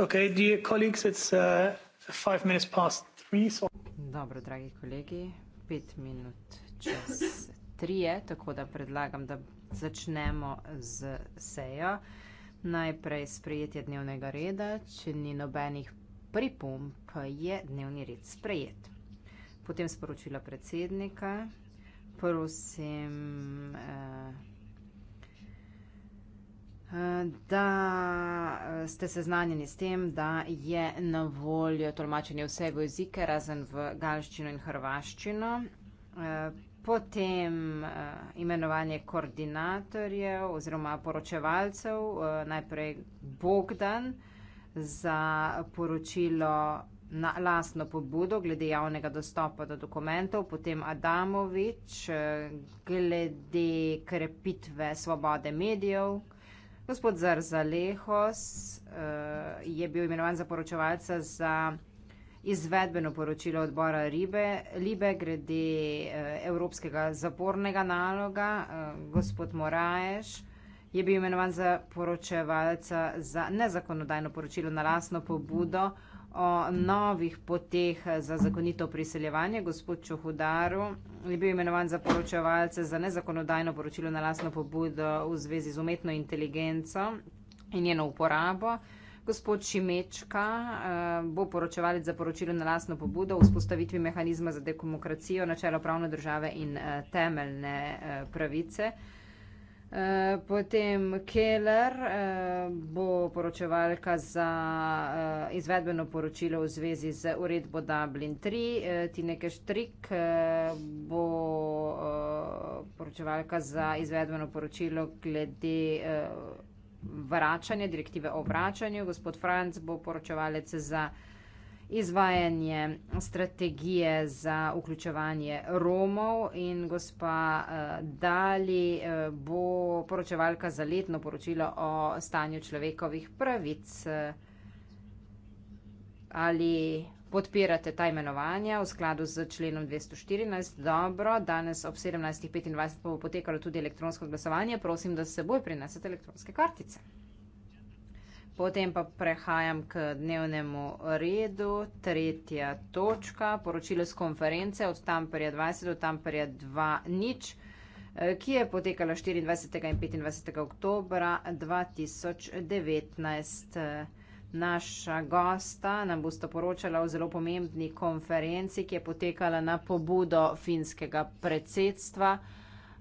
Okay, dear colleagues, it's uh, five minutes past three. So... Dobro, dragi kolegi, pet minut čez tri je, tako da predlagam, da začnemo z sejo. Najprej sprejetje dnevnega reda, če ni nobenih pripomp, je dnevni red sprejet. Potem sporočila predsednika, prosim. Uh, da eh, ste seznanjeni s tem, da je na voljo tolmačenje vsega jezika, razen v galščino in hrvaščino. Eh, potem eh, imenovanje koordinatorjev oziroma poročevalcev, najprej Bogdan za poročilo na lastno pobudo glede javnega dostopa do dokumentov, potem Adamovič glede krepitve svobode medijev. Gospod Zarzalehos uh, je bil imenovan za poročevalca za izvedbeno poročilo odbora Ribe, Libe grede uh, eh, evropskega zapornega naloga. Uh, gospod Moraješ je bil imenovan za poročevalca za nezakonodajno poročilo na lasno pobudo. Mm -hmm o novih poteh za zakonito priseljevanje. Gospod Čohudaru je bil imenovan za poročevalce za nezakonodajno poročilo na lasno pobudo v zvezi z umetno inteligenco in njeno uporabo. Gospod Šimečka eh, bo poročevalec za poročilo na lasno pobudo v spostavitvi mehanizma za demokracijo, načelo pravne države in eh, temeljne eh, pravice. Eh, potem Keller uh, bo poročevalka za uh, izvedbeno poročilo v zvezi z uredbo Dublin 3. Uh, Tineke Štrik uh, bo uh, poročevalka za izvedbeno poročilo glede. Uh, vračanje, direktive o vračanju. Gospod Franc bo poročevalec za uh, izvajanje strategije za vključevanje Romov in gospa eh, Dali eh, bo poročevalka za letno poročilo o stanju človekovih pravic. Ali podpirate ta imenovanja v skladu z členom 214? Dobro, danes ob 17.25 bo potekalo tudi elektronsko glasovanje. Prosim, da se boj prinesete elektronske kartice. Potem pa prehajam k dnevnemu redu, tretja točka, poročilo z konference od Tamperja 20 do Tamperja 2.0, eh, ki je potekala 24. in 25. oktober 2019. Naša gosta nam bosta poročala o zelo pomembni konferenci, ki je potekala na pobudo finskega predsedstva.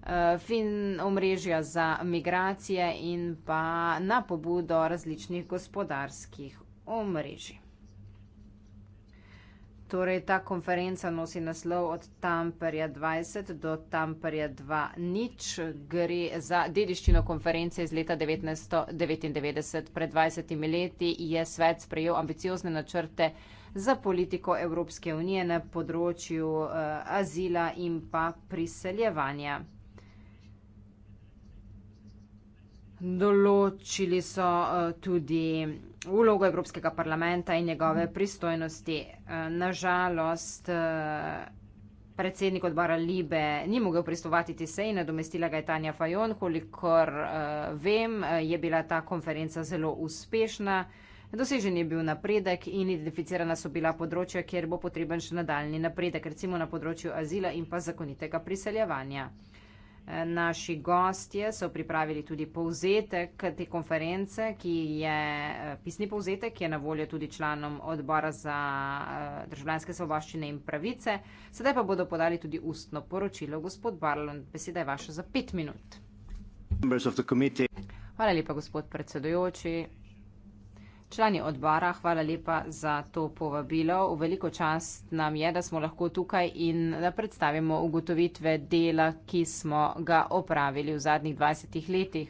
Eh, fin omrežja za migracije in pa na pobudo različnih gospodarskih omrežij. Torej, ta konferenca nosi naslov od Tamperja 20 do Tamperja 2.0. Gre za dediščino konference iz leta 1999. Pred 20 leti je svet sprejel ambiciozne načrte za politiko Evropske unije na področju eh, azila in pa priseljevanja. Določili so eh, tudi vlogo Evropskega parlamenta in njegove pristojnosti. Eh, Nažalost, eh, predsednik odbora Libe ni mogel pristovati ti sej, nadomestila ga je Tanja Fajon, kolikor vem, je bila ta konferenca zelo uspešna. Dosežen je bil napredek in identificirana so bila področja, kjer bo potreben še nadaljni napredek, recimo na področju azila in pa zakonitega priseljevanja. Naši gostje so pripravili tudi povzetek te konference, ki je eh, pisni povzetek, ki je na voljo tudi članom odbora za eh, državljanske svoboščine in pravice. Sedaj pa bodo podali tudi ustno poročilo. Gospod Barlon, beseda je vaša za pet minut. Hvala lepa, gospod predsedujoči člani odbora, hvala lepa za to povabilo. V veliko čast nam je, da smo lahko tukaj in da predstavimo ugotovitve dela, ki smo ga opravili v zadnjih 20 letih.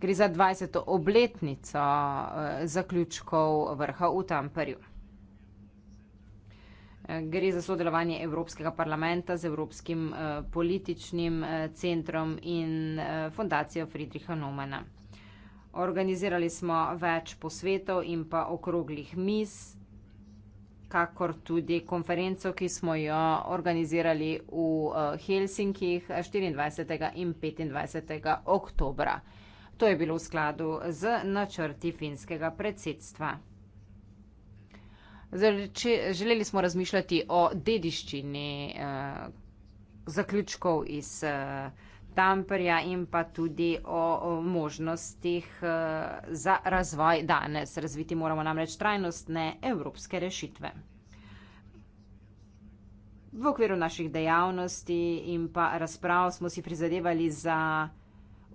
Gre za 20. obletnico eh, zaključkov vrha v Tamperju. Eh, gre za sodelovanje Evropskega parlamenta z Evropskim eh, političnim centrom in fundacijo Friedricha Nomana. Organizirali smo več posvetov in pa okroglih mis, kakor tudi konferenco, ki smo jo organizirali v eh, Helsinkih 24. in 25. oktobra. To je bilo v skladu z načrti finskega predsedstva. Želeli smo razmišljati o dediščini eh, zaključkov iz eh, Tamperja in pa tudi o, o možnostih e, za razvoj danes. Razviti moramo namreč trajnostne evropske rešitve. V okviru naših dejavnosti in pa razprav smo si prizadevali za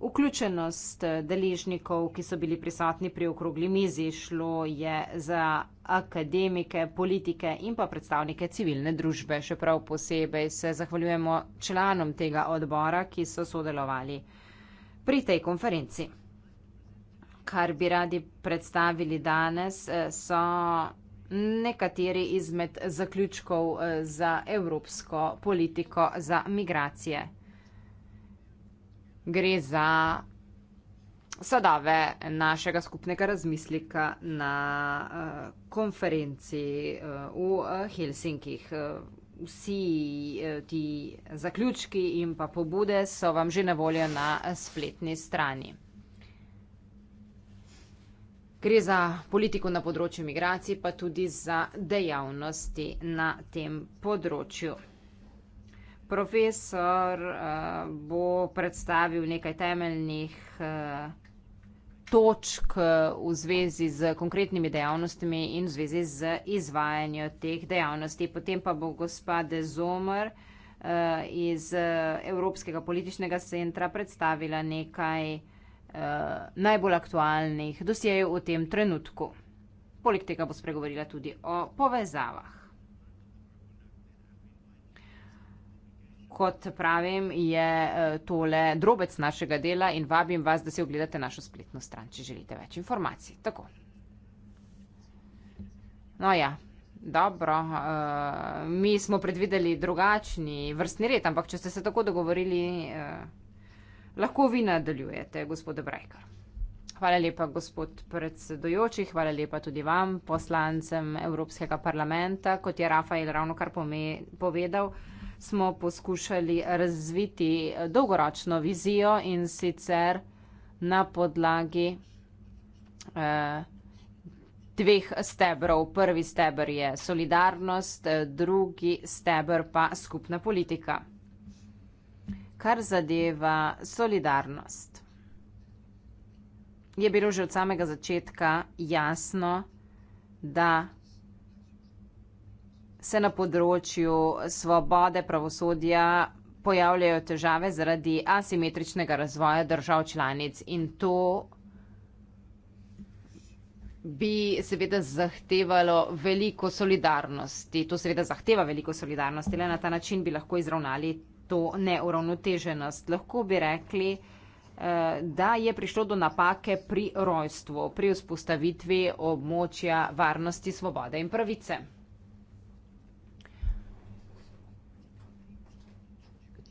vključenost eh, deležnikov, ki so bili prisotni pri okrogli mizi. Šlo je za akademike, politike in pa predstavnike civilne družbe. Še prav posebej se zahvaljujemo članom tega odbora, ki so sodelovali pri tej konferenci. Kar bi radi predstavili danes, eh, so nekateri izmed zaključkov eh, za evropsko politiko za migracije. Gre za sadove našega skupnega razmislika na uh, konferenci uh, v uh, Helsinkih. Uh, vsi uh, ti zaključki in pa pobude so vam že na voljo na spletni strani. Gre za politiko na področju migracij, pa tudi za dejavnosti na tem področju. Profesor uh, bo predstavil nekaj temeljnih uh, točk eh, v zvezi z konkretnimi dejavnostmi in v zvezi z izvajanjem teh dejavnosti. Potem pa bo gospa De Zomer eh, iz eh, Evropskega političnega centra predstavila nekaj najbolj aktualnih dosjejev v tem trenutku. Poleg tega bo spregovorila tudi o povezavah. kot pravim, je e, tole drobec našega dela in vabim vas, da si ogledate našo spletno stran, če želite več informacij. Tako. No ja, dobro. Uh, mi smo predvideli drugačni vrstni red, ampak če ste se tako dogovorili, uh, lahko vi nadaljujete, gospod Brajkar. Hvala lepa, gospod predsedojoči, hvala lepa tudi vam, poslancem Evropskega parlamenta, kot je Rafael ravno kar povedal. Uh, smo poskušali razviti eh, dolgoročno vizijo in sicer na podlagi eh, dveh stebrov. Prvi stebr je solidarnost, eh, drugi stebr pa skupna politika. Kar zadeva solidarnost, je bilo že od samega začetka jasno, da se na področju svobode pravosodja pojavljajo težave zaradi asimetričnega razvoja držav članic in to bi seveda zahtevalo veliko solidarnosti. To seveda zahteva veliko solidarnosti, le na ta način bi lahko izravnali to neuravnoteženost. Lahko bi rekli, eh, da je prišlo do napake pri rojstvu, pri vzpostavitvi območja varnosti, svobode in pravice.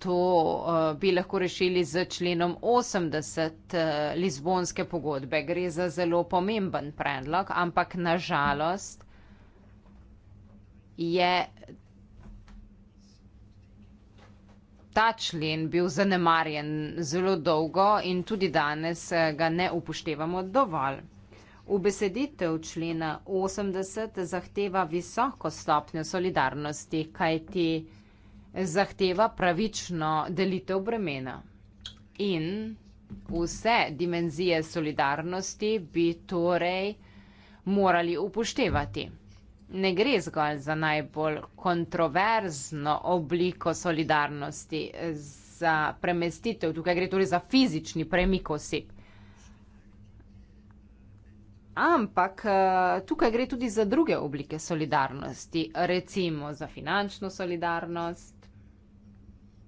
to uh, bi lahko rešili z členom 80 uh, eh, Lizbonske pogodbe. Gre za zelo pomemben predlog, ampak nažalost je ta člen bil zanemarjen zelo dolgo in tudi danes eh, ga ne upoštevamo dovolj. Ubeseditev člena 80 zahteva visoko stopnjo solidarnosti, kajti zahteva pravično delitev bremena. In vse dimenzije solidarnosti bi torej morali upoštevati. Ne gre zgolj za najbolj kontroverzno obliko solidarnosti, za premestitev, tukaj gre torej za fizični premik oseb. Ampak eh, tukaj gre tudi za druge oblike solidarnosti, recimo za finančno solidarnost,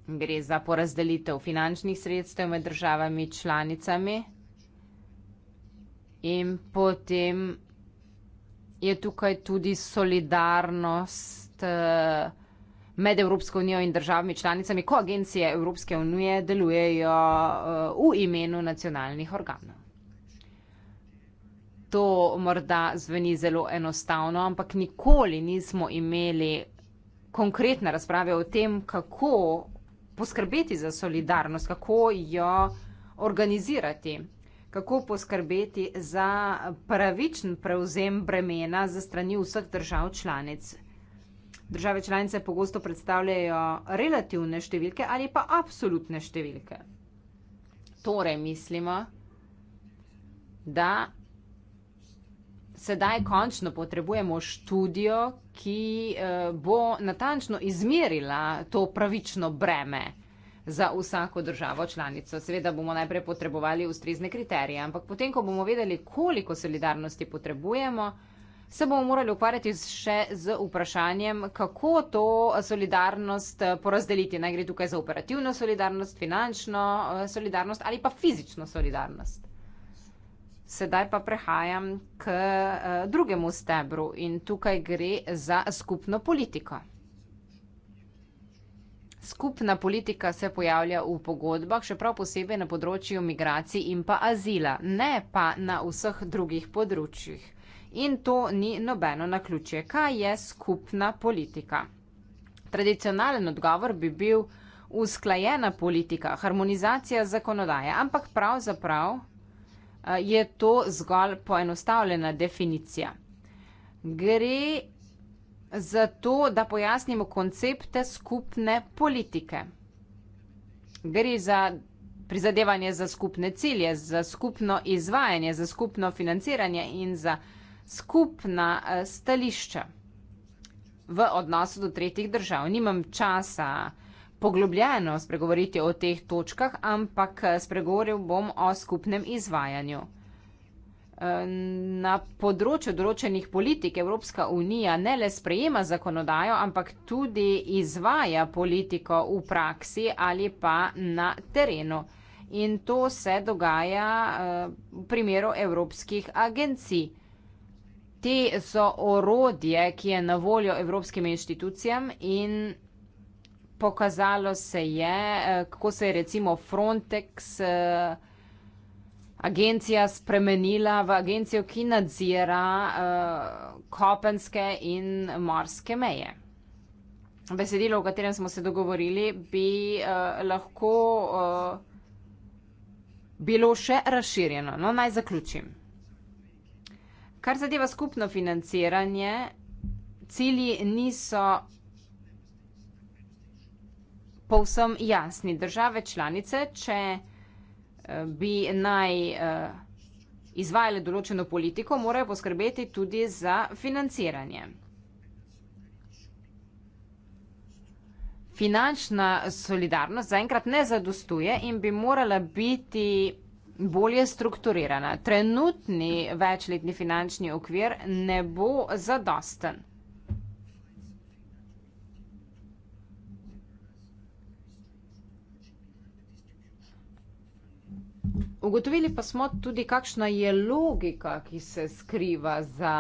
Gre za porazdelitev finančnih sredstev med državami članicami. In potem je tukaj tudi solidarnost eh, med Evropsko unijo in državami članicami, ko agencije Evropske unije delujejo eh, v imenu nacionalnih organov. To morda zveni zelo enostavno, ampak nikoli nismo imeli konkretne razprave o tem, kako poskrbeti za solidarnost, kako jo organizirati, kako poskrbeti za pravičen prevzem bremena za strani vseh držav članic. Države članice pogosto predstavljajo relativne številke ali pa absolutne številke. Torej mislimo, da sedaj končno potrebujemo študijo, ki eh, bo natančno izmerila to pravično breme za vsako državo članico. Seveda bomo najprej potrebovali ustrezne kriterije, ampak potem, ko bomo vedeli, koliko solidarnosti potrebujemo, se bomo morali ukvarjati še z vprašanjem, kako to solidarnost eh, porazdeliti. Naj gre tukaj za operativno solidarnost, finančno eh, solidarnost ali pa fizično solidarnost. Sedaj pa prehajam k eh, drugemu stebru in tukaj gre za skupno politiko. Skupna politika se pojavlja v pogodbah, še prav posebej na področju migracij in pa azila, ne pa na vseh drugih področjih. In to ni nobeno naključje. Kaj je skupna politika? Tradicionalen odgovor bi bil usklajena politika, harmonizacija zakonodaje, ampak pravzaprav Eh, je to zgolj poenostavljena definicija. Gre za to, da pojasnimo koncepte skupne politike. Gre za prizadevanje za skupne cilje, za skupno izvajanje, za skupno financiranje in za skupna eh, stališča v odnosu do tretjih držav. Nimam časa poglobljeno spregovoriti o teh točkah, ampak eh, spregovoril bom o skupnem izvajanju. Eh, na področju določenih politik Evropska unija ne le sprejema zakonodajo, ampak tudi izvaja politiko v praksi ali pa na terenu. In to se dogaja eh, v primeru evropskih agencij. Te so orodje, ki je na voljo evropskim inštitucijam in pokazalo se je, eh, kako se je recimo Frontex eh, agencija spremenila v agencijo, ki nadzira eh, kopenske in morske meje. Besedilo, o katerem smo se dogovorili, bi lahko bilo še razširjeno. No, naj zaključim. Kar zadeva skupno financiranje, cilji niso povsem jasni. Države članice, če eh, bi naj eh, izvajale določeno politiko, morajo poskrbeti tudi za financiranje. Finančna solidarnost zaenkrat ne zadostuje in bi morala biti bolje strukturirana. Trenutni večletni finančni okvir ne bo zadosten. Ugotovili pa smo tudi, kakšna je logika, ki se skriva za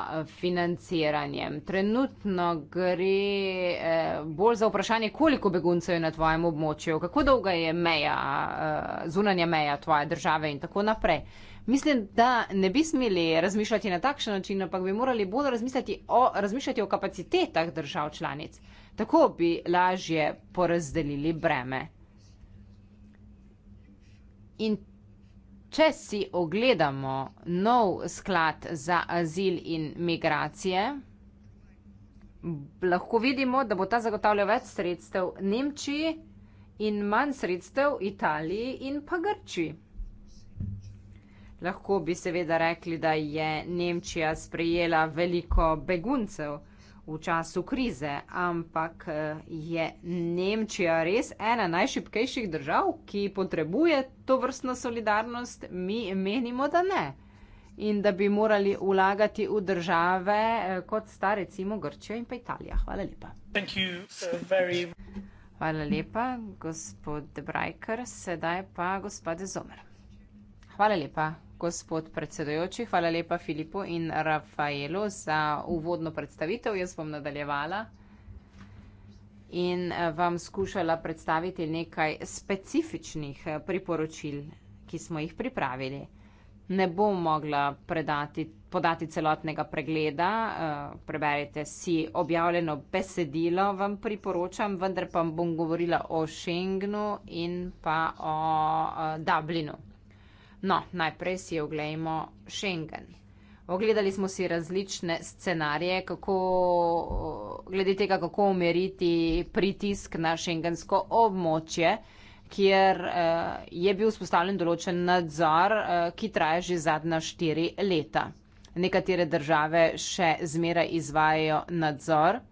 eh, financiranjem. Trenutno gre eh, bolj za vprašanje, koliko beguncev je na tvojem območju, kako dolga je meja, eh, zunanja meja tvoje države in tako naprej. Mislim, da ne bi smeli razmišljati na takšen način, ampak bi morali bolj razmišljati o, razmišljati o kapacitetah držav članic. Tako bi lažje porazdelili breme. In Če si ogledamo nov sklad za azil in migracije, lahko vidimo, da bo ta zagotavljal več sredstev Nemčiji in manj sredstev Italiji in pa Grči. Lahko bi seveda rekli, da je Nemčija sprejela veliko beguncev v času krize, ampak eh, je Nemčija res ena najšipkejših držav, ki potrebuje to vrstno solidarnost, mi menimo, da ne. In da bi morali vlagati v države, eh, kot sta recimo Grčija in pa Italija. Hvala lepa. You, uh, very... Hvala lepa, gospod Brajker. Sedaj pa gospod Zomer. Hvala lepa. Gospod predsedujoči, hvala lepa Filipu in Rafaelu za uvodno predstavitev. Jaz bom nadaljevala in eh, vam skušala predstaviti nekaj specifičnih eh, priporočil, ki smo jih pripravili. Ne bom mogla predati, podati celotnega pregleda, eh, preberite si objavljeno besedilo, vam priporočam, vendar pa bom govorila o Schengnu in pa o Dublinu. No, najprej si oglejmo Schengen. Ogledali smo si različne scenarije, kako, glede tega, kako umeriti pritisk na šengensko območje, kjer eh, je bil vzpostavljen določen nadzor, eh, ki traja že zadnja štiri leta. Nekatere države še zmeraj izvajajo nadzor.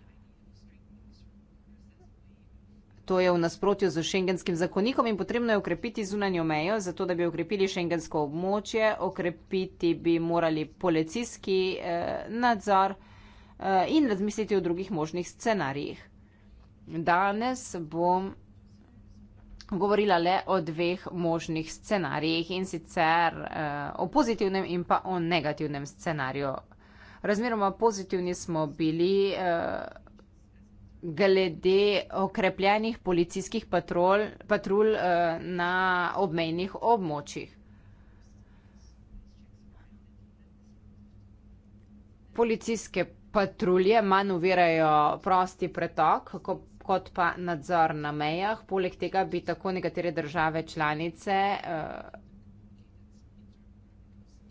To je v nasprotju z šengenskim zakonikom in potrebno je ukrepiti zunanjo mejo, zato da bi ukrepili šengensko območje. Okrepiti bi morali policijski eh, nadzor eh, in razmisliti o drugih možnih scenarijih. Danes bom govorila le o dveh možnih scenarijih in sicer eh, o pozitivnem in pa o negativnem scenariju. Razmeroma pozitivni smo bili. Eh, glede okrepljenih policijskih patrol, patrulj eh, na obmejnih območjih. Policijske patrulje manuvirajo prosti pretok, kako kot pa nadzor na mejah. Poleg tega bi tako nekatere države članice eh,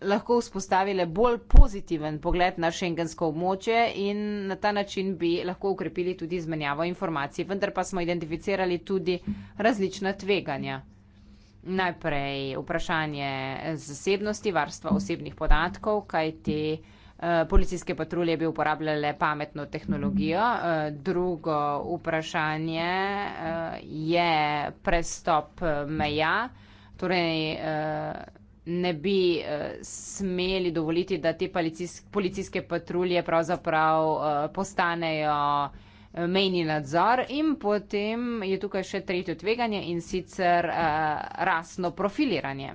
lahko vzpostavile bolj pozitiven pogled na šengensko območje in na ta način bi lahko ukrepili tudi izmenjavo informacij. Vendar pa smo identificirali tudi različna tveganja. Najprej vprašanje zasebnosti, varstva osebnih podatkov, kaj ti eh, policijske patrulje bi uporabljale pametno tehnologijo. Eh, drugo vprašanje eh, je prestop meja, torej ne bi uh, smeli dovoliti, da te policijske, policijske patrulje pravzaprav uh, postanejo eh, mejni nadzor in potem je tukaj še tretje tveganje in sicer uh, rasno profiliranje.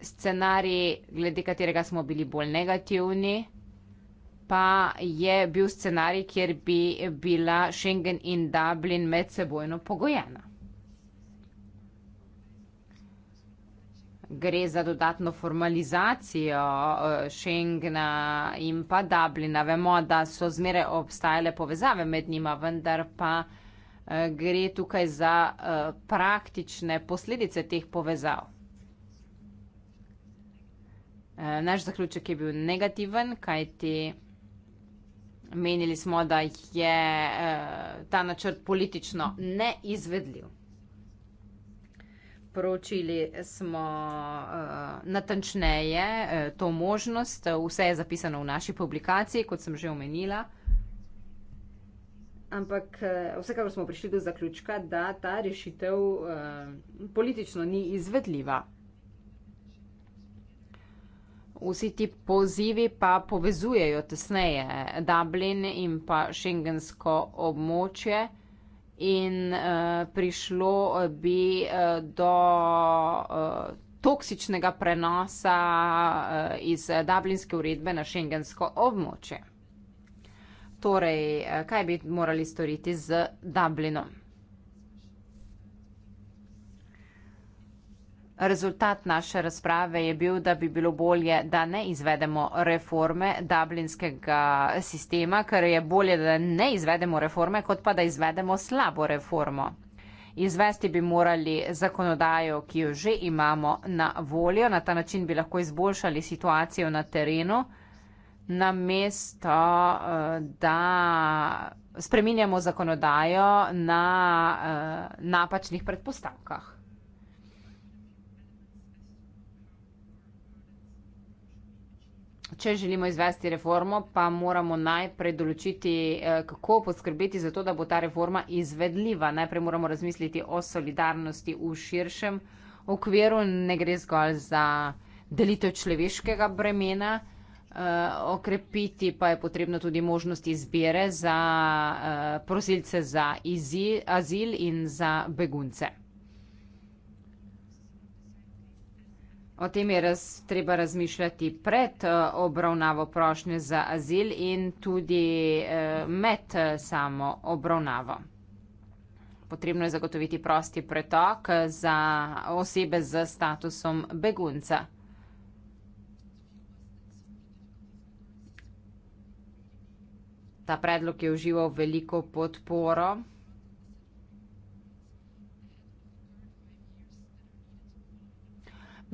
Scenarij, glede katerega smo bili bolj negativni, pa je bil scenarij, kjer bi bila Schengen in Dublin medsebojno pogojena. gre za dodatno formalizacijo eh, Schengna in pa Dublina. Vemo, da so zmere obstajale povezave med njima, vendar pa eh, gre tukaj za eh, praktične posledice teh povezav. Naš zaključek je bil negativen, kajti menili smo, da je ta načrt politično neizvedljiv proučili smo uh, natančneje uh, to možnost. Vse je zapisano v naši publikaciji, kot sem že omenila. Ampak eh, vsekakor smo prišli do zaključka, da ta rešitev eh, politično ni izvedljiva. Vsi ti pozivi pa povezujejo tesneje Dublin in pa šengensko območje in eh, prišlo eh, bi eh, do toksičnega prenosa iz Dublinske uredbe na šengensko območje. Torej, kaj bi morali storiti z Dublinom? Rezultat naše razprave je bil, da bi bilo bolje, da ne izvedemo reforme dublinskega sistema, ker je bolje, da ne izvedemo reforme, kot pa da izvedemo slabo reformo. Izvesti bi morali zakonodajo, ki jo že imamo na voljo, na ta način bi lahko izboljšali situacijo na terenu, namesto eh, da spreminjamo zakonodajo na eh, napačnih predpostavkah. Če želimo izvesti reformo, pa moramo najprej določiti, eh, kako poskrbeti za to, da bo ta reforma izvedljiva. Najprej moramo razmisliti o solidarnosti v širšem okviru. Ne gre zgolj za delitev človeškega bremena. Eh, okrepiti pa je potrebno tudi možnost izbire za eh, prosilce za azil in za begunce. O tem je raz, treba razmišljati pred eh, obravnavo prošnje za azil in tudi eh, med eh, samo obravnavo. Potrebno je zagotoviti prosti pretok za osebe z statusom begunca. Ta predlog je užival veliko podporo.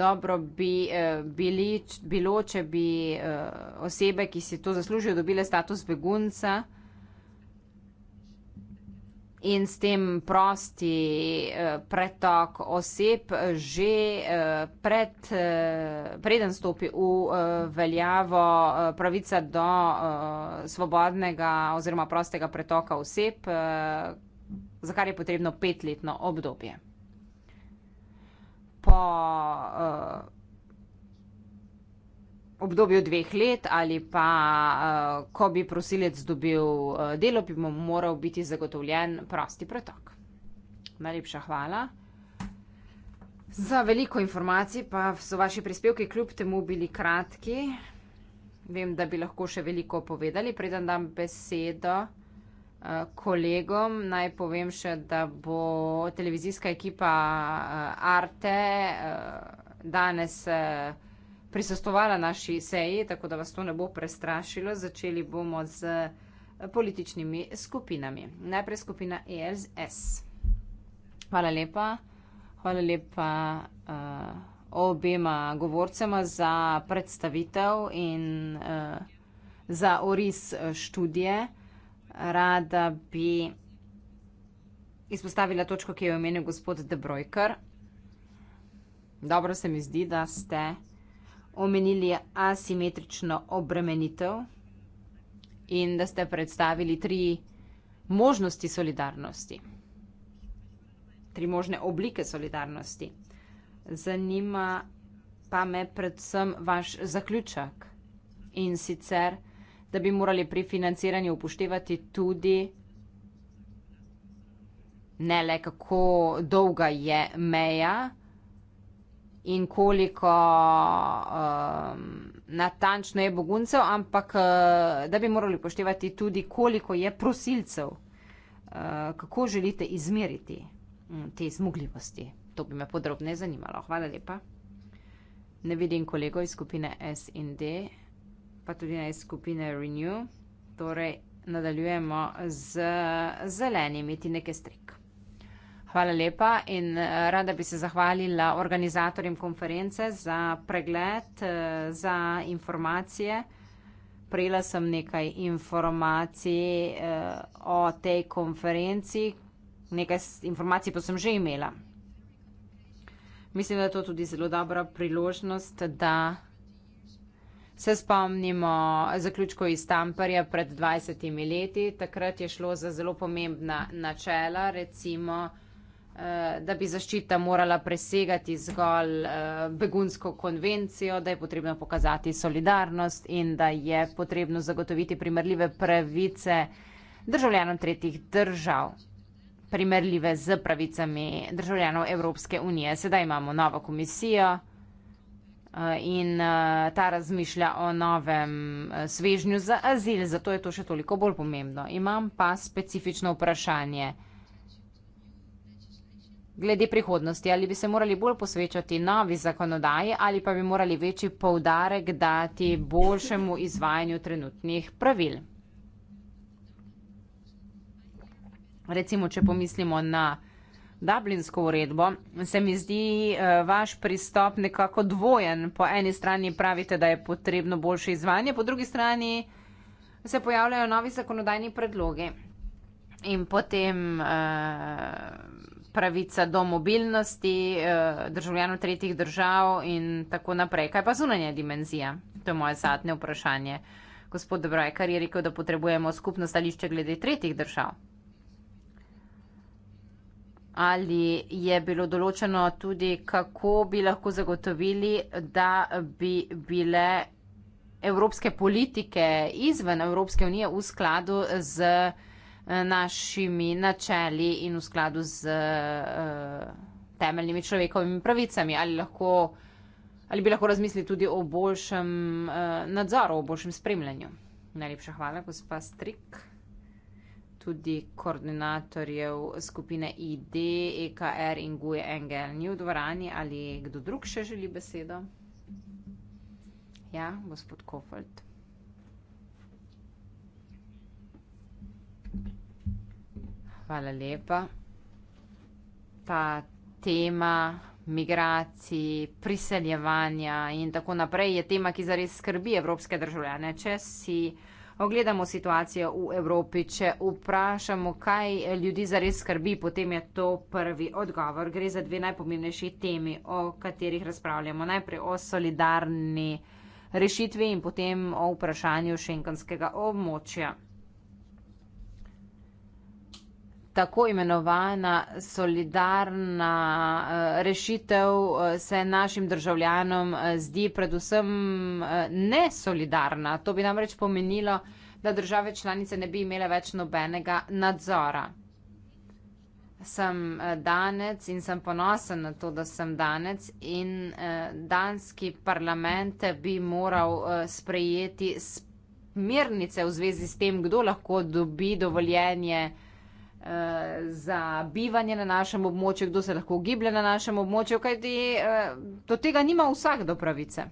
dobro bi eh, bili, bilo, če bi eh, osebe, ki si to zaslužijo, dobile status begunca in s tem prosti eh, pretok oseb že eh, pred, eh, preden stopi v eh, veljavo eh, pravica do eh, svobodnega oziroma prostega pretoka oseb, eh, za kar je potrebno petletno obdobje po uh, obdobju dveh let ali pa, uh, ko bi prosilec dobil uh, delo, bi mu moral biti zagotovljen prosti pretok. Najlepša hvala. Za veliko informacij pa so vaši prispevki kljub temu bili kratki. Vem, da bi lahko še veliko povedali, predan dam besedo kolegom. Naj povem še, da bo televizijska ekipa eh, Arte eh, danes eh, prisostovala naši seji, tako da vas to ne bo prestrašilo. Začeli bomo z političnimi skupinami. Najprej skupina ELS. Hvala lepa. Hvala lepa uh, obema govorcema za predstavitev in uh, za oris študije rada bi izpostavila točko, ki jo je omenil gospod Debrojker. Dobro se mi zdi, da ste omenili asimetrično obremenitev in da ste predstavili tri možnosti solidarnosti. Tri možne oblike solidarnosti. Zanima pa me predvsem vaš zaključek in sicer, da je to, da bi morali pri financiranju upoštevati tudi ne le kako dolga je meja in koliko um, natančno je boguncev, ampak uh, da bi morali upoštevati tudi koliko je prosilcev, uh, kako želite izmeriti mm, te zmogljivosti. To bi me podrobne zanimalo. Hvala lepa. Ne vidim kolego iz skupine S in D pa tudi ne iz skupine Renew. Torej, nadaljujemo z zelenimi tineke strik. Hvala lepa in rada bi se zahvalila organizatorjem konference za pregled, za informacije. Prejela sem nekaj informacij o tej konferenci, nekaj informacij pa sem že imela. Mislim, da je to tudi zelo dobra priložnost, da Se spomnimo zaključkov iz Tamparja pred 20 leti, takrat je šlo za zelo pomembna načela, recimo, eh, da bi zaščita morala presegati zgolj eh, begunsko konvencijo, da je potrebno pokazati solidarnost in da je potrebno zagotoviti primerljive pravice državljanom tretjih držav, primerljive z pravicami državljanov Evropske unije. Sedaj imamo novo komisijo. Eh, in eh, ta razmišlja o novem eh, svežnju za azil, zato je to še toliko bolj pomembno. Imam pa specifično vprašanje glede prihodnosti, ali bi se morali bolj posvečati novi zakonodaji ali pa bi morali večji povdarek dati boljšemu izvajanju trenutnih pravil. Recimo, če pomislimo na Dublinsko uredbo, se mi zdi eh, vaš pristop nekako dvojen. Po eni strani pravite, da je potrebno boljše izvanje, po drugi strani se pojavljajo novi zakonodajni predlogi in potem eh, pravica do mobilnosti eh, državljanov tretjih držav in tako naprej. Kaj pa zunanje dimenzija? To je moje zadnje vprašanje. Gospod Dobrajkar je rekel, da potrebujemo skupno stališče glede tretjih držav. Ali je bilo določeno tudi, kako bi lahko zagotovili, da bi bile evropske politike izven Evropske unije v skladu z eh, našimi načeli in v skladu z eh, temeljnimi človekovimi pravicami? Ali, lahko, ali bi lahko razmislili tudi o boljšem eh, nadzoru, o boljšem spremljanju? Najlepša hvala, gospa Strik tudi koordinatorjev skupine ID, EKR in Guje Engel. Ni v dvorani ali kdo drug še želi besedo? Ja, gospod Kofold. Hvala lepa. Ta tema migracij, priseljevanja in tako naprej je tema, ki zares skrbi evropske državljane. Če si uh, ogledamo situacijo v Evropi, če vprašamo, kaj ljudi zares skrbi, potem je to prvi odgovor. Gre za dve najpomembnejši temi, o katerih razpravljamo. Najprej o solidarni rešitvi in potem o vprašanju šengenskega območja. tako imenovana solidarna eh, rešitev eh, se našim državljanom eh, zdi predvsem nesolidarna. To bi namreč pomenilo, da države članice ne bi imele več nobenega nadzora. Sem danec in sem ponosen na to, da sem danec in danski parlament bi moral sprejeti smernice v zvezi s tem, kdo lahko dobi dovoljenje Eh, za bivanje na našem območju, kdo se lahko giblje na našem območju, kajti eh, do tega nima vsak do pravice.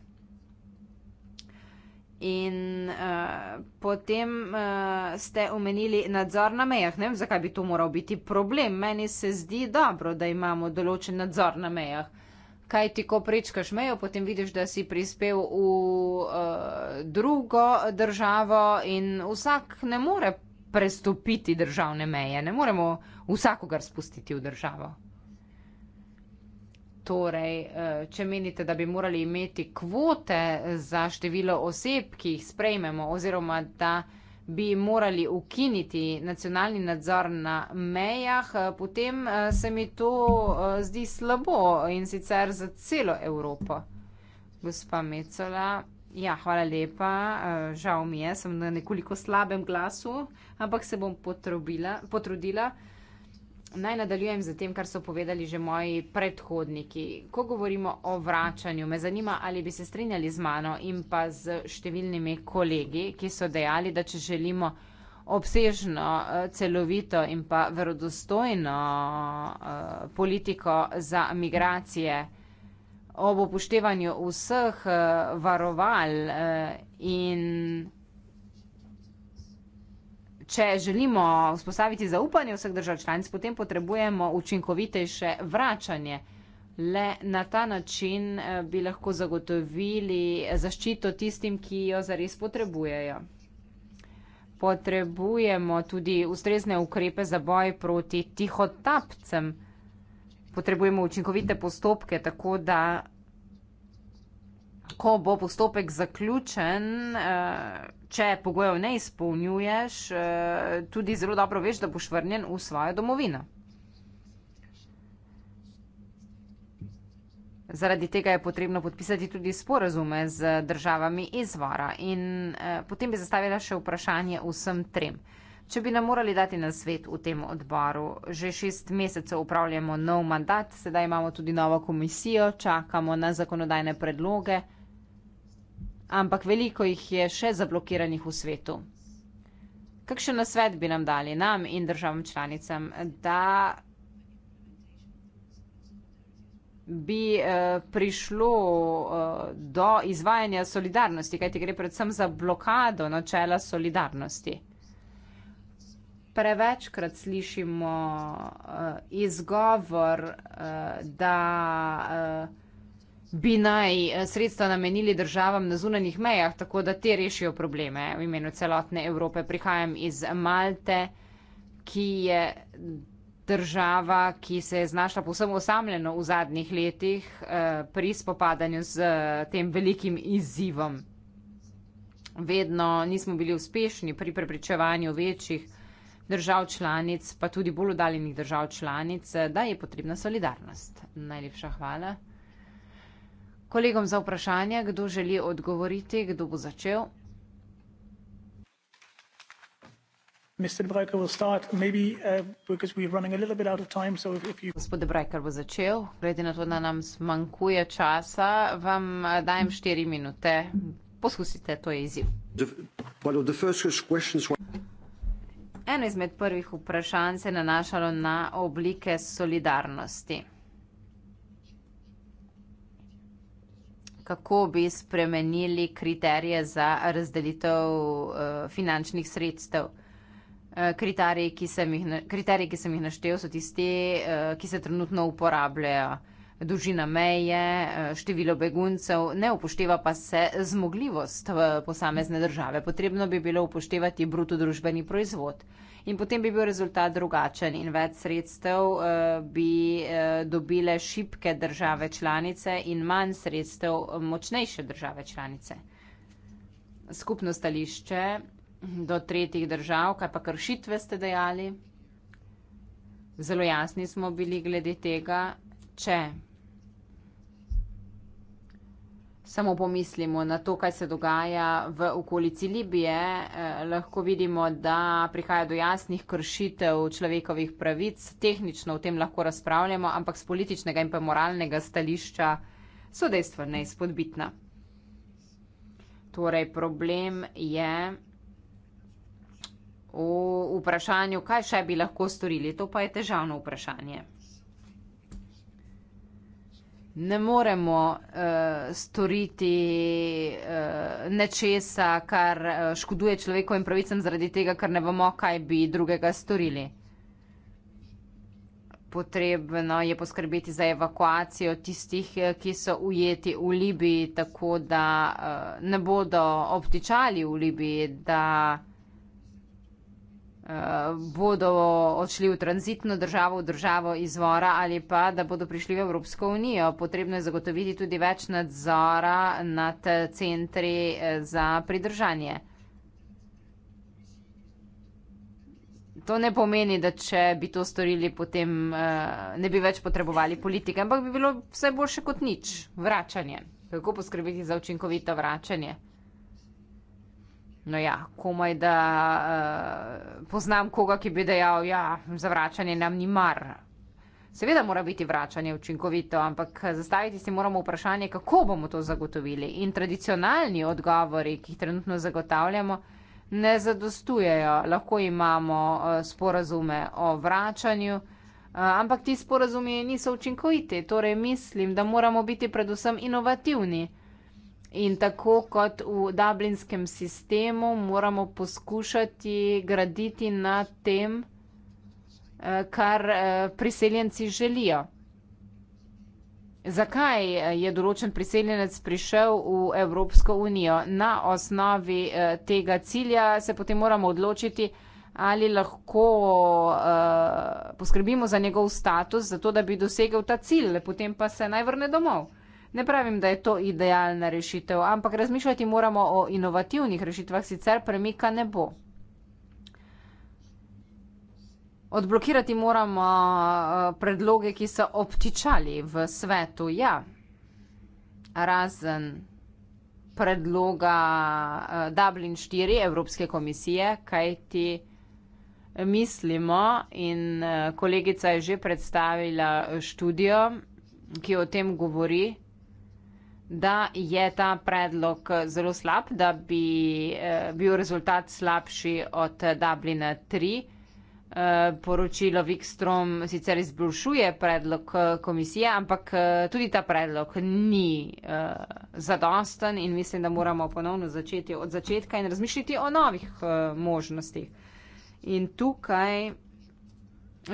In uh, potem uh, ste omenili nadzor na mejah. Ne vem, zakaj bi to moral biti problem. Meni se zdi dobro, da imamo določen nadzor na mejah. Kaj ti, ko prečkaš mejo, potem vidiš, da si prispel v uh, drugo državo in vsak ne more prestopiti državne meje, ne moremo vsakogar spustiti v državo. Torej, eh, če menite, da bi morali imeti kvote za število oseb, ki jih sprejmemo, oziroma da bi morali ukiniti nacionalni nadzor na mejah, eh, potem eh, se mi to zdi slabo in sicer za celo Evropo. Gospa Mecola. Ja, hvala lepa. Uh, žal mi je, sem na nekoliko slabem glasu, ampak se bom potrudila. Naj nadaljujem z tem, kar so povedali že moji predhodniki. Ko govorimo o vračanju, me zanima, ali bi se strinjali z mano in pa z številnimi kolegi, ki so dejali, da če želimo obsežno, eh, celovito in pa verodostojno uh, politiko za migracije, uh, ob upoštevanju vseh uh, varoval uh, in Če želimo vzpostaviti zaupanje vseh držav članic, potem potrebujemo učinkovitejše vračanje. Le na ta način eh, bi lahko zagotovili zaščito tistim, ki jo zares potrebujejo. Potrebujemo tudi ustrezne ukrepe za boj proti tihotapcem potrebujemo učinkovite postopke, tako da ko bo postopek zaključen, eh, če pogojev ne izpolnjuješ, eh, tudi zelo dobro veš, da boš vrnjen v svojo domovino. Zaradi tega je potrebno podpisati tudi sporazume z državami izvora in eh, potem bi zastavila še vprašanje vsem trem. Eh, Če bi nam morali dati na svet v tem odboru, že šest mesecev upravljamo nov mandat, sedaj imamo tudi novo komisijo, čakamo na zakonodajne predloge, ampak veliko jih je še zablokiranih v svetu. Kakšen nasvet bi nam dali nam in državam članicam, da bi eh, prišlo eh, do izvajanja solidarnosti, kajti gre predvsem za blokado načela solidarnosti? prevečkrat slišimo uh, izgovor, uh, da uh, bi naj sredstva namenili državam na zunanjih mejah, tako da te rešijo probleme v imenu celotne Evrope. Prihajam iz Malte, ki je država, ki se je znašla posebno osamljeno v zadnjih letih uh, pri spopadanju z uh, tem velikim izzivom. Vedno nismo bili uspešni pri prepričevanju večjih držav članic, pa tudi bolj udaljenih držav članic, da je potrebna solidarnost. Najlepša hvala. Kolegom za vprašanje, kdo želi odgovoriti, kdo bo začel? Uh, Gospod Brejker bo začel, glede na to, da nam zmanjkuje časa, vam uh, dajem štiri minute. Poskusite, to je izjiv. Eno izmed prvih vprašanj se je nanašalo na oblike solidarnosti. Kako bi spremenili kriterije za razdelitev eh, finančnih sredstev? Eh, kriteriji, ki sem jih, kriterij, ki sem jih naštel, so tisti, eh, ki se trenutno uporabljajo dolžina meje, eh, število beguncev, ne upošteva pa se zmogljivost eh, posamezne države. Potrebno bi bilo upoštevati brutodružbeni proizvod. In potem bi bil rezultat drugačen in več sredstev eh, bi dobile šipke države članice in manj sredstev močnejše države članice. Skupno stališče do tretjih držav, kaj pa kršitve ste dejali? Zelo jasni smo bili glede tega, če Samo pomislimo na to, kaj se dogaja v okolici Libije, eh, lahko vidimo, da prihaja do jasnih kršitev človekovih pravic. Tehnično o tem lahko razpravljamo, ampak z političnega in pa moralnega stališča so dejstva neizpodbitna. Torej, problem je v vprašanju, kaj še bi lahko storili. To pa je težavno vprašanje ne moremo uh, storiti uh, nečesa, kar eh, škoduje človekovim pravicam, zaradi tega, ker ne vemo, kaj bi drugega storili. Potrebno je poskrbeti za evakuacijo tistih, ki so ujeti v Libiji, tako da uh, ne bodo obtičali v Libiji, da uh, bodo odšli v tranzitno državo, v državo izvora ali pa, da bodo prišli v Evropsko unijo. Potrebno je zagotoviti tudi več nadzora nad eh, centri eh, za pridržanje. To ne pomeni, da če bi to storili, potem eh, ne bi več potrebovali politike, ampak bi bilo vse boljše kot nič. Vračanje. Kako poskrbeti za učinkovito vračanje? No ja, komaj da uh, poznam koga, ki bi dejal, ja, za vračanje nam ni mar. Seveda mora biti vračanje učinkovito, ampak zastaviti si moramo vprašanje, kako bomo to zagotovili. In tradicionalni odgovori, ki jih trenutno zagotavljamo, ne zadostujejo. Lahko imamo uh, sporazume o vračanju, uh, ampak ti sporazumi niso učinkoviti. Torej mislim, da moramo biti predvsem inovativni. In tako kot v dublinskem sistemu, moramo poskušati graditi na tem, eh, kar eh, priseljenci želijo. Zakaj eh, je določen priseljenec prišel v Evropsko unijo? Na osnovi tega cilja se potem moramo odločiti, ali lahko poskrbimo za njegov status, zato da bi dosegel ta cilj, potem pa se naj vrne domov. Ne pravim, da je to idealna rešitev, ampak razmišljati moramo o inovativnih rešitvah, sicer premika ne bo. Odblokirati moramo eh, predloge, ki so obtičali v svetu. Ja, razen predloga eh, Dublin 4 Evropske komisije, kaj ti mislimo in eh, kolegica je že predstavila študijo, ki o tem govori da je ta predlog zelo slab, da bi eh, bil rezultat slabši od Dublina 3. Eh, poročilo Vikstrom sicer izboljšuje predlog eh, komisije, ampak eh, tudi ta predlog ni uh, zadosten in mislim, da moramo ponovno začeti od začetka in razmišljati o novih uh, možnostih. In tukaj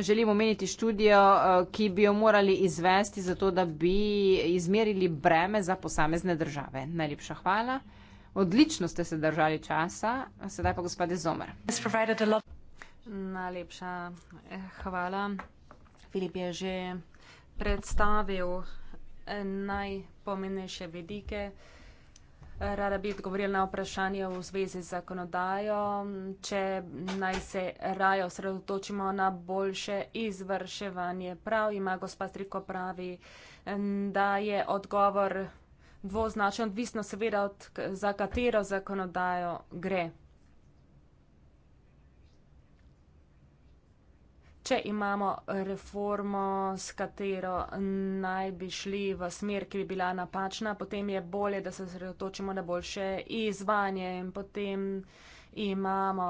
želim omeniti študijo, eh, ki bi jo morali izvesti, zato da bi izmerili breme za posamezne države. Najlepša hvala. Odlično ste se držali časa, sedaj pa gospode Zomer. Najlepša eh, hvala. Filip je že predstavil eh, najpomenejše vedike. Rada bi odgovorila na vprašanje v zvezi z zakonodajo, če naj se raje osredotočimo na boljše izvrševanje prav. Ima gospa Striko pravi, da je odgovor dvoznačen, odvisno seveda od za katero zakonodajo gre. Če imamo reformo, s katero naj bi šli v smer, ki bi bila napačna, potem je bolje, da se sredotočimo na boljše izvanje in potem imamo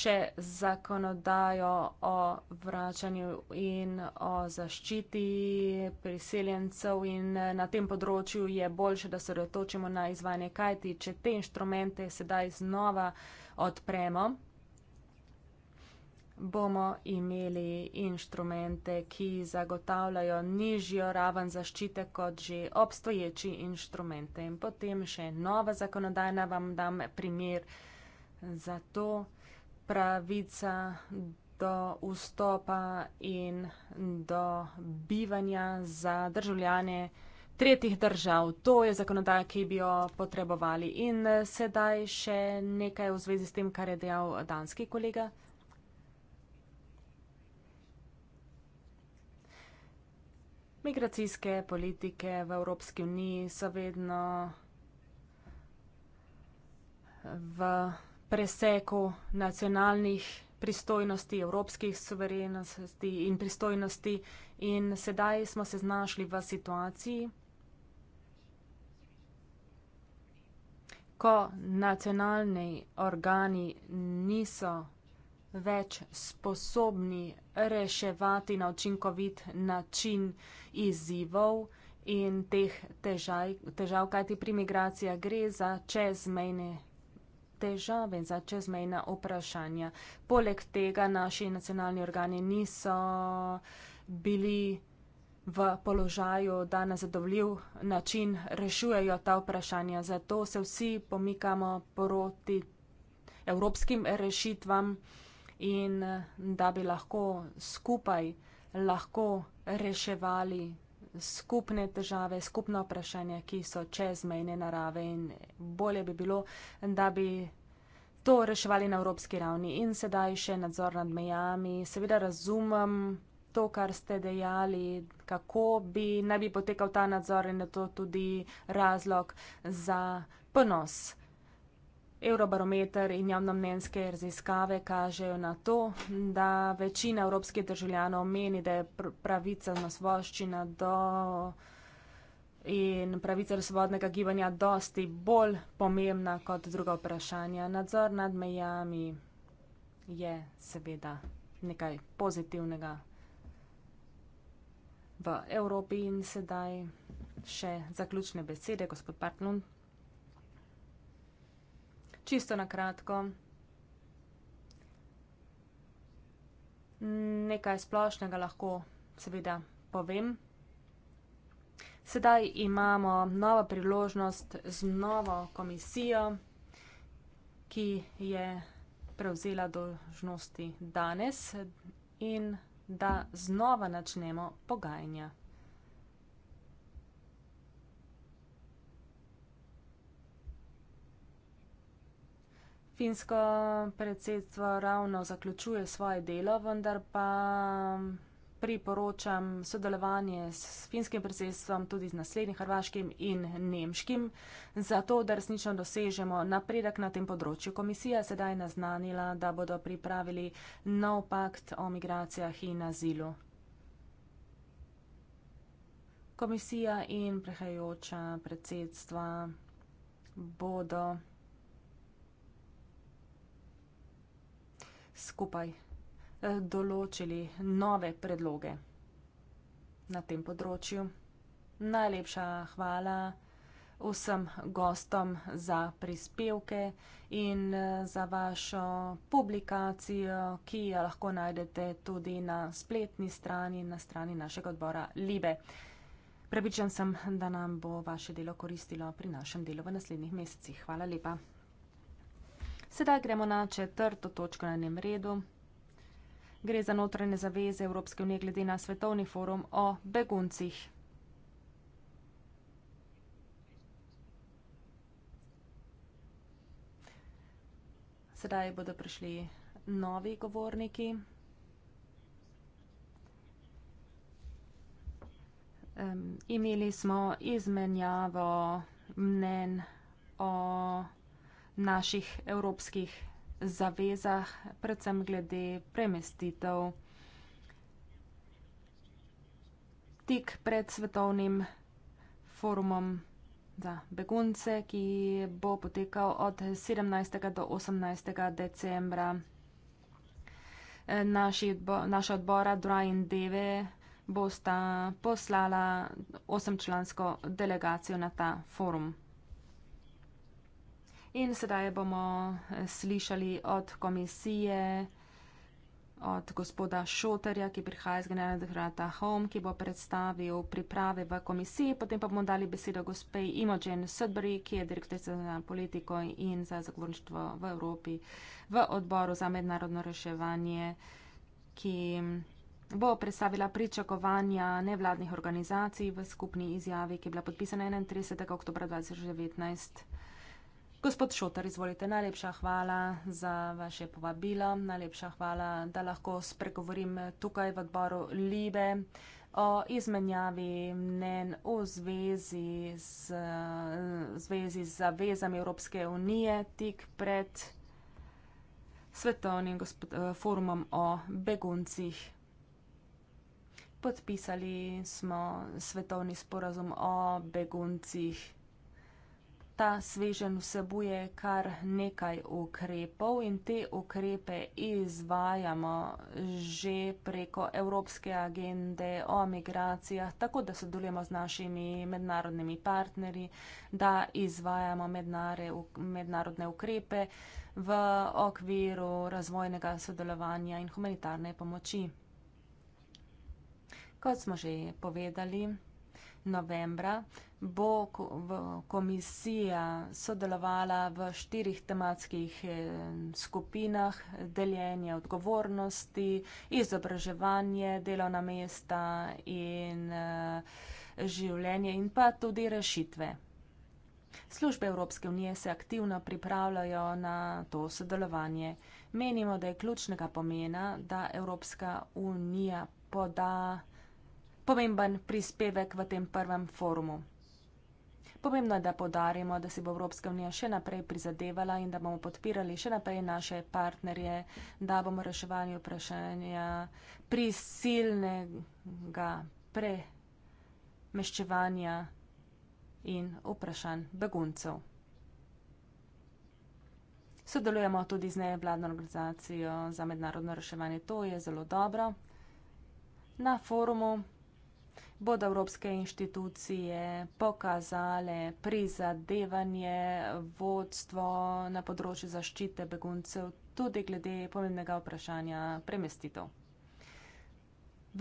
še zakonodajo o vračanju in o zaščiti priseljencev in eh, na tem področju je boljše, da se sredotočimo na izvanje, kajti če te inštrumente sedaj znova odpremo, bomo imeli inštrumente, ki zagotavljajo nižjo raven zaščite kot že obstoječi inštrumente. In potem še nova zakonodajna, vam dam primer za to, pravica do vstopa in do bivanja za državljane tretjih držav. To je zakonodaja, ki bi jo potrebovali. In eh, sedaj še nekaj v zvezi s tem, kar je dejal danski kolega. migracijske politike v Evropski uniji so vedno v preseku nacionalnih pristojnosti, evropskih suverenosti in pristojnosti in sedaj smo se znašli v situaciji, ko nacionalni organi niso vsega, več sposobni reševati na učinkovit način izzivov in teh težaj, težav, kajti pri migracijah gre za čezmejne težave in za čezmejna vprašanja. Poleg tega naši nacionalni organi niso bili v položaju, da na zadovoljiv način rešujejo ta vprašanja. Zato se vsi pomikamo proti evropskim rešitvam in eh, da bi lahko skupaj lahko reševali skupne države, skupna vprašanja, ki so čezmejne narave in bolje bi bilo, da bi to reševali na evropski ravni in sedaj še nadzor nad mejami. Seveda razumem to, kar ste dejali, kako bi naj bi potekal ta nadzor in je to tudi razlog za ponos. Eurobarometer in javnomnenjske raziskave kažejo na to, da večina evropskih državljanov meni, da je pravica na svoščina do in pravica do svobodnega gibanja dosti bolj pomembna kot druga vprašanja. Nadzor nad mejami je seveda nekaj pozitivnega v Evropi in sedaj še zaključne besede, gospod Partnund. Čisto na kratko. Nekaj splošnega lahko seveda povem. Sedaj imamo novo priložnost z novo komisijo, ki je prevzela dožnosti danes in da znova načnemo pogajanja. Finsko predsedstvo ravno zaključuje svoje delo, vendar pa priporočam sodelovanje s finskim predsedstvom, tudi z naslednjim hrvaškim in nemškim, zato da resnično dosežemo napredek na tem področju. Komisija sedaj je naznanila, da bodo pripravili nov pakt o migracijah in azilu. Komisija in prehajajoča predsedstva bodo. skupaj eh, določili nove predloge na tem področju. Najlepša hvala vsem gostom za prispevke in eh, za vašo publikacijo, ki jo lahko najdete tudi na spletni strani, na strani našega odbora Libe. Prepričan sem, da nam bo vaše delo koristilo pri našem delu v naslednjih mesecih. Hvala lepa. Sedaj gremo na četrto točko na njem redu. Gre za notranje zaveze Evropske unije glede na svetovni forum o beguncih. Sedaj bodo prišli novi govorniki. Um, imeli smo izmenjavo mnen o naših evropskih zavezah, predvsem glede premestitev tik pred svetovnim forumom za begunce, ki bo potekal od 17. do 18. decembra. Naši odbo, naša odbora Drain Deve bosta poslala osemčlansko delegacijo na ta forum. In sedaj bomo eh, slišali od komisije, od gospoda Šoterja, ki prihaja iz generalnega dekrata Home, ki bo predstavil priprave v komisiji. Potem pa bomo dali besedo gospe Imogen Sudbury, ki je direktorica za politiko in za zagovorništvo v Evropi v odboru za mednarodno reševanje, ki mm, bo predstavila pričakovanja nevladnih organizacij v skupni izjavi, ki je bila podpisana 31. oktober 2019. Gospod Šotar, izvolite, najlepša hvala za vaše povabilo, najlepša hvala, da lahko spregovorim tukaj v odboru Libe o izmenjavi mnen v zvezi z, zvezi z zavezami Evropske unije tik pred svetovnim gospod, forumom o beguncih. Podpisali smo svetovni sporazum o beguncih. Ta svežen vsebuje kar nekaj ukrepov in te ukrepe izvajamo že preko Evropske agende o migracijah, tako da sodelujemo z našimi mednarodnimi partnerji, da izvajamo mednarodne ukrepe v okviru razvojnega sodelovanja in humanitarne pomoči. Kot smo že povedali, novembra bo komisija sodelovala v štirih tematskih eh, skupinah deljenje odgovornosti, izobraževanje, delovna mesta in eh, življenje in pa tudi rešitve. Službe Evropske unije se aktivno pripravljajo na to sodelovanje. Menimo, da je ključnega pomena, da Evropska unija poda pomemben prispevek v tem prvem forumu. Pomembno je, da podarimo, da si bo Evropska unija še naprej prizadevala in da bomo podpirali še naprej naše partnerje, da bomo reševali vprašanja prisilnega premeščevanja in vprašanj beguncev. Sodelujemo tudi z nevladno organizacijo za mednarodno reševanje. To je zelo dobro. Na forumu bodo evropske inštitucije pokazale prizadevanje vodstvo na področju zaščite beguncev tudi glede pomembnega vprašanja premestitev.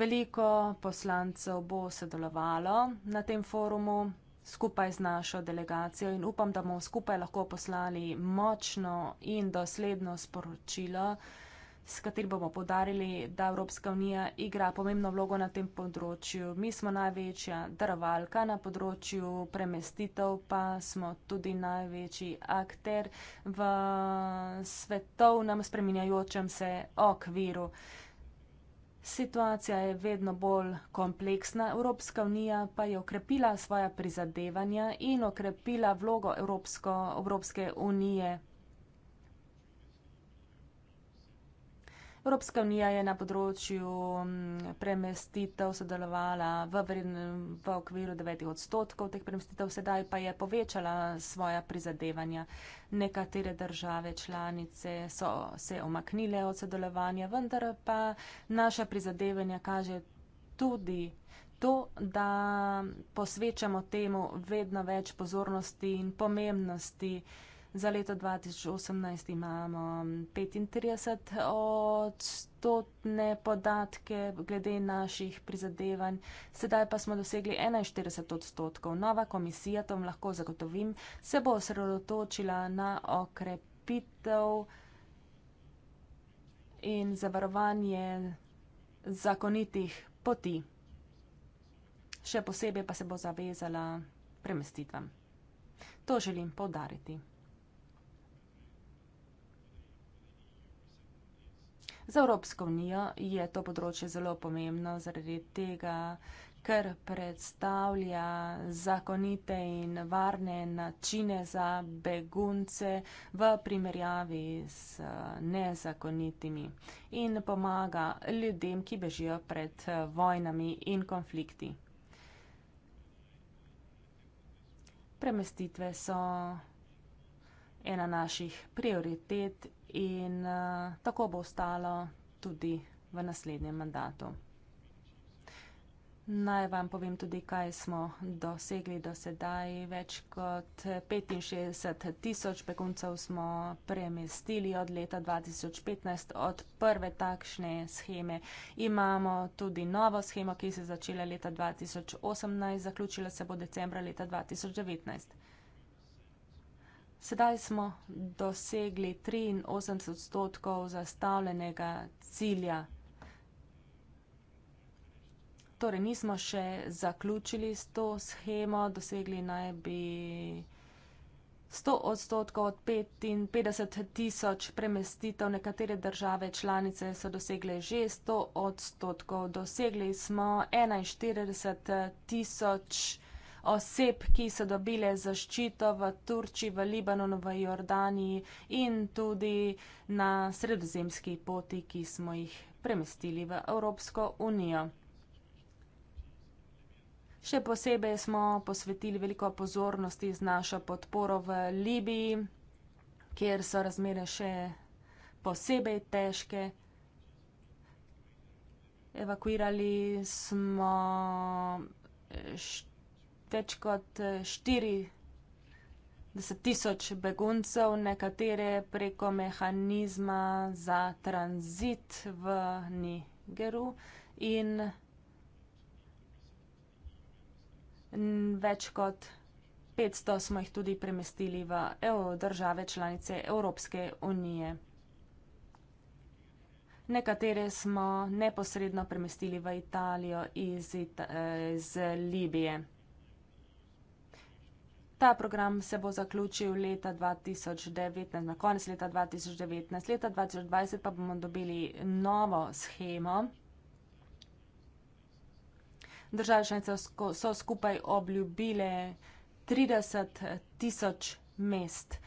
Veliko poslancev bo sodelovalo na tem forumu skupaj z našo delegacijo in upam, da bomo skupaj lahko poslali močno in dosledno sporočilo, s katerim bomo podarili, da Evropska unija igra pomembno vlogo na tem področju. Mi smo največja darovalka na področju premestitev, pa smo tudi največji akter v svetovnem spreminjajočem se okviru. Situacija je vedno bolj kompleksna. Evropska unija pa je okrepila svoja prizadevanja in okrepila vlogo Evropsko, Evropske unije Evropska unija je na področju mm, premestitev sodelovala v, v okviru 9 odstotkov teh premestitev, sedaj pa je povečala svoja prizadevanja. Nekatere države članice so se omaknile od sodelovanja, vendar pa naša prizadevanja kaže tudi. To, da posvečamo temu vedno več pozornosti in pomembnosti, eh, Za leto 2018 imamo 35 odstotne podatke glede naših prizadevanj, sedaj pa smo dosegli 41 odstotkov. Nova komisija, to vam lahko zagotovim, se bo osredotočila na okrepitev in zavarovanje zakonitih poti. Še posebej pa se bo zavezala premestitvam. To želim podariti. Za Evropsko unijo je to področje zelo pomembno zaradi tega, ker predstavlja zakonite in varne načine za begunce v primerjavi s nezakonitimi in pomaga ljudem, ki bežijo pred vojnami in konflikti. Premestitve so ena naših prioritet in uh, tako bo ostalo tudi v naslednjem mandatu. Naj vam povem tudi, kaj smo dosegli do sedaj. Več kot 65 tisoč beguncev smo premestili od leta 2015, od prve takšne scheme. Imamo tudi novo schemo, ki se je začela leta 2018, zaključila se bo decembra leta 2019. Sedaj smo dosegli 83 odstotkov zastavljenega cilja. Torej, nismo še zaključili s to schemo, dosegli naj bi 100 odstotkov od 55 tisoč premestitev. Nekatere države članice so dosegle že 100 odstotkov. Dosegli smo 41 tisoč. 000 oseb, ki so dobile zaščito v Turčiji, v Libanonu, v Jordaniji in tudi na sredozemski poti, ki smo jih premestili v Evropsko unijo. Še posebej smo posvetili veliko pozornosti z našo podporo v Libiji, kjer so razmere še posebej težke. Evakuirali smo več kot 40 eh, tisoč beguncev, nekatere preko mehanizma za tranzit v Nigeru in več kot 500 smo jih tudi premestili v države članice Evropske unije. Nekatere smo neposredno premestili v Italijo iz, Ita eh, iz Libije. Ta program se bo zaključil leta 2019, na konec leta 2019. Leta 2020 pa bomo dobili novo schemo. Države članice so skupaj obljubile 30 tisoč mest.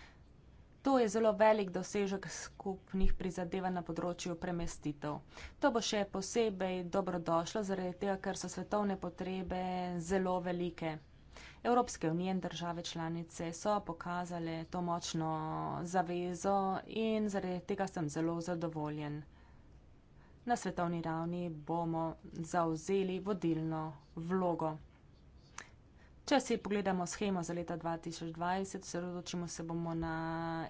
To je zelo velik dosežek skupnih prizadevanj na področju premestitev. To bo še posebej dobrodošlo, zaradi tega, ker so svetovne potrebe zelo velike. Evropske unije in države članice so pokazale to močno zavezo in zaradi tega sem zelo zadovoljen. Na svetovni ravni bomo zauzeli vodilno vlogo. Če si pogledamo schemo za leta 2020, sredotočimo se bomo na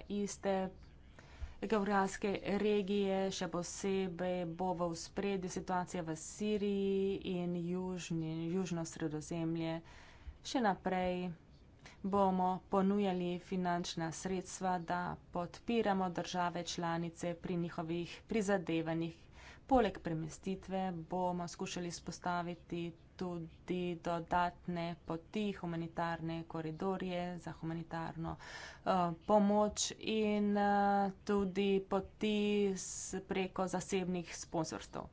iste geografske regije, še posebej bo v spredju situacija v Siriji in južni, južno sredozemlje. Še naprej bomo ponujali finančna sredstva, da podpiramo države članice pri njihovih prizadevanjih. Poleg premestitve bomo skušali spostaviti tudi dodatne poti, humanitarne koridorje za humanitarno uh, pomoč in uh, tudi poti s, preko zasebnih sponsorstv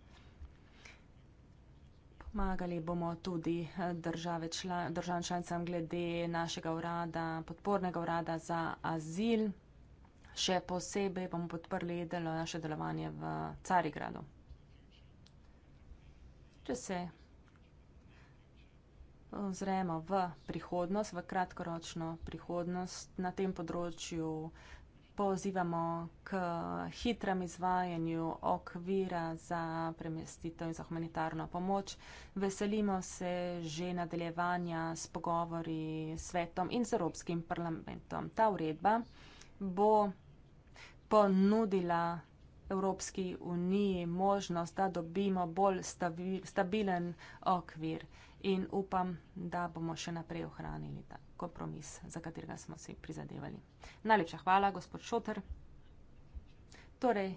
pomagali bomo tudi eh, državam članicam glede našega urada, podpornega urada za azil. Še posebej bomo podprli delo, naše delovanje v Carigradu. Če se ozremo v prihodnost, v kratkoročno prihodnost na tem področju, pozivamo k hitrem izvajanju okvira za premestitev in za humanitarno pomoč. Veselimo se že nadaljevanja s pogovori s svetom in z Evropskim parlamentom. Ta uredba bo ponudila Evropski uniji možnost, da dobimo bolj stabilen okvir in upam, da bomo še naprej ohranili ta kompromis, za katerega smo si prizadevali. Najlepša hvala, gospod Šoter. Torej,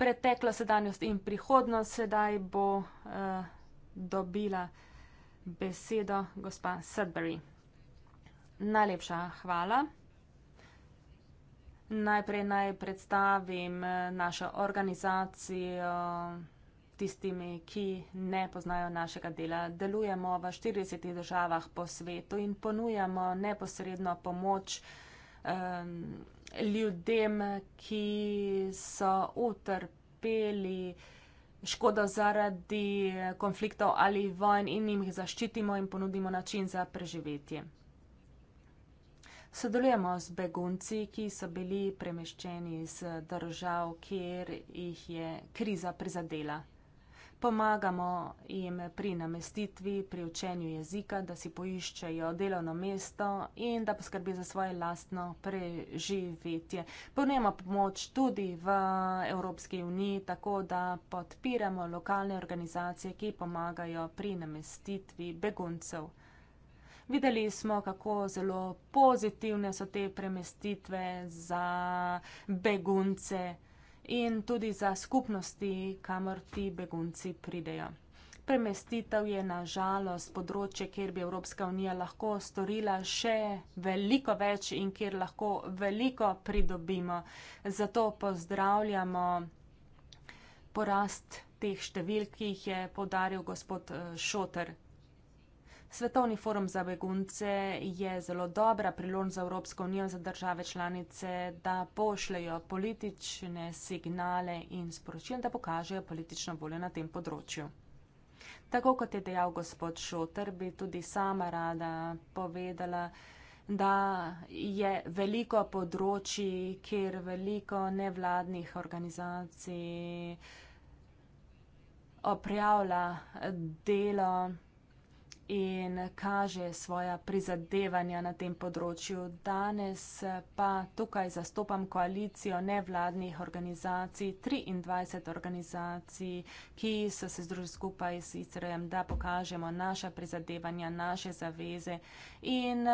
pretekla sedanjost in prihodnost sedaj bo uh, dobila besedo gospa Sudbury. Najlepša hvala. Najprej naj predstavim eh, našo organizacijo. Uh, tistimi, ki ne poznajo našega dela. Delujemo v 40 državah po svetu in ponujamo neposredno pomoč um, ljudem, ki so utrpeli škodo zaradi konfliktov ali vojn in jim jih zaščitimo in ponudimo način za preživetje. Sodelujemo z begunci, ki so bili premeščeni z držav, kjer jih je kriza prizadela pomagamo jim pri namestitvi, pri učenju jezika, da si poiščejo delovno mesto in da poskrbi za svoje lastno preživetje. Ponema pomoč tudi v Evropski uniji, tako da podpiramo lokalne organizacije, ki pomagajo pri namestitvi beguncev. Videli smo, kako zelo pozitivne so te premestitve za begunce in tudi za skupnosti, kamor ti begunci pridejo. Premestitev je na žalost področje, kjer bi Evropska unija lahko storila še veliko več in kjer lahko veliko pridobimo. Zato pozdravljamo porast teh številk, ki jih je podaril gospod eh, Šoter. Svetovni forum za begunce je zelo dobra priložnost za Evropsko unijo in za države članice, da pošljajo politične signale in sporočila, da pokažejo politično voljo na tem področju. Tako kot je dejal gospod Šoter, bi tudi sama rada povedala, da je veliko področji, kjer veliko nevladnih organizacij opravlja delo in kaže svoja prizadevanja na tem področju. Danes pa tukaj zastopam koalicijo nevladnih organizacij, 23 organizacij, ki so se združili skupaj s Izraelem, da pokažemo naša prizadevanja, naše zaveze in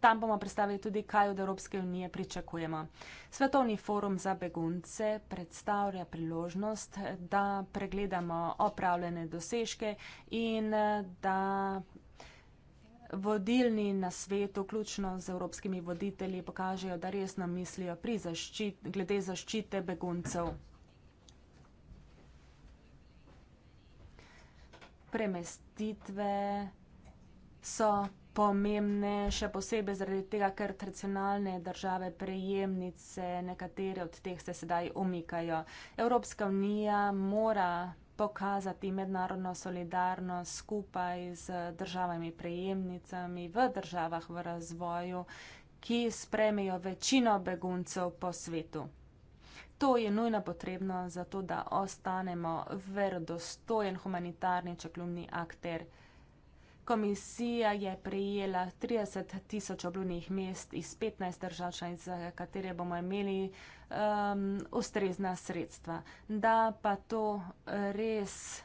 Tam bomo predstavili tudi, kaj od Evropske unije pričakujemo. Svetovni forum za begunce predstavlja priložnost, da pregledamo opravljene dosežke in da vodilni na svetu, vključno z evropskimi voditelji, pokažejo, da resno mislijo pri zaščit, glede zaščite beguncev. Premestitve so pomembne, še posebej zaradi tega, ker tradicionalne države prejemnice, nekatere od teh se sedaj omikajo. Evropska unija mora pokazati mednarodno solidarnost skupaj z državami prejemnicami v državah v razvoju, ki spremejo večino beguncev po svetu. To je nujno potrebno zato, da ostanemo verodostojen humanitarni čaklumni akter. Komisija je prejela 30 tisoč obljubnih mest iz 15 držav članic, za katere bomo imeli um, ustrezna sredstva. Da pa to res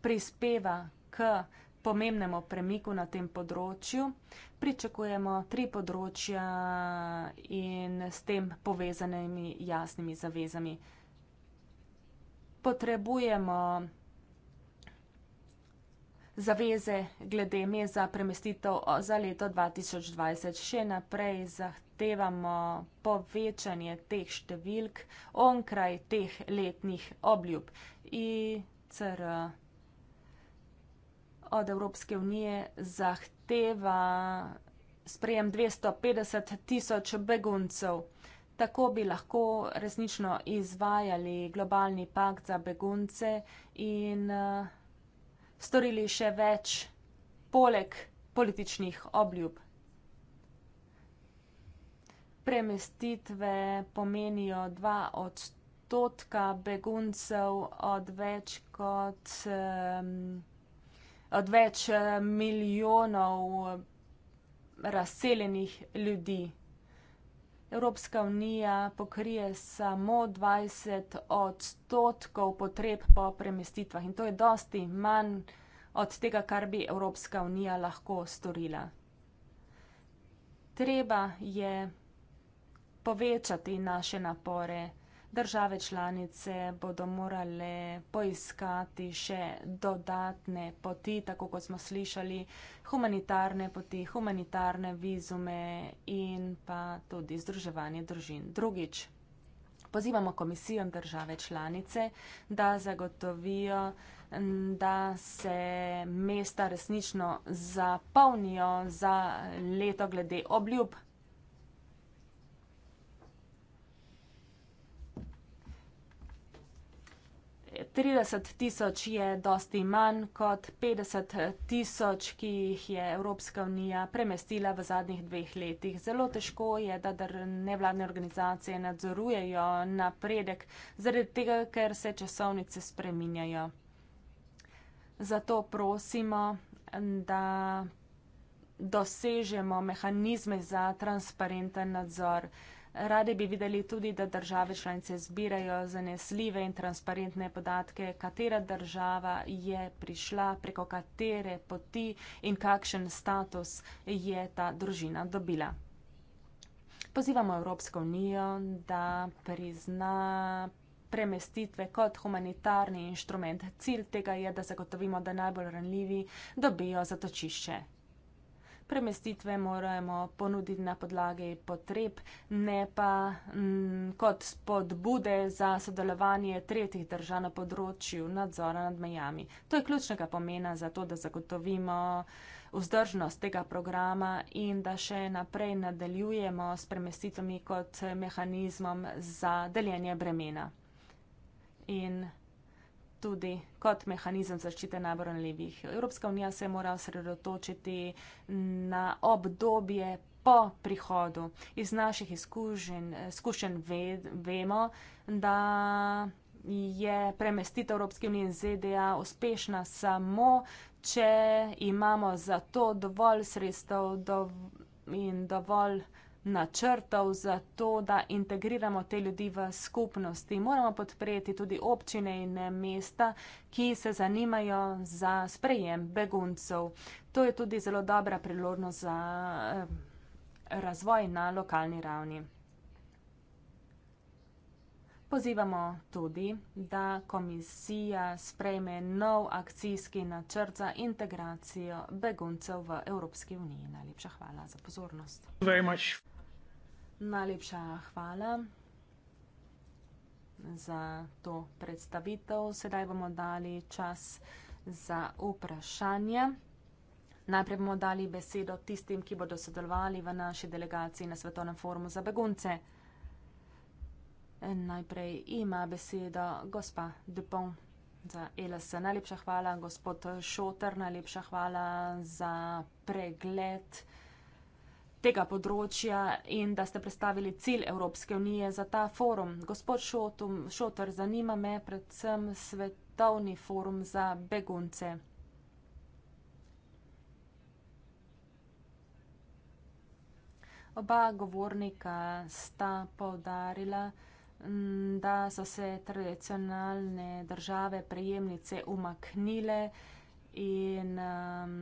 prispeva k pomembnemu premiku na tem področju, pričakujemo tri področja in s tem povezanimi jasnimi zavezami. Potrebujemo zaveze glede meza premestitev za leto 2020 še naprej zahtevamo povečanje teh številk onkraj teh letnih obljub. ICR od Evropske unije zahteva sprejem 250 tisoč beguncev. Tako bi lahko resnično izvajali globalni pakt za begunce in uh, storili še več poleg političnih obljub. Premestitve pomenijo dva odstotka beguncev od več kot od več milijonov razseljenih ljudi. Evropska unija pokrije samo 20 odstotkov potreb po premestitvah in to je dosti manj od tega, kar bi Evropska unija lahko storila. Treba je povečati naše napore države članice bodo morale poiskati še dodatne poti, tako kot smo slišali, humanitarne poti, humanitarne vizume in pa tudi združevanje družin. Drugič, pozivamo komisijo države članice, da zagotovijo, da se mesta resnično zapolnijo za leto glede obljub 30 tisoč je dosti manj kot 50 tisoč, ki jih je Evropska unija premestila v zadnjih dveh letih. Zelo težko je, da nevladne organizacije nadzorujejo napredek, zaradi tega, ker se časovnice spreminjajo. Zato prosimo, da dosežemo mehanizme za transparenten nadzor. Radi bi videli tudi, da države članice zbirajo zanesljive in transparentne podatke, katera država je prišla, preko katere poti in kakšen status je ta družina dobila. Pozivamo Evropsko unijo, da prizna premestitve kot humanitarni inštrument. Cilj tega je, da zagotovimo, da najbolj ranljivi dobijo zatočišče premestitve moramo ponuditi na podlagi potreb, ne pa mm, kot spodbude za sodelovanje tretjih držav na področju nadzora nad mejami. To je ključnega pomena za to, da zagotovimo vzdržnost tega programa in da še naprej nadaljujemo s premestitvami kot mehanizmom za deljenje bremena. In tudi kot mehanizem zaščite najbolj ranljivih. Evropska unija se mora osredotočiti na obdobje po prihodu. Iz naših izkušenj ve, vemo, da je premestitev Evropske unije in ZDA uspešna samo, če imamo za to dovolj sredstev dov in dovolj načrtov za to, da integriramo te ljudi v skupnosti. Moramo podpreti tudi občine in mesta, ki se zanimajo za sprejem beguncev. To je tudi zelo dobra priložnost za eh, razvoj na lokalni ravni. Pozivamo tudi, da komisija sprejme nov akcijski načrt za integracijo beguncev v Evropski uniji. Najlepša hvala za pozornost. Najlepša hvala za to predstavitev. Sedaj bomo dali čas za vprašanje. Najprej bomo dali besedo tistim, ki bodo sodelovali v naši delegaciji na Svetovnem forumu za begunce. Najprej ima besedo gospa Dupont za e LS. Najlepša hvala, gospod Šoter, najlepša hvala za pregled tega področja in da ste predstavili cilj Evropske unije za ta forum. Gospod Šotum, Šotr, zanima me predvsem svetovni forum za begunce. Oba govornika sta povdarila, mm, da so se tradicionalne države prejemnice umaknile in um,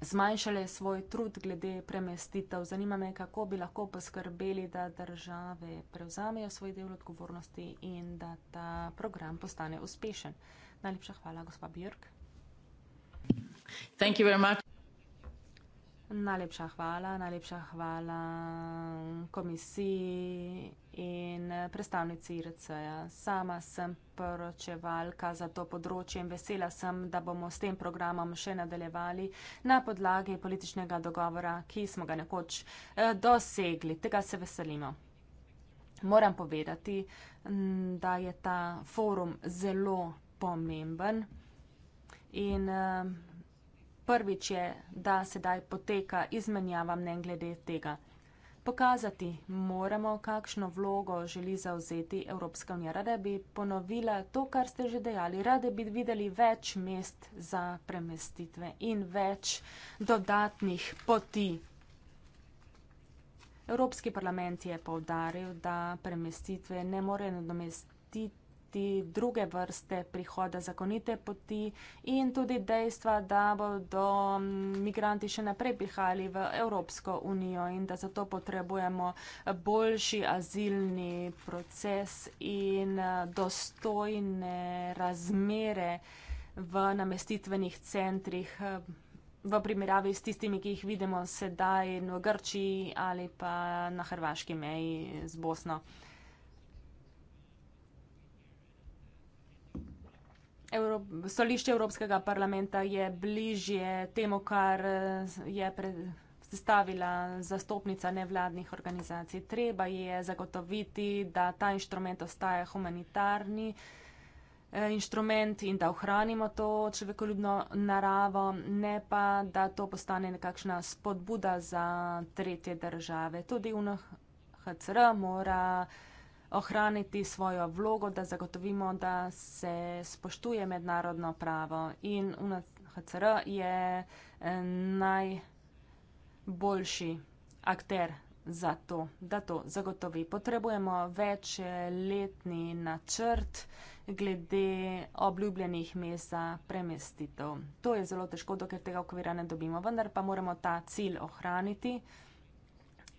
zmanjšale svoj trud glede premestitev. Zanima me, kako bi lahko poskrbeli, da države prevzamejo svoj del odgovornosti in da ta program postane uspešen. Najlepša hvala, gospa Björk. Thank you very much. Najlepša hvala, najlepša hvala komisiji in eh, predstavnici IRC-ja. Sama sem poročevalka za to področje in vesela sem, da bomo s tem programom še nadaljevali na podlagi političnega dogovora, ki smo ga nekoč eh, dosegli. Tega se veselimo. Moram povedati, da je ta forum zelo pomemben in eh, prvič je, da sedaj poteka izmenjava mnen glede tega. Pokazati moramo, kakšno vlogo želi zauzeti Evropska unija. Rada bi ponovila to, kar ste že dejali. Rada bi videli več mest za premestitve in več dodatnih poti. Evropski parlament je povdaril, da premestitve ne more nadomestiti poti, druge vrste prihoda, zakonite poti in tudi dejstva, da bodo mm, migranti še naprej prihajali v Evropsko unijo in da zato potrebujemo boljši azilni proces in eh, dostojne razmere v namestitvenih centrih eh, v primerjavi s tistimi, ki jih vidimo sedaj v Grčiji ali pa na hrvaški meji z Bosno. Evrop, stališče Evropskega parlamenta je bližje temu, kar eh, je predstavila zastopnica nevladnih organizacij. Treba je zagotoviti, da ta inštrument ostaje humanitarni eh, inštrument in da ohranimo to človekoljubno naravo, ne pa, da to postane nekakšna spodbuda za tretje države. Tudi UNHCR mora uh, ohraniti svojo vlogo, da zagotovimo, da se spoštuje mednarodno pravo. In UNHCR je eh, najboljši akter za to, da to zagotovi. Potrebujemo več letni načrt glede obljubljenih mest za premestitev. To je zelo težko, dokler tega okvira ne dobimo, vendar pa moramo ta cilj ohraniti.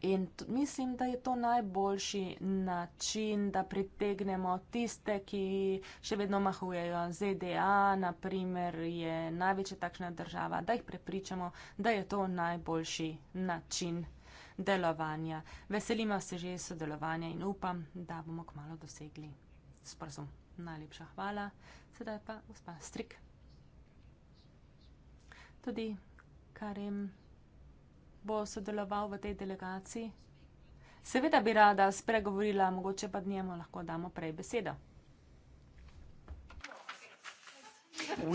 In mislim, da je to najboljši način, da pritegnemo tiste, ki še vedno mahujejo ZDA, naprimer je največja takšna država, da jih prepričamo, da je to najboljši način delovanja. Veselimo se že sodelovanja in upam, da bomo kmalo dosegli sporazum. Najlepša hvala. Sedaj pa gospa Strik. Tudi Karim bo sodeloval v tej delegaciji? Seveda bi rada spregovorila, mogoče pa njemu lahko damo prej besedo.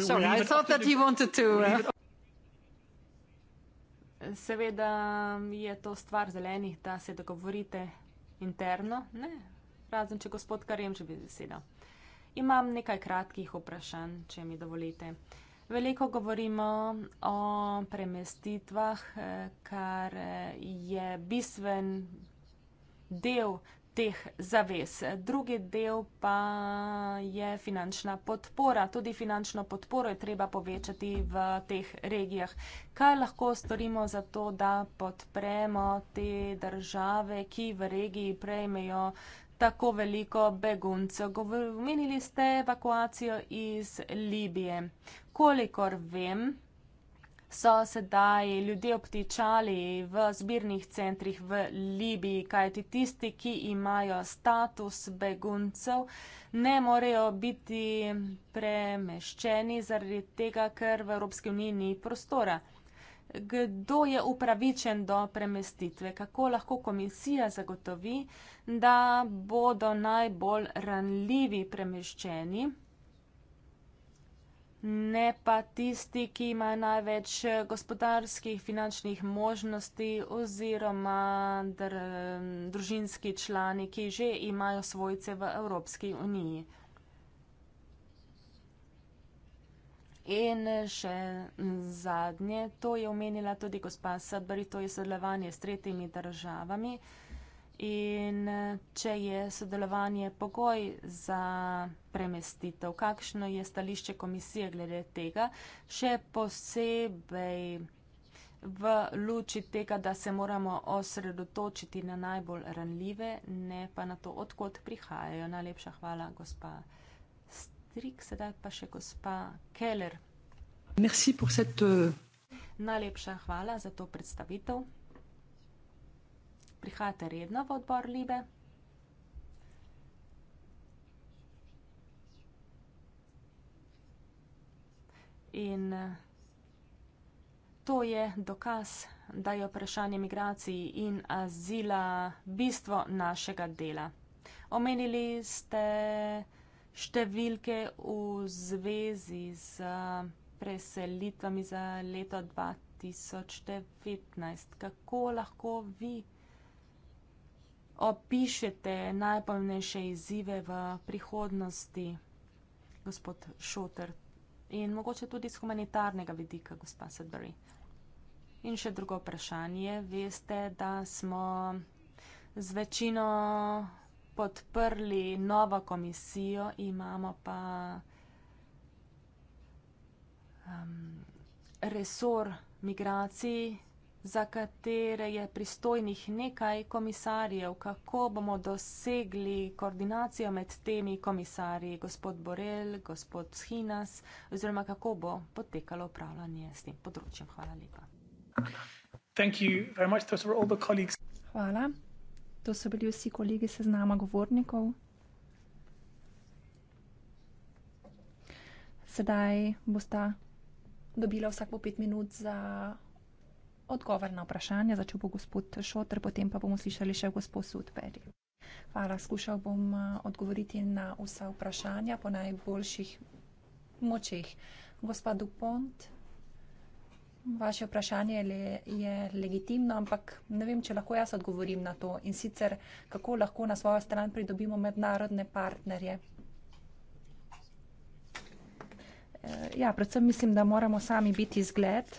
Sorry, to... Uh, Seveda mm, je to stvar zelenih, da se dogovorite interno, ne? razen če gospod Karem že bi besedo. Imam nekaj kratkih vprašanj, če mi dovolite. Uh, Veliko govorimo o premestitvah, eh, kar eh, je bistven del teh zavez. Drugi del pa je finančna podpora. Tudi finančno podporo je treba povečati v teh regijah. Kaj lahko storimo za to, da podpremo te države, ki v regiji prejmejo tako veliko beguncev. Omenili ste evakuacijo iz Libije. Kolikor vem, so sedaj ljudje obtičali v zbirnih centrih v Libiji, kajti tisti, ki imajo status beguncev, ne morejo biti premeščeni zaradi tega, ker v Evropski uniji ni prostora kdo je upravičen do premestitve, kako lahko komisija zagotovi, da bodo najbolj ranljivi premeščeni, ne pa tisti, ki imajo največ gospodarskih, finančnih možnosti oziroma dr, družinski člani, ki že imajo svojce v Evropski uniji. In še zadnje, to je omenila tudi gospa Sadbari, to je sodelovanje s tretjimi državami. In če je sodelovanje pogoj za premestitev, kakšno je stališče komisije glede tega, še posebej v luči tega, da se moramo osredotočiti na najbolj ranljive, ne pa na to, odkot prihajajo. Najlepša hvala, gospa. Patrik, sedaj pa še gospa Keller. Merci pour cette. Euh, Najlepša hvala za to predstavitev. Prihajate redno v odbor Libe. In to je dokaz, da je vprašanje migracij in azila bistvo našega dela. Omenili ste številke v zvezi z eh, preselitvami za leto 2019. Kako lahko vi opišete najpomembnejše izzive v prihodnosti, gospod Šoter, in mogoče tudi z humanitarnega vidika, gospa Sedbury? In še drugo vprašanje. Veste, da smo z večino podprli novo komisijo, imamo pa um, resor migracij, za katere je pristojnih nekaj komisarjev. Kako bomo dosegli koordinacijo med temi komisarji, gospod Borel, gospod Schinas, oziroma kako bo potekalo upravljanje s tem področjem? Hvala lepa. Hvala. To so bili vsi kolegi seznama govornikov. Sedaj bosta dobila vsak po pet minut za odgovor na vprašanje. Začel bo gospod Šotr, potem pa bomo slišali še gospod Sudberi. Hvala, skušal bom eh, odgovoriti na vsa vprašanja po najboljših močeh. Gospa Dupont. Vaše vprašanje le, je legitimno, ampak ne vem, če lahko jaz odgovorim na to in sicer, kako lahko na svojo stran pridobimo mednarodne partnerje. Eh, ja, predvsem mislim, da moramo sami biti zgled.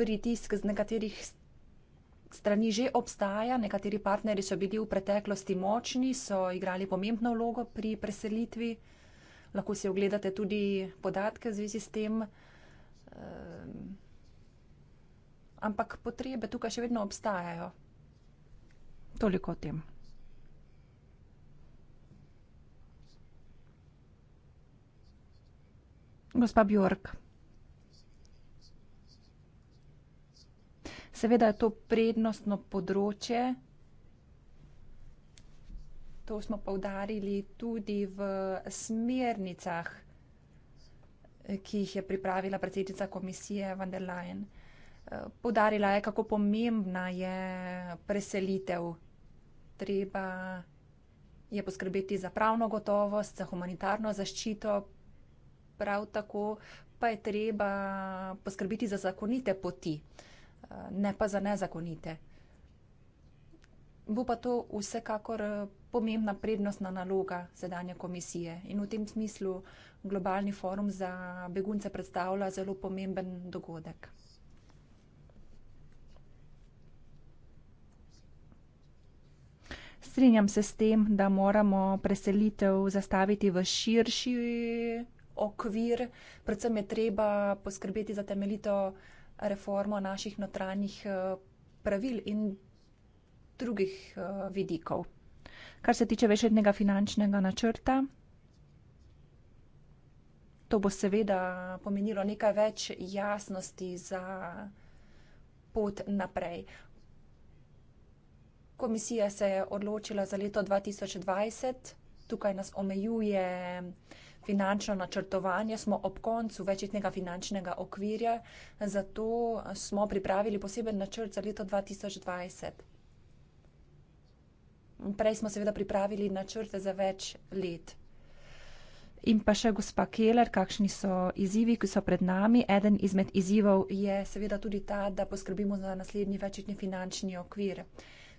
Pritisk z nekaterih strank strani že obstaja, nekateri partneri so bili v preteklosti močni, so igrali pomembno vlogo pri preselitvi. Lahko si ogledate tudi podatke v zvezi s tem. Um, ampak potrebe tukaj še vedno obstajajo. Toliko o tem. Gospa Bjork. Seveda je to prednostno področje. To smo povdarili tudi v smernicah, ki jih je pripravila predsednica komisije van der Leyen. Povdarila je, kako pomembna je preselitev. Treba je poskrbeti za pravno gotovost, za humanitarno zaščito, prav tako pa je treba poskrbiti za zakonite poti. Eh, ne pa za nezakonite. Bo pa to vsekakor eh, pomembna prednostna naloga sedanje komisije in v tem smislu globalni forum za begunce predstavlja zelo pomemben dogodek. Strinjam se s tem, da moramo preselitev zastaviti v širši okvir, predvsem je treba poskrbeti za temeljito reformo naših notranjih eh, pravil in drugih eh, vidikov. Kar se tiče večletnega finančnega načrta, to bo seveda pomenilo nekaj več jasnosti za pot naprej. Komisija se je odločila za leto 2020, tukaj nas omejuje finančno načrtovanje, smo ob koncu večletnega finančnega okvirja, zato smo pripravili poseben načrt za leto 2020. Prej smo seveda pripravili načrte za več let. In pa še gospa Keller, kakšni so izzivi, ki so pred nami. Eden izmed izzivov je seveda tudi ta, da poskrbimo za naslednji večletni finančni okvir.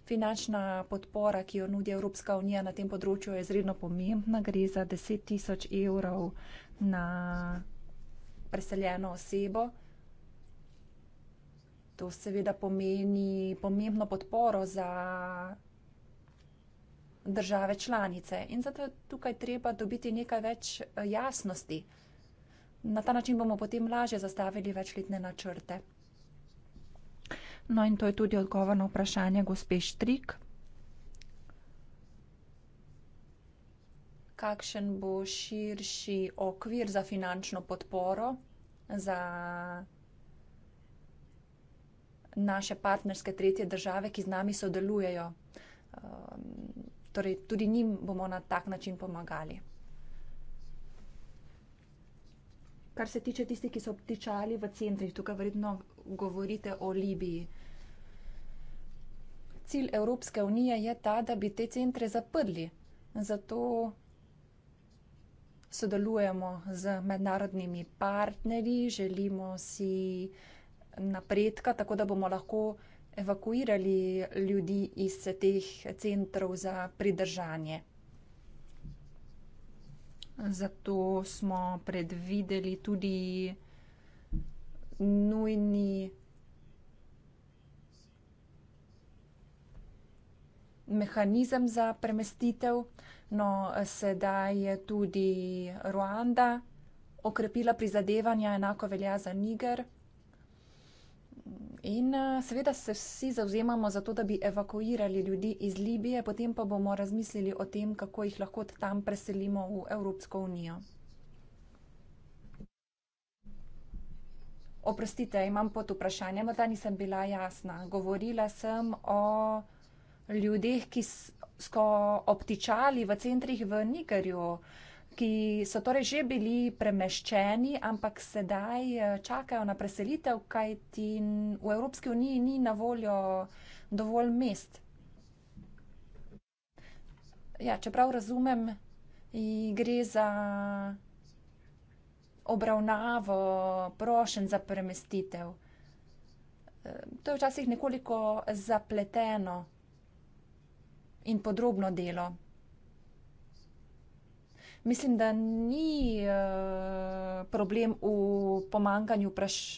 Finančna podpora, ki jo nudi Evropska unija na tem področju, je izredno pomembna. Gre za 10 tisoč evrov na preseljeno osebo. To seveda pomeni pomembno podporo za države članice. In zato je tukaj treba dobiti nekaj več eh, jasnosti. Na ta način bomo potem lažje zastavili večletne načrte. No in to je tudi odgovor na vprašanje gospe Štrik. Kakšen bo širši okvir za finančno podporo za naše partnerske tretje države, ki z nami sodelujejo? Um, torej, tudi njim bomo na tak način pomagali. Kar se tiče tistih, ki so obtičali v centrih, tukaj verjetno govorite o Libiji cilj Evropske unije je ta, da bi te centre zaprli. Zato sodelujemo z mednarodnimi partnerji, želimo si napredka, tako da bomo lahko evakuirali ljudi iz teh centrov za pridržanje. Zato smo predvideli tudi nujni mehanizem za premestitev. No, sedaj je tudi Ruanda okrepila prizadevanja, enako velja za Niger. In eh, seveda se vsi zauzemamo za to, da bi evakuirali ljudi iz Libije, potem pa bomo razmislili o tem, kako jih lahko tam preselimo v Evropsko unijo. Oprostite, imam pod vprašanjem, da nisem bila jasna. Govorila sem o ljudeh, ki so obtičali v centrih v Nigerju, ki so torej že bili premeščeni, ampak sedaj eh, čakajo na preselitev, kajti v Evropski uniji ni na voljo dovolj mest. Ja, čeprav razumem, gre za obravnavo prošen za premestitev. Eh, to je včasih nekoliko zapleteno in podrobno delo. Mislim, da ni uh, problem v pomankanju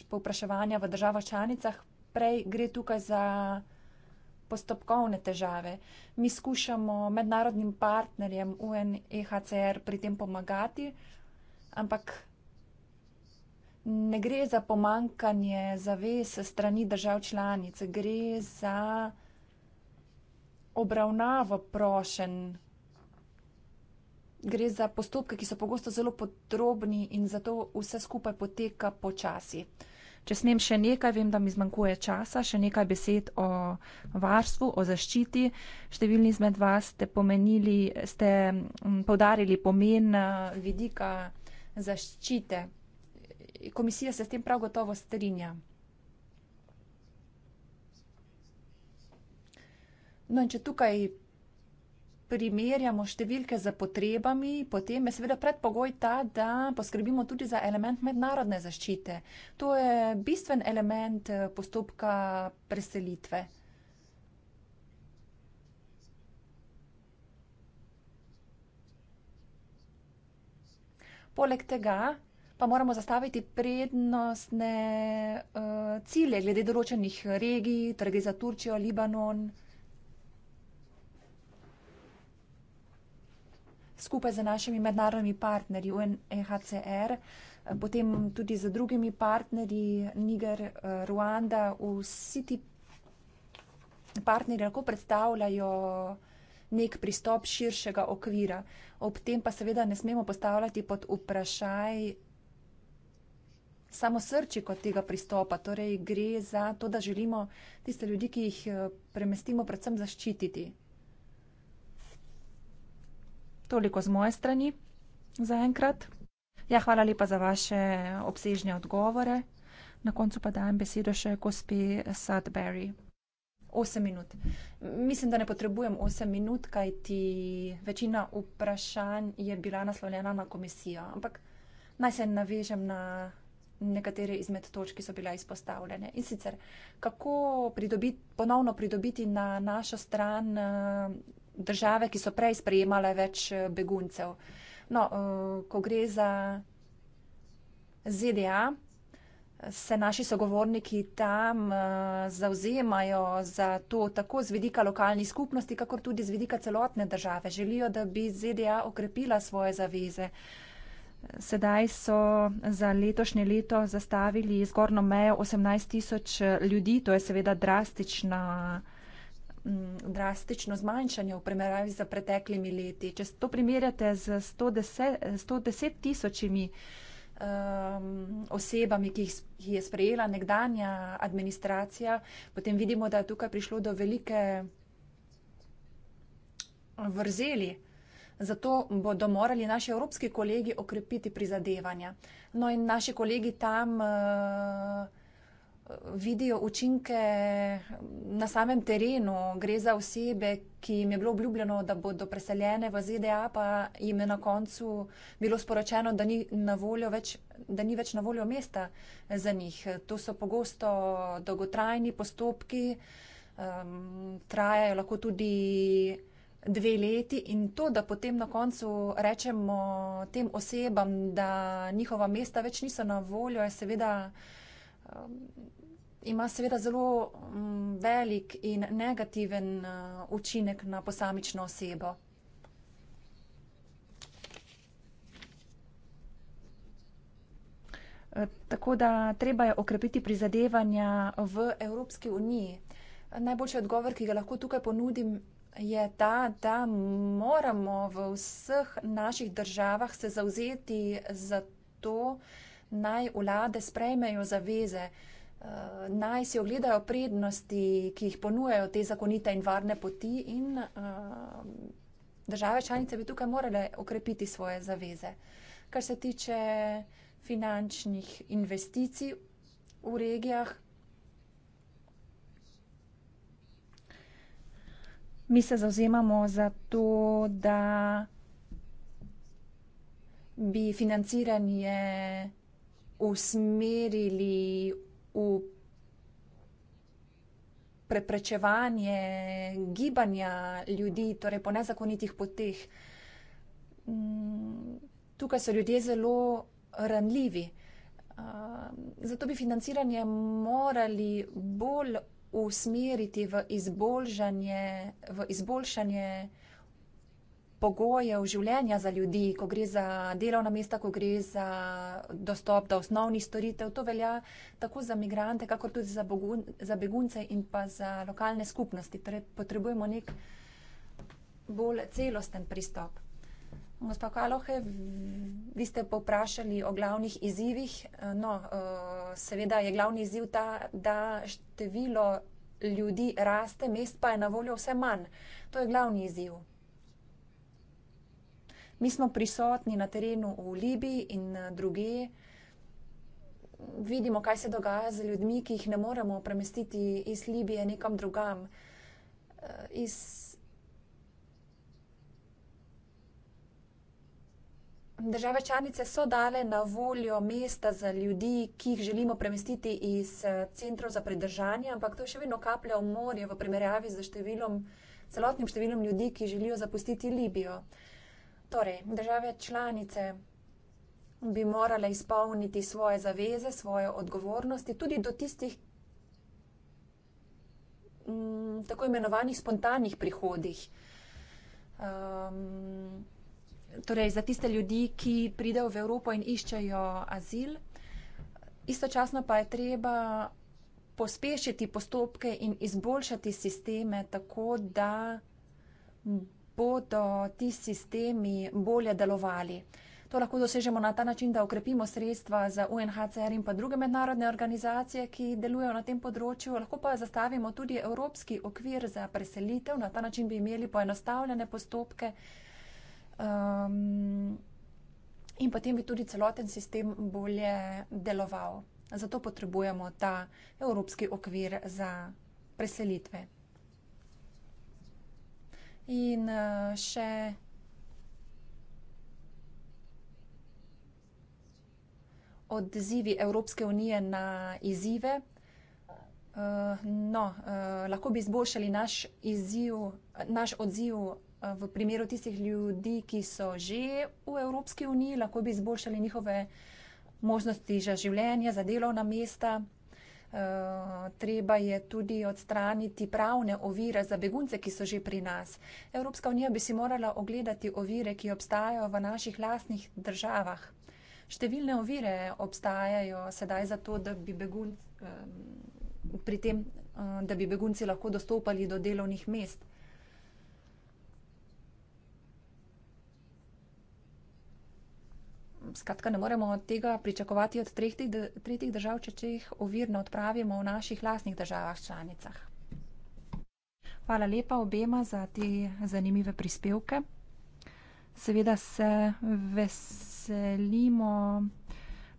povpraševanja v državah članicah, prej gre tukaj za postopkovne težave. Mi skušamo mednarodnim partnerjem UNHCR pri tem pomagati, ampak ne gre za pomankanje zavez strani držav članic, gre za obravnava prošen. Gre za postopke, ki so pogosto zelo podrobni in zato vse skupaj poteka počasi. Če smem še nekaj, vem, da mi zmanjkuje časa, še nekaj besed o varstvu, o zaščiti. Številni izmed vas ste, pomenili, ste podarili pomen eh, vidika zaščite. Komisija se s tem prav gotovo strinja. No in če tukaj primerjamo številke z potrebami, potem je seveda predpogoj ta, da poskrbimo tudi za element mednarodne zaščite. To je bistven element eh, postopka preselitve. Poleg tega pa moramo zastaviti prednostne uh, cilje glede določenih regij, torej za Turčijo, Libanon. skupaj z našimi mednarodnimi partnerji UNHCR, e eh, potem tudi z drugimi partnerji Niger, eh, Ruanda, vsi ti partnerji lahko predstavljajo nek pristop širšega okvira. Ob tem pa seveda ne smemo postavljati pod vprašaj samo srči kot tega pristopa. Torej gre za to, da želimo tiste ljudi, ki jih eh, premestimo, predvsem zaščititi. Toliko z moje strani za enkrat. Ja, hvala lepa za vaše obsežne odgovore. Na koncu pa dajem besedo še gospi Sudbury. 8 minut. Mislim, da ne potrebujem 8 minut, kaj ti večina vprašanj je bila naslovljena na komisijo. Ampak naj se navežem na nekatere izmed točk, ki so bile izpostavljene. In sicer, kako pridobiti, ponovno pridobiti na našo stran. Uh, države, ki so prej sprejemale več eh, beguncev. No, eh, ko gre za ZDA, se naši sogovorniki tam eh, zauzemajo za to tako z vidika lokalnih skupnosti, kakor tudi z vidika celotne države. Želijo, da bi ZDA okrepila svoje zaveze. Sedaj so za letošnje leto zastavili zgornjo mejo 18 tisoč ljudi, to je seveda drastična. Mm, drastično zmanjšanje v primerjavi z preteklimi leti. Če to primerjate z 110 tisočimi um, osebami, ki jih, ki jih je sprejela nekdanja administracija, potem vidimo, da je tukaj prišlo do velike vrzeli. Zato bodo morali naši evropski kolegi okrepiti prizadevanja. No in naši kolegi tam. Uh, vidijo učinke na samem terenu. Gre za osebe, ki jim je bilo obljubljeno, da bodo preseljene v ZDA, pa jim je na koncu bilo sporočeno, da ni, na voljo več, da ni več na voljo mesta za njih. To so pogosto dolgotrajni postopki, um, trajajo lahko tudi dve leti in to, da potem na koncu rečemo tem osebam, da njihova mesta več niso na voljo, je seveda ima seveda zelo mm, velik in negativen eh, učinek na posamično osebo. Eh, tako da treba je okrepiti prizadevanja v Evropski uniji. Najboljši odgovor, ki ga lahko tukaj ponudim, je ta, da moramo v vseh naših državah se zauzeti za to, da naj vlade sprejmejo zaveze, eh, naj si ogledajo prednosti, ki jih ponujajo te zakonite in varne poti in eh, države članice bi tukaj morale okrepiti svoje zaveze. Kar se tiče finančnih investicij v regijah, Mi se zauzemamo za to, da bi financiranje usmerili v preprečevanje gibanja ljudi, torej po nezakonitih poteh. Mm, tukaj so ljudje zelo ranljivi. Uh, zato bi financiranje morali bolj usmeriti v izboljšanje, v izboljšanje pogojev življenja za ljudi, ko gre za delovna mesta, ko gre za dostop do osnovnih storitev. To velja tako za migrante, kakor tudi za, bogun, za begunce in pa za lokalne skupnosti. Torej, potrebujemo nek bolj celosten pristop. Gospod Kalohe, vi ste povprašali o glavnih izzivih. No, eh, seveda je glavni izziv ta, da število ljudi raste, mest pa je na voljo vse manj. To je glavni izziv. Mi smo prisotni na terenu v Libiji in eh, druge. Vidimo, kaj se dogaja z ljudmi, ki jih ne moremo premestiti iz Libije nekam drugam. Eh, iz Države članice so dale na voljo mesta za ljudi, ki jih želimo premestiti iz eh, centrov za predržanje, ampak to še vedno kaplja v morje v primerjavi z številom, celotnim številom ljudi, ki želijo zapustiti Libijo. Uh, Torej, države članice bi morale izpolniti svoje zaveze, svoje odgovornosti, tudi do tistih m, mm, tako imenovanih spontanih prihodih. Um, torej, za tiste ljudi, ki pridejo v Evropo in iščejo azil, istočasno pa je treba pospešiti postopke in izboljšati sisteme tako, da bodo ti sistemi bolje delovali. To lahko dosežemo na ta način, da okrepimo sredstva za UNHCR in pa druge mednarodne organizacije, ki delujejo na tem področju. Lahko pa zastavimo tudi evropski okvir za preselitev. Na ta način bi imeli poenostavljene postopke um, in potem bi tudi celoten sistem bolje deloval. Zato potrebujemo ta evropski okvir za preselitve in uh, še odzivi Evropske unije na izzive. Uh, no, uh, lahko bi izboljšali naš, izziv, naš odziv uh, v primeru tistih ljudi, ki so že v Evropski uniji, lahko bi izboljšali njihove možnosti za življenje, za delovna mesta. Eh, treba je tudi odstraniti pravne ovire za begunce, ki so že pri nas. Evropska unija bi si morala ogledati ovire, ki obstajajo v naših lasnih državah. Številne ovire obstajajo sedaj za to, da bi begunci. Eh, pri tem, eh, da bi begunci lahko dostopali do delovnih mest. skratka, ne moremo tega pričakovati od tretjih, tretjih držav, če, če jih ovir ne odpravimo v naših lasnih državah članicah. Hvala lepa obema za te zanimive prispevke. Seveda se veselimo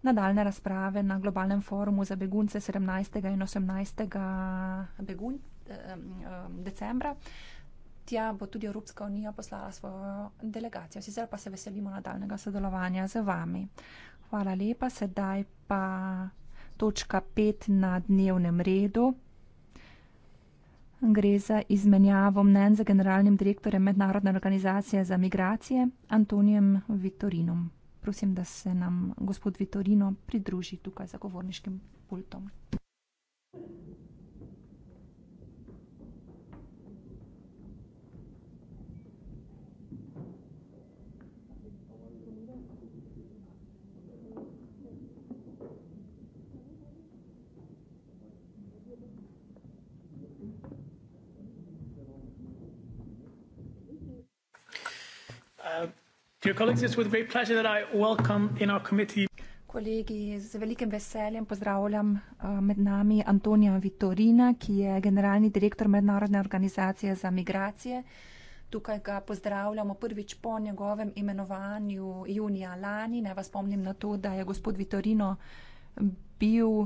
nadaljne razprave na globalnem forumu za begunce 17. in 18. Begun, eh, eh, decembra tja bo tudi Evropska unija poslala svojo delegacijo. Sicer pa se veselimo nadaljnega sodelovanja z vami. Hvala lepa. Sedaj pa točka pet na dnevnem redu. Gre za izmenjavo mnen za generalnim direktorjem Mednarodne organizacije za migracije Antonijem Vitorinom. Prosim, da se nam gospod Vitorino pridruži tukaj za govorniškim pultom. dear colleagues, it's with great pleasure that I welcome in our committee. Kolegi, z velikim veseljem pozdravljam uh, med nami Antonija Vitorina, ki je generalni direktor Mednarodne organizacije za migracije. Tukaj ga pozdravljamo prvič po njegovem imenovanju junija lani. Ne vas spomnim na to, da je gospod Vitorino bil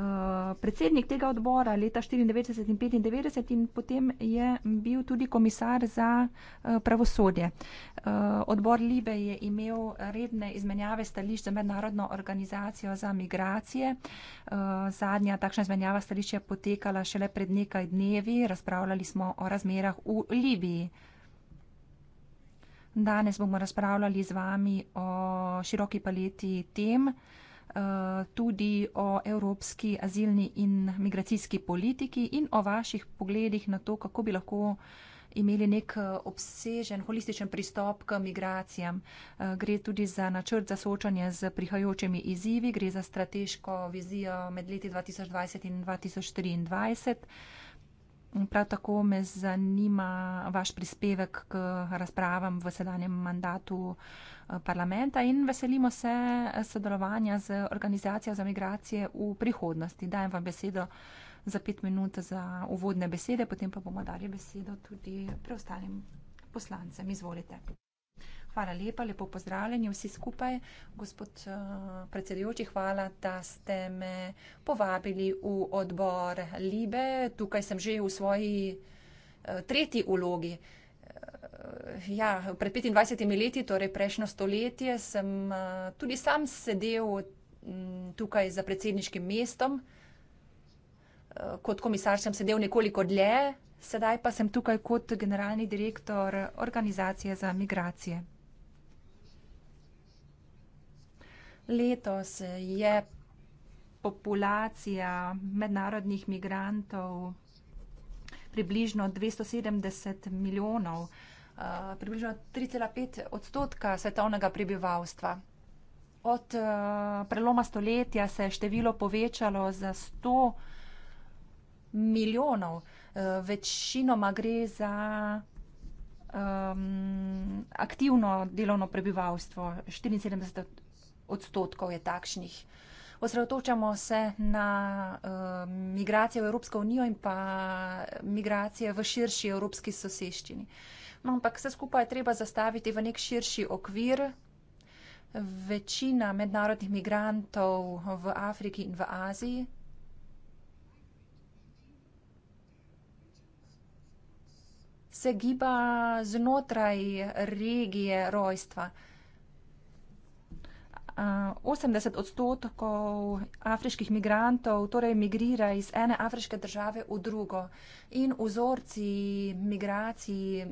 Eh, predsednik tega odbora leta 94 in 95 in potem je bil tudi komisar za eh, pravosodje. Eh, odbor Libe je imel redne izmenjave stališč za mednarodno organizacijo za migracije. Zadnja takšna izmenjava stališč je potekala šele pred nekaj dnevi. Razpravljali smo o razmerah v Libiji. Danes bomo razpravljali z vami o široki paleti tem, Eh, tudi o evropski azilni in migracijski politiki in o vaših pogledih na to, kako bi lahko imeli nek eh, obsežen, holističen pristop k migracijam. Eh, gre tudi za načrt za soočanje z prihajajočimi izzivi, gre za strateško vizijo med leti 2020 in 2023. Prav tako me zanima vaš prispevek k razpravam v sedanjem mandatu eh, parlamenta in veselimo se eh, sodelovanja z organizacijo za migracije v prihodnosti. Dajem vam besedo za pet minut za uvodne besede, potem pa bomo dali besedo tudi preostalim poslancem. Izvolite. Hvala lepa, lepo pozdravljeni vsi skupaj. Gospod uh, predsedujoči, hvala, da ste me povabili v odbor Libe. Tukaj sem že v svoji uh, tretji ulogi. Uh, eh, ja, pred 25 leti, torej prejšnjo stoletje, sem uh, tudi sam sedel um, tukaj za predsedniškim mestom. Kot komisar sem sedel nekoliko dlje, sedaj pa sem tukaj kot generalni direktor organizacije za migracije. Letos je populacija mednarodnih migrantov približno 270 milijonov, eh, približno 3,5 odstotka svetovnega prebivalstva. Od eh, preloma stoletja se je število povečalo za 100 milijonov. Eh, večinoma gre za um, aktivno delovno prebivalstvo, 74 odstotkov odstotkov je takšnih. Osredotočamo se na uh, migracije v Evropsko unijo in pa migracije v širši evropski soseščini. No, ampak vse skupaj je treba zastaviti v nek širši okvir. Večina mednarodnih migrantov v Afriki in v Aziji se giba znotraj regije rojstva. 80 eh, odstotkov afriških migrantov torej migrira iz ene afriške države v drugo in vzorci migracij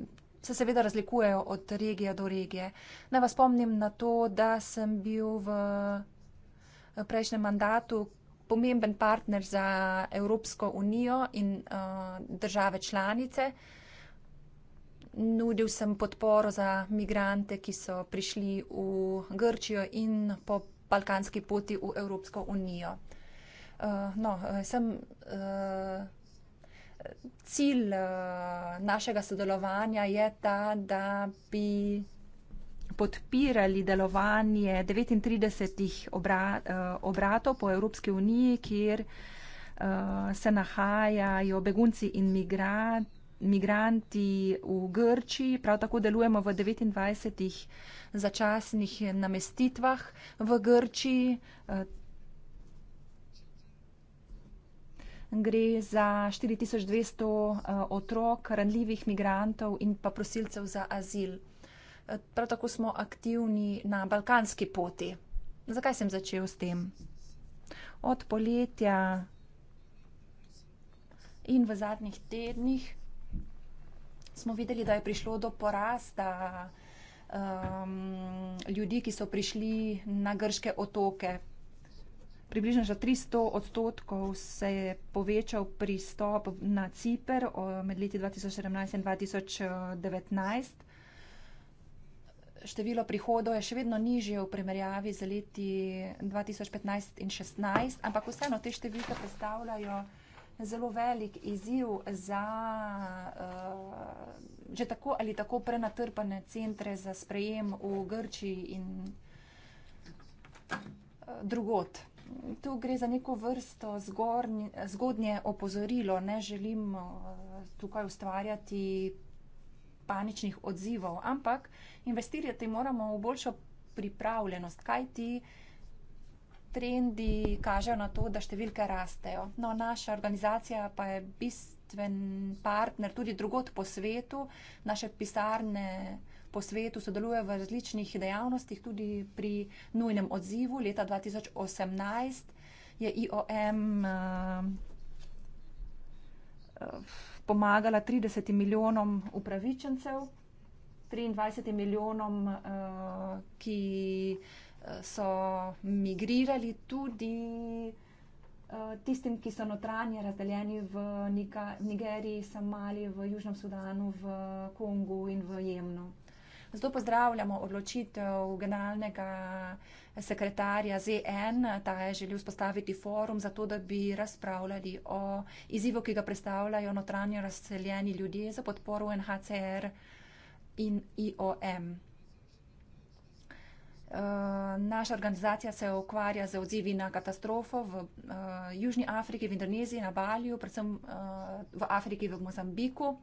se seveda razlikujejo od regije do regije. Naj vas spomnim na to, da sem bil v eh, prejšnjem mandatu pomemben partner za Evropsko unijo in uh, države članice. Uh, nudil sem podporo za migrante, ki so prišli v Grčijo in po balkanski poti v Evropsko unijo. Uh, no, eh, sem, uh, cilj uh, našega sodelovanja je ta, da bi podpirali delovanje 39 obra, uh, obratov po Evropski uniji, kjer uh, se nahajajo begunci in migranti migranti v Grčiji, prav tako delujemo v 29 začasnih namestitvah v Grčiji. Eh, gre za 4200 eh, otrok, ranljivih migrantov in pa prosilcev za azil. Eh, prav tako smo aktivni na balkanski poti. Zakaj sem začel s tem? Od poletja in v zadnjih tednih smo videli, da je prišlo do porasta um, ljudi, ki so prišli na grške otoke. Približno za 300 odstotkov se je povečal pristop na Cipr med leti 2017 in 2019. Število prihodov je še vedno nižje v primerjavi z leti 2015 in 2016, ampak vseeno te številke predstavljajo zelo velik izziv za eh, že tako ali tako prenatrpane centre za sprejem v Grčiji in eh, drugot. Tu gre za neko vrsto zgornje, zgodnje opozorilo. Ne želim eh, tukaj ustvarjati paničnih odzivov, ampak investirati moramo v boljšo pripravljenost, kaj ti uh, trendi kažejo na to, da številke rastejo. No, naša organizacija pa je bistven partner tudi drugot po svetu. Naše pisarne po svetu sodelujejo v različnih dejavnostih, tudi pri nujnem odzivu. Leta 2018 je IOM uh, eh, pomagala 30 milijonom upravičencev, 23 milijonom, uh, ki so migrirali tudi eh, tistim, ki so notranje razdeljeni v Nigeriji, Somaliji, v Južnem Sudanu, v Kongu in v Jemnu. Zato pozdravljamo odločitev generalnega sekretarja ZN. Ta je želel spostaviti forum za to, da bi razpravljali o izzivu, ki ga predstavljajo notranje razseljeni ljudje za podporo NHCR in IOM. Naša organizacija se ukvarja z odzivi na katastrofo v eh, Južni Afriki, v Indoneziji, na Balju, predvsem eh, v Afriki, v Mozambiku.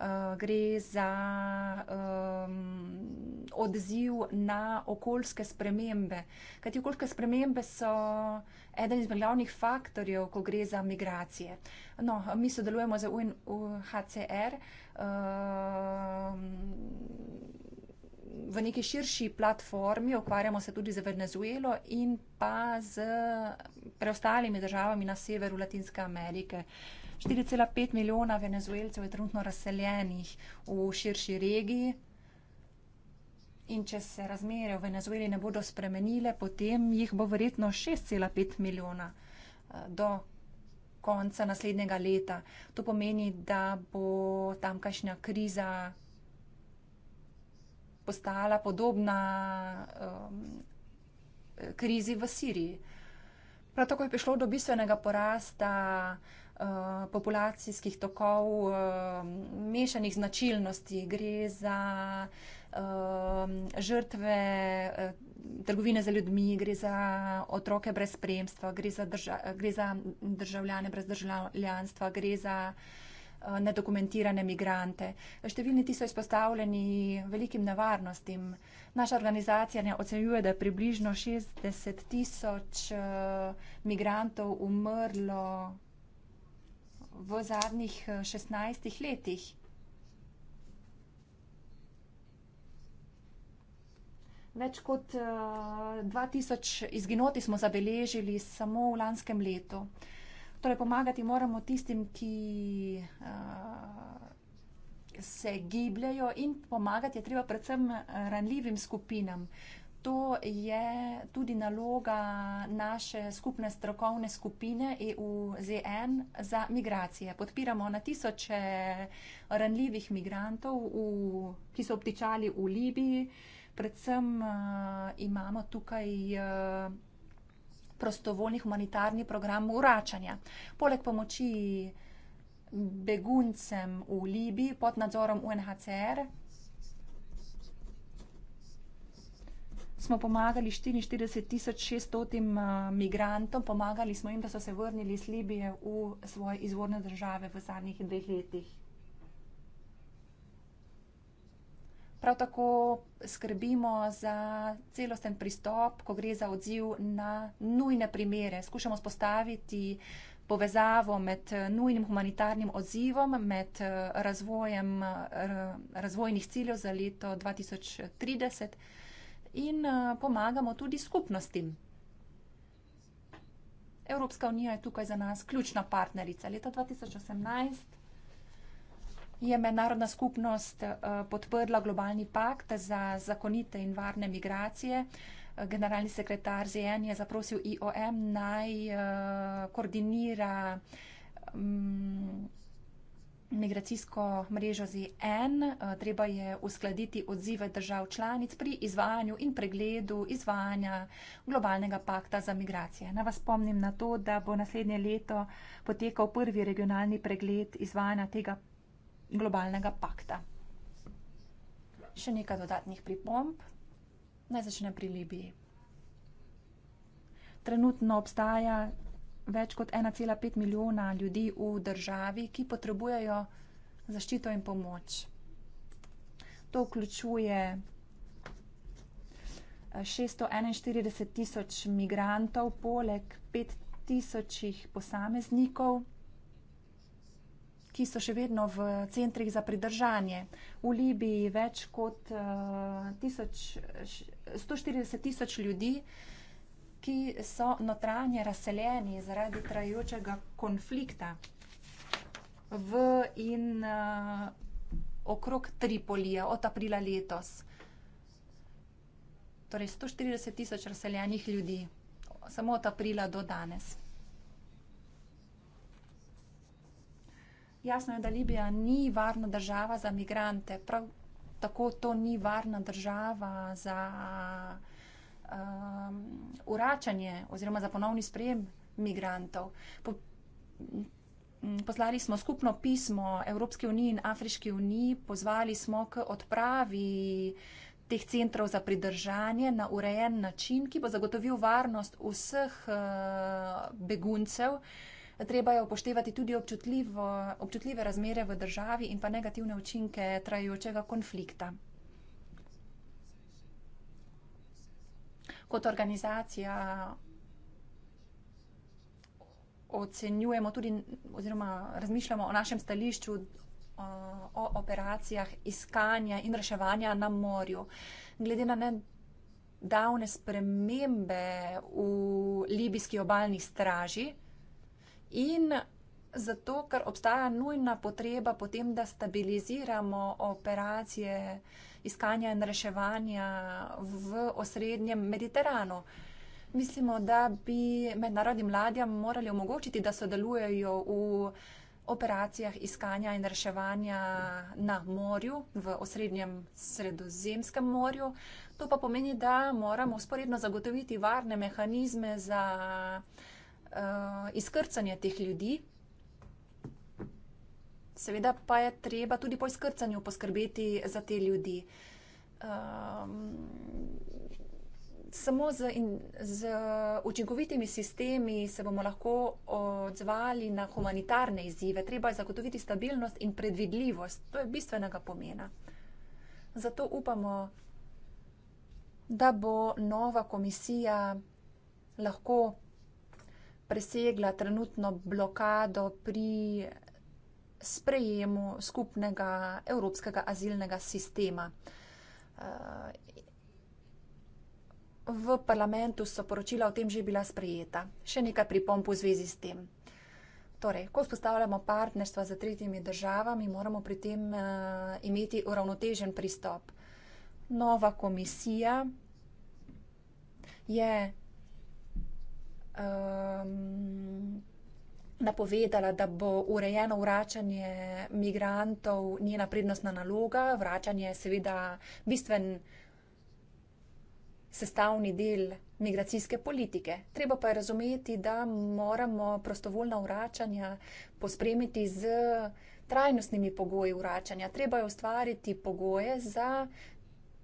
Eh, gre za ehm, odziv na okoljske spremembe. Kajti okoljske spremembe so eden izmed glavnih faktorjev, ko gre za migracije. No, mi sodelujemo z UNHCR v neki širši platformi, ukvarjamo se tudi z Venezuelo in pa z preostalimi državami na severu Latinske Amerike. 4,5 milijona venezuelcev je trenutno razseljenih v širši regiji. In če se razmere v Venezueli ne bodo spremenile, potem jih bo verjetno 6,5 milijona eh, do konca naslednjega leta. To pomeni, da bo tamkajšnja kriza postala podobna um, krizi v Siriji. Prav tako je prišlo do bistvenega porasta uh, populacijskih tokov, uh, mešanih značilnosti, gre za uh, žrtve uh, trgovine za ljudmi, gre za otroke brez spremstva, gre za, drža gre za državljane brez državljanstva, gre za. Uh, Eh, nedokumentirane migrante. Številni ti so izpostavljeni velikim nevarnostim. Naša organizacija ne ocenjuje, da je približno 60 tisoč eh, migrantov umrlo v zadnjih 16 eh, letih. Več kot uh, 2000 izginoti smo zabeležili samo v lanskem letu. Uh, Torej, pomagati moramo tistim, ki uh, se gibljajo in pomagati je treba predvsem eh, ranljivim skupinam. To je tudi naloga naše skupne strokovne skupine EU-ZN za migracije. Podpiramo na tisoče ranljivih migrantov, v, ki so obtičali v Libiji. Predvsem uh, imamo tukaj. Uh, prostovoljni humanitarni program vračanja. Poleg pomoči beguncem v Libiji pod nadzorom UNHCR smo pomagali 44600 eh, migrantom, pomagali smo jim, da so se vrnili iz Libije v svoje izvorne države v zadnjih dveh letih. Prav tako skrbimo za celosten pristop, ko gre za odziv na nujne primere. Skušamo spostaviti povezavo med eh, nujnim humanitarnim odzivom, med eh, razvojem eh, razvojnih ciljev za leto 2030 in pomagamo tudi skupnostim. Evropska unija je tukaj za nas ključna partnerica. Leta 2018 je mednarodna skupnost eh, podprla globalni pakt za zakonite in varne migracije. Eh, generalni sekretar ZN je zaprosil IOM naj eh, koordinira mm, migracijsko mrežo ZN. Treba je uskladiti odzive držav članic pri izvajanju in pregledu izvajanja globalnega pakta za migracije. Naj vas spomnim na to, da bo naslednje leto potekal prvi regionalni pregled izvajanja tega globalnega pakta. Še nekaj dodatnih pripomb. Naj začne pri Libiji. Trenutno obstaja več kot 1,5 milijona ljudi v državi, ki potrebujejo zaščito in pomoč. To vključuje 641 eh, tisoč migrantov, poleg 5 tisočih posameznikov ki so še vedno v centrih za pridržanje. V Libiji več kot uh, tisoč, 140 tisoč ljudi, ki so notranje razseljeni zaradi trajočega konflikta v in uh, okrog Tripolija od aprila letos. Torej 140 tisoč razseljenih ljudi samo od aprila do danes. Jasno je, da Libija ni varna država za migrante, prav tako to ni varna država za um, uračanje oziroma za ponovni sprejem migrantov. Po, poslali smo skupno pismo Evropske unije in Afriške unije, pozvali smo k odpravi teh centrov za pridržanje na urejen način, ki bo zagotovil varnost vseh uh, beguncev. Uh, treba je upoštevati tudi občutljive razmere v državi in pa negativne učinke trajajočega konflikta. Kot organizacija ocenjujemo tudi oziroma razmišljamo o našem stališču o operacijah iskanja in reševanja na morju. Glede na nedavne spremembe v libijski obaljni straži, in zato, ker obstaja nujna potreba potem, da stabiliziramo operacije iskanja in reševanja v osrednjem Mediteranu. Mislimo, da bi mednarodnim ladjam morali omogočiti, da sodelujejo v operacijah iskanja in reševanja na morju, v osrednjem sredozemskem morju. To pa pomeni, da moramo sporedno zagotoviti varne mehanizme za uh, izkrcanje teh ljudi. Seveda pa je treba tudi po izkrcanju poskrbeti za te ljudi. Um, samo z, in, z učinkovitimi sistemi se bomo lahko odzvali na humanitarne izzive. Treba je zagotoviti stabilnost in predvidljivost. To je bistvenega pomena. Zato upamo, da bo nova komisija lahko presegla trenutno blokado pri sprejemu skupnega evropskega azilnega sistema. Eh, v parlamentu so poročila o tem že bila sprejeta. Še nekaj pripomp v zvezi s tem. Torej, ko spostavljamo partnerstva z tretjimi državami, moramo pri tem uh, imeti uravnotežen pristop. Nova komisija je um, napovedala, da bo urejeno vračanje migrantov njena prednostna naloga. Vračanje je seveda bistven sestavni del migracijske politike. Treba pa je razumeti, da moramo prostovoljna vračanja pospremiti z trajnostnimi pogoji vračanja. Treba je ustvariti pogoje za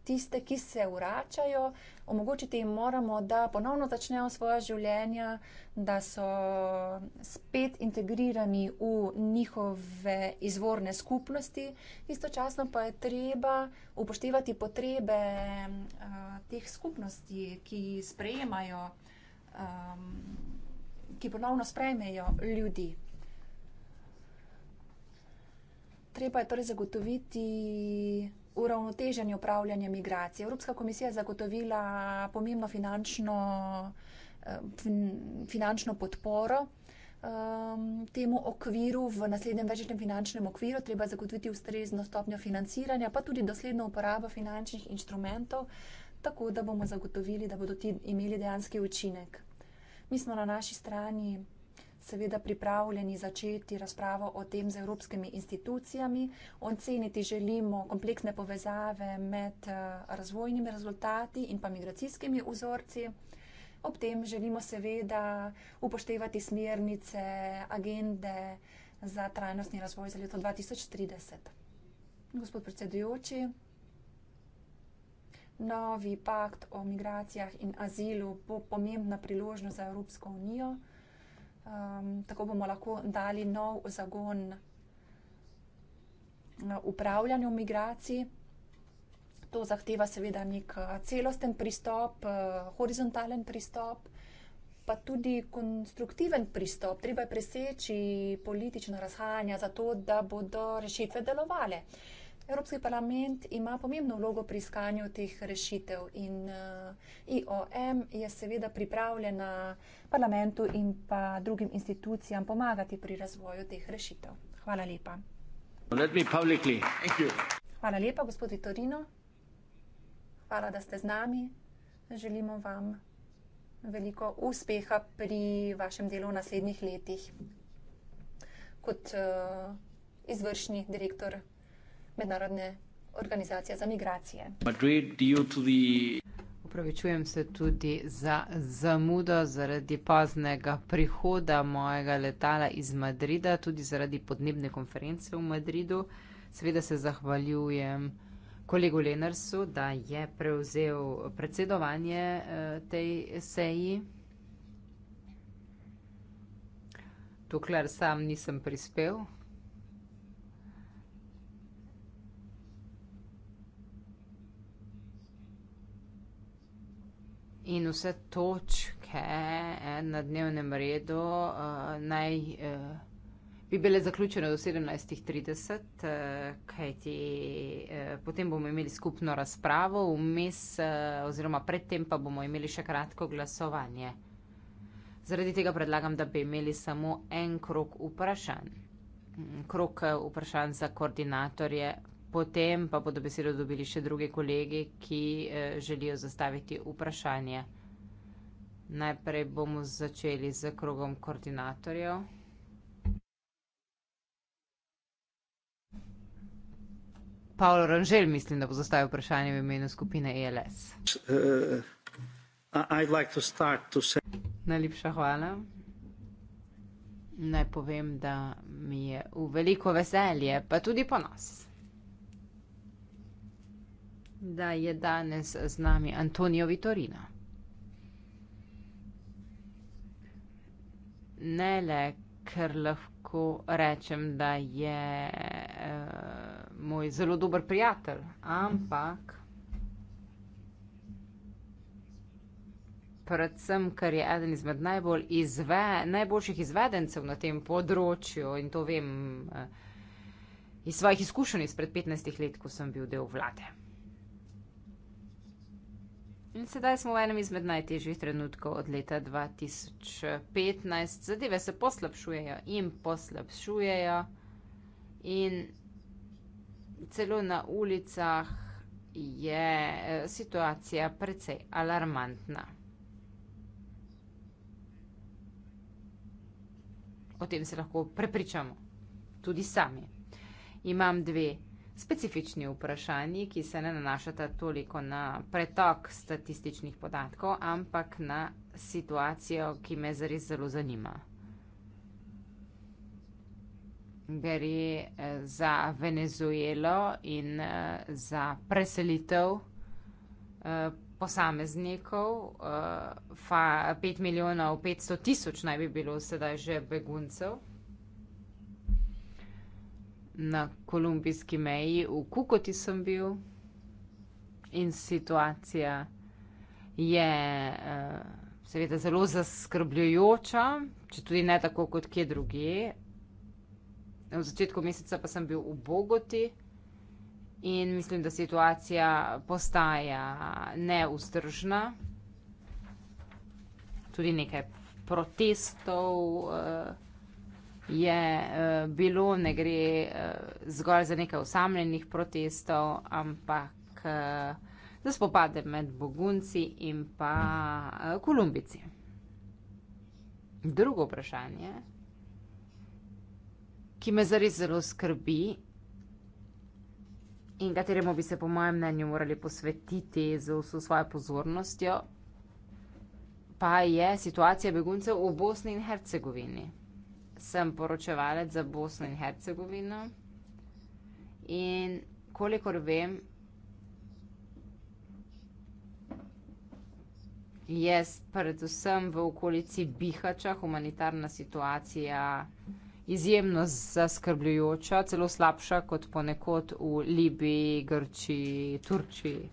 tiste, ki se vračajo, omogočiti jim moramo, da ponovno začnejo svoje življenje, da so spet integrirani v njihove izvorne skupnosti. Istočasno pa je treba upoštevati potrebe uh, teh skupnosti, ki sprejemajo, um, ki ponovno sprejmejo ljudi. Treba je torej zagotoviti uravnoteženju upravljanja migracije. Evropska komisija je zagotovila pomembno finančno, eh, finančno podporo ehm, temu okviru v naslednjem večjem finančnem okviru. Treba zagotoviti ustrezno stopnjo financiranja, pa tudi dosledno uporabo finančnih inštrumentov, tako da bomo zagotovili, da bodo ti imeli dejanski učinek. Mi smo na naši strani seveda pripravljeni začeti razpravo o tem z evropskimi institucijami. Oceniti želimo kompleksne povezave med eh, razvojnimi rezultati in pa migracijskimi vzorci. Ob tem želimo seveda upoštevati smernice, agende za trajnostni razvoj za leto 2030. Gospod predsedujoči, novi pakt o migracijah in azilu bo pomembna priložnost za Evropsko unijo um, tako bomo lahko dali nov zagon eh, upravljanju migracij. To zahteva seveda nek eh, celosten pristop, eh, horizontalen pristop, pa tudi konstruktiven pristop. Treba je preseči politična razhajanja zato, da bodo rešitve delovale. Uh, Evropski parlament ima pomembno vlogo pri iskanju teh rešitev in uh, eh, IOM je seveda pripravljena parlamentu in pa drugim institucijam pomagati pri razvoju teh rešitev. Hvala lepa. Hvala lepa, gospod Vitorino. Hvala, da ste z nami. Želimo vam veliko uspeha pri vašem delu v naslednjih letih kot uh, izvršni direktor mednarodne organizacije za migracije. Upravičujem se tudi za zamudo zaradi poznega prihoda mojega letala iz Madrida, tudi zaradi podnebne konference v Madridu. Seveda se zahvaljujem kolegu Lenarsu, da je prevzel predsedovanje eh, tej seji. Dokler sam nisem prispel. in vse točke eh, na dnevnem redu uh, naj uh, bi bile zaključene do 17.30, uh, kajti uh, potem bomo imeli skupno razpravo, vmes uh, oziroma predtem pa bomo imeli še kratko glasovanje. Zaradi tega predlagam, da bi imeli samo en krok vprašanj. Mm, krok vprašanj za koordinatorje potem pa bodo besedo dobili še drugi kolegi, ki eh, želijo zastaviti vprašanje. Najprej bomo začeli z krogom koordinatorjev. Pavel Ranžel, mislim, da bo zastavil vprašanje v imenu skupine ELS. Uh, like say... Najlepša hvala. Naj povem, da mi je v veliko veselje, pa tudi ponos da je danes z nami Antonijo Vitorino. Ne le, ker lahko rečem, da je uh, moj zelo dober prijatelj, ampak predvsem, ker je eden izmed najbolj izve, najboljših izvedencev na tem področju in to vem uh, iz svojih izkušenj izpred 15 let, ko sem bil del vlade. In sedaj smo v enem izmed najtežjih trenutkov od leta 2015. Zadeve se poslabšujejo in poslabšujejo. In celo na ulicah je eh, situacija precej alarmantna. O tem se lahko prepričamo tudi sami. Imam dve specifični vprašanji, ki se ne nanašata toliko na pretok statističnih podatkov, ampak na situacijo, ki me zares zelo zanima. Gre eh, za Venezuelo in eh, za preselitev eh, posameznikov. Pet milijonov, petsto tisoč naj bi bilo sedaj že beguncev na kolumbijski meji, v Kukoti sem bil in situacija je eh, seveda zelo zaskrbljujoča, če tudi ne tako kot kje druge. V začetku meseca pa sem bil v Bogoti in mislim, da situacija postaja neustržna. Tudi nekaj protestov. Uh, je eh, bilo, ne gre eh, zgolj za nekaj osamljenih protestov, ampak eh, za spopade med Bogunci in pa Kolumbici. Drugo vprašanje, ki me zares zelo skrbi in kateremu bi se po mojem mnenju morali posvetiti z vso svojo pozornostjo, pa je situacija beguncev v Bosni in Hercegovini sem poročevalec za Bosno in Hercegovino. In kolikor vem, je predvsem v okolici Bihača humanitarna situacija izjemno zaskrbljujoča, celo slabša kot ponekod v Libiji, Grčiji, Turčiji.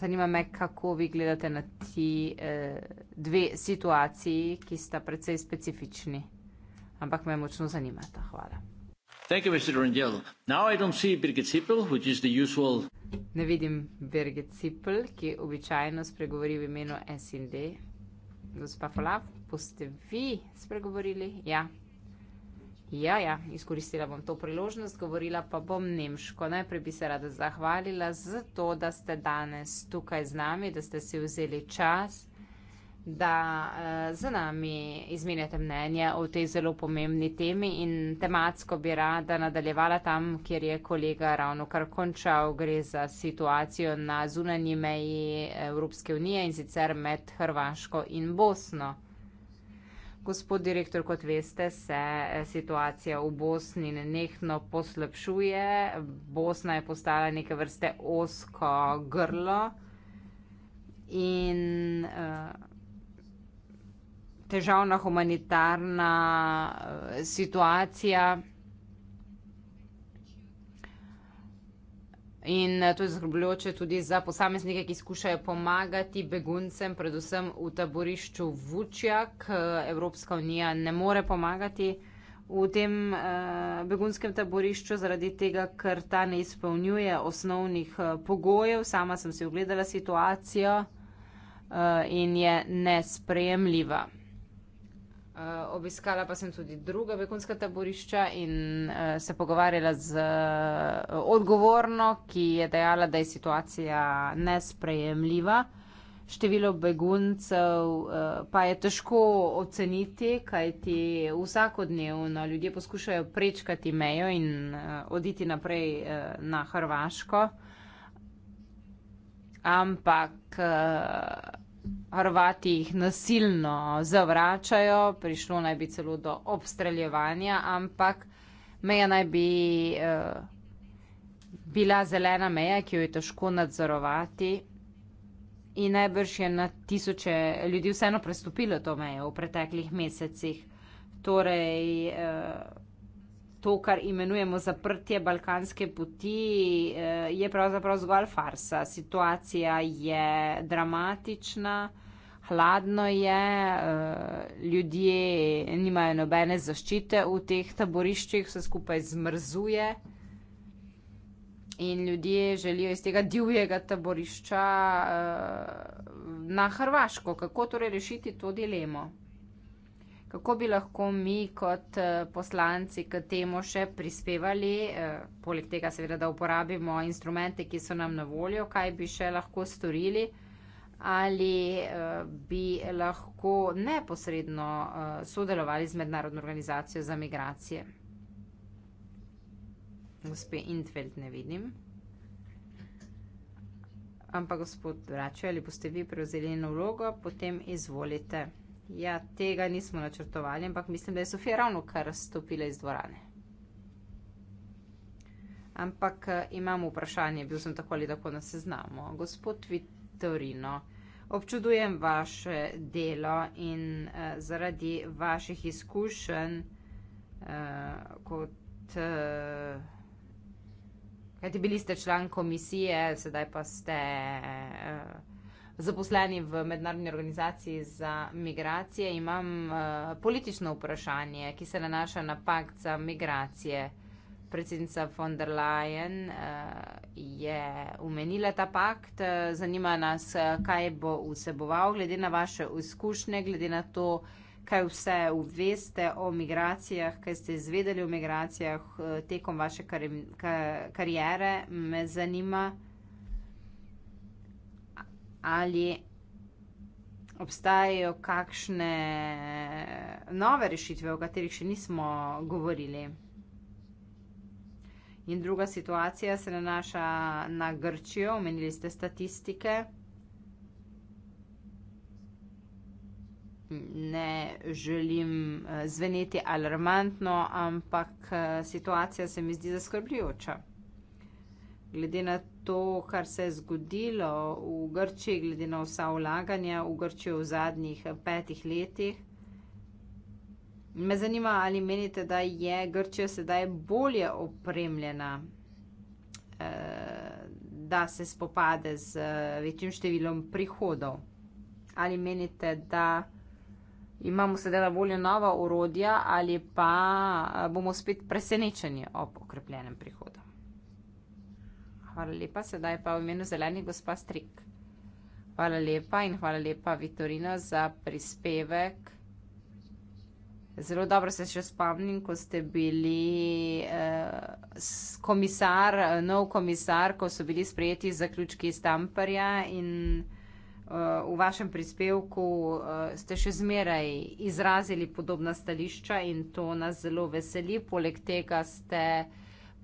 Zanima me, kako vi gledate na ti eh, dve situaciji, ki sta precej specifični, ampak me močno zanimata. Hvala. You, ne vidim Birgit Cipel, ki običajno spregovori v imenu SND. Gospa Falaf, boste vi spregovorili? Ja. Ja, ja, izkoristila bom to priložnost, govorila pa bom nemško. Najprej bi se rada zahvalila za to, da ste danes tukaj z nami, da ste si vzeli čas, da uh, z nami izmenjate mnenje o tej zelo pomembni temi in tematsko bi rada nadaljevala tam, kjer je kolega ravno kar končal. Gre za situacijo na zunanji meji Evropske unije in sicer med Hrvaško in Bosno. Gospod direktor, kot veste, se eh, situacija v Bosni nenehno poslabšuje. Bosna je postala neke vrste osko grlo in uh, težavna humanitarna uh, situacija. In eh, to je zaskrbljujoče tudi za posameznike, ki skušajo pomagati beguncem, predvsem v taborišču Vučjak. Eh, Evropska unija ne more pomagati v tem uh, begunskem taborišču, zaradi tega, ker ta ne izpolnjuje osnovnih uh, pogojev. Sama sem si ogledala situacijo uh, in je nesprejemljiva. Eh, obiskala pa sem tudi druga begunska taborišča in uh, se pogovarjala z uh, odgovorno, ki je dejala, da je situacija nesprejemljiva. Število beguncev pa je težko oceniti, kajti vsakodnevno ljudje poskušajo prečkati mejo in oditi naprej na Hrvaško. Ampak Hrvati jih nasilno zavračajo, prišlo naj bi celo do obstreljevanja, ampak meja naj bi eh, bila zelena meja, ki jo je težko nadzorovati. In najbrž je na tisoče ljudi vseeno prestopilo to mejo v preteklih mesecih. Torej, eh, to, kar imenujemo zaprtje balkanske poti, eh, je pravzaprav zgolj farsa. Situacija je dramatična, hladno je, eh, ljudje nimajo nobene zaščite v teh taboriščih, vse skupaj zmrzuje. In ljudje želijo iz tega divjega taborišča uh, na Hrvaško. Kako torej rešiti to dilemo? Kako bi lahko mi kot eh, poslanci k temu še prispevali, eh, poleg tega seveda, da uporabimo instrumente, ki so nam na voljo, kaj bi še lahko storili ali eh, bi lahko neposredno sodelovali z Mednarodno organizacijo za migracije? Gospe Intveld ne vidim. Ampak gospod Vračo, ali boste vi prevzeli eno vlogo, potem izvolite. Ja, tega nismo načrtovali, ampak mislim, da je Sofija ravno kar stopila iz dvorane. Ampak eh, imam vprašanje, bil sem tako ali tako na seznamu. Gospod Vitorino, občudujem vaše delo in uh, zaradi vaših izkušenj uh, kot. Uh, Kajti bili ste član komisije, sedaj pa ste uh, zaposleni v mednarodni organizaciji za migracije, imam uh, politično vprašanje, ki se nanaša na pakt za migracije. Predsednica von der Leyen uh, je umenila ta pakt. Eh, zanima nas, kaj bo vseboval, glede na vaše izkušnje, glede na to, kaj vse veste o migracijah, kaj ste izvedeli o migracijah uh, tekom vaše kar kar karijere. Me zanima, uh, ali obstajajo kakšne nove rešitve, o katerih še nismo govorili. In druga situacija se nanaša na Grčijo, omenili ste statistike. Ne želim eh, zveneti alarmantno, ampak eh, situacija se mi zdi zaskrbljujoča glede na to, kar se je zgodilo v Grčiji, glede na vsa vlaganja v Grčijo v zadnjih eh, petih letih. Me zanima, ali menite, da je Grčija sedaj bolje opremljena, eh, da se spopade z eh, večjim številom prihodov. Ali menite, da imamo sedaj na voljo nova urodja ali pa bomo spet presenečeni ob okrepljenem prihodu. Hvala lepa, sedaj pa v imenu zeleni gospa Strik. Hvala lepa in hvala lepa Vitorino za prispevek. Zelo dobro se še spomnim, ko ste bili eh, komisar, nov komisar, ko so bili sprejeti zaključki iz Tamparja in eh, v vašem prispevku eh, ste še zmeraj izrazili podobna stališča in to nas zelo veseli. Poleg tega ste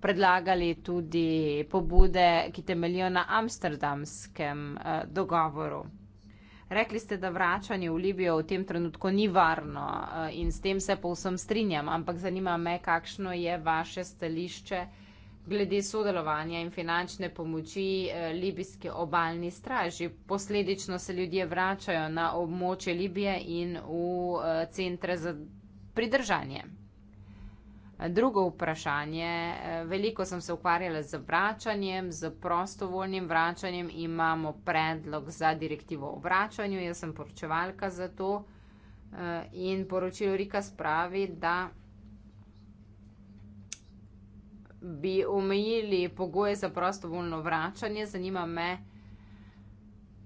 predlagali tudi pobude, ki temeljijo na amsterdamskem uh, dogovoru. Rekli ste, da vračanje v Libijo v tem trenutku ni varno uh, in s tem se povsem strinjam, ampak zanima me, kakšno je vaše stališče glede sodelovanja in finančne pomoči uh, eh, libijske obaljni straži. Posledično se ljudje vračajo na območje Libije in v uh, centre za pridržanje. Drugo vprašanje. Eh, veliko sem se ukvarjala z vračanjem, z prostovoljnim vračanjem. Imamo predlog za direktivo o vračanju, jaz sem poročevalka za to. Eh, in poročilo Rika spravi, da bi omejili pogoje za prostovoljno vračanje. Zanima me,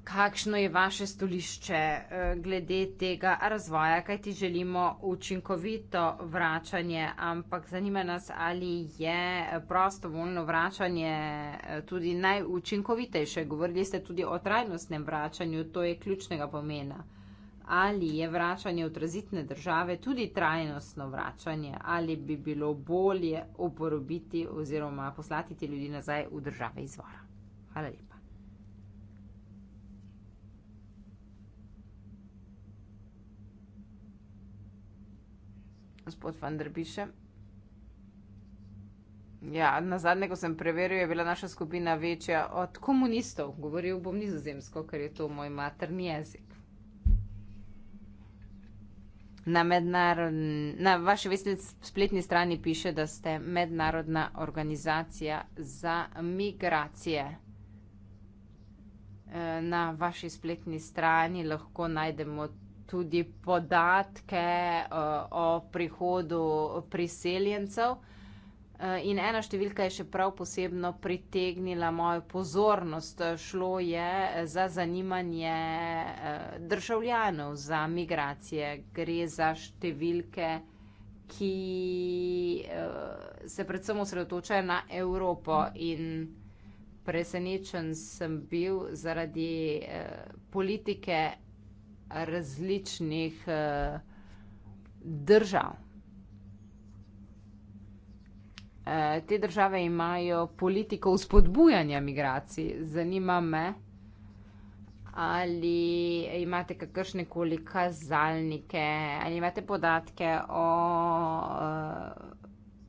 kakšno je vaše stolišče eh, glede tega razvoja, kaj ti želimo učinkovito vračanje, ampak zanima nas, ali je prostovoljno vračanje eh, tudi najučinkovitejše. Govorili ste tudi o trajnostnem vračanju, to je ključnega pomena. Ali je vračanje v tranzitne države tudi trajnostno vračanje, ali bi bilo bolje uporobiti oziroma poslati ljudi nazaj v države izvora? Hvala lepa. gospod Van der Biše. Ja, na zadnje, ko sem preveril, je bila naša skupina večja od komunistov. Govoril bom nizozemsko, ker je to moj materni jezik. Na, na vaši vesni spletni strani piše, da ste mednarodna organizacija za migracije. Eh, na vaši spletni strani lahko najdemo tudi podatke uh, o prihodu priseljencev. Eh, in ena številka je še prav posebno pritegnila mojo pozornost. Šlo je eh, za zanimanje državljanov za migracije. Gre za številke, ki se predvsem osredotočajo na Evropo. In presenečen sem bil zaradi politike različnih eh, držav. Eh, te države imajo politiko vzpodbujanja migracij. Zanima me, ali imate kakršne koli kazalnike, ali imate podatke o eh,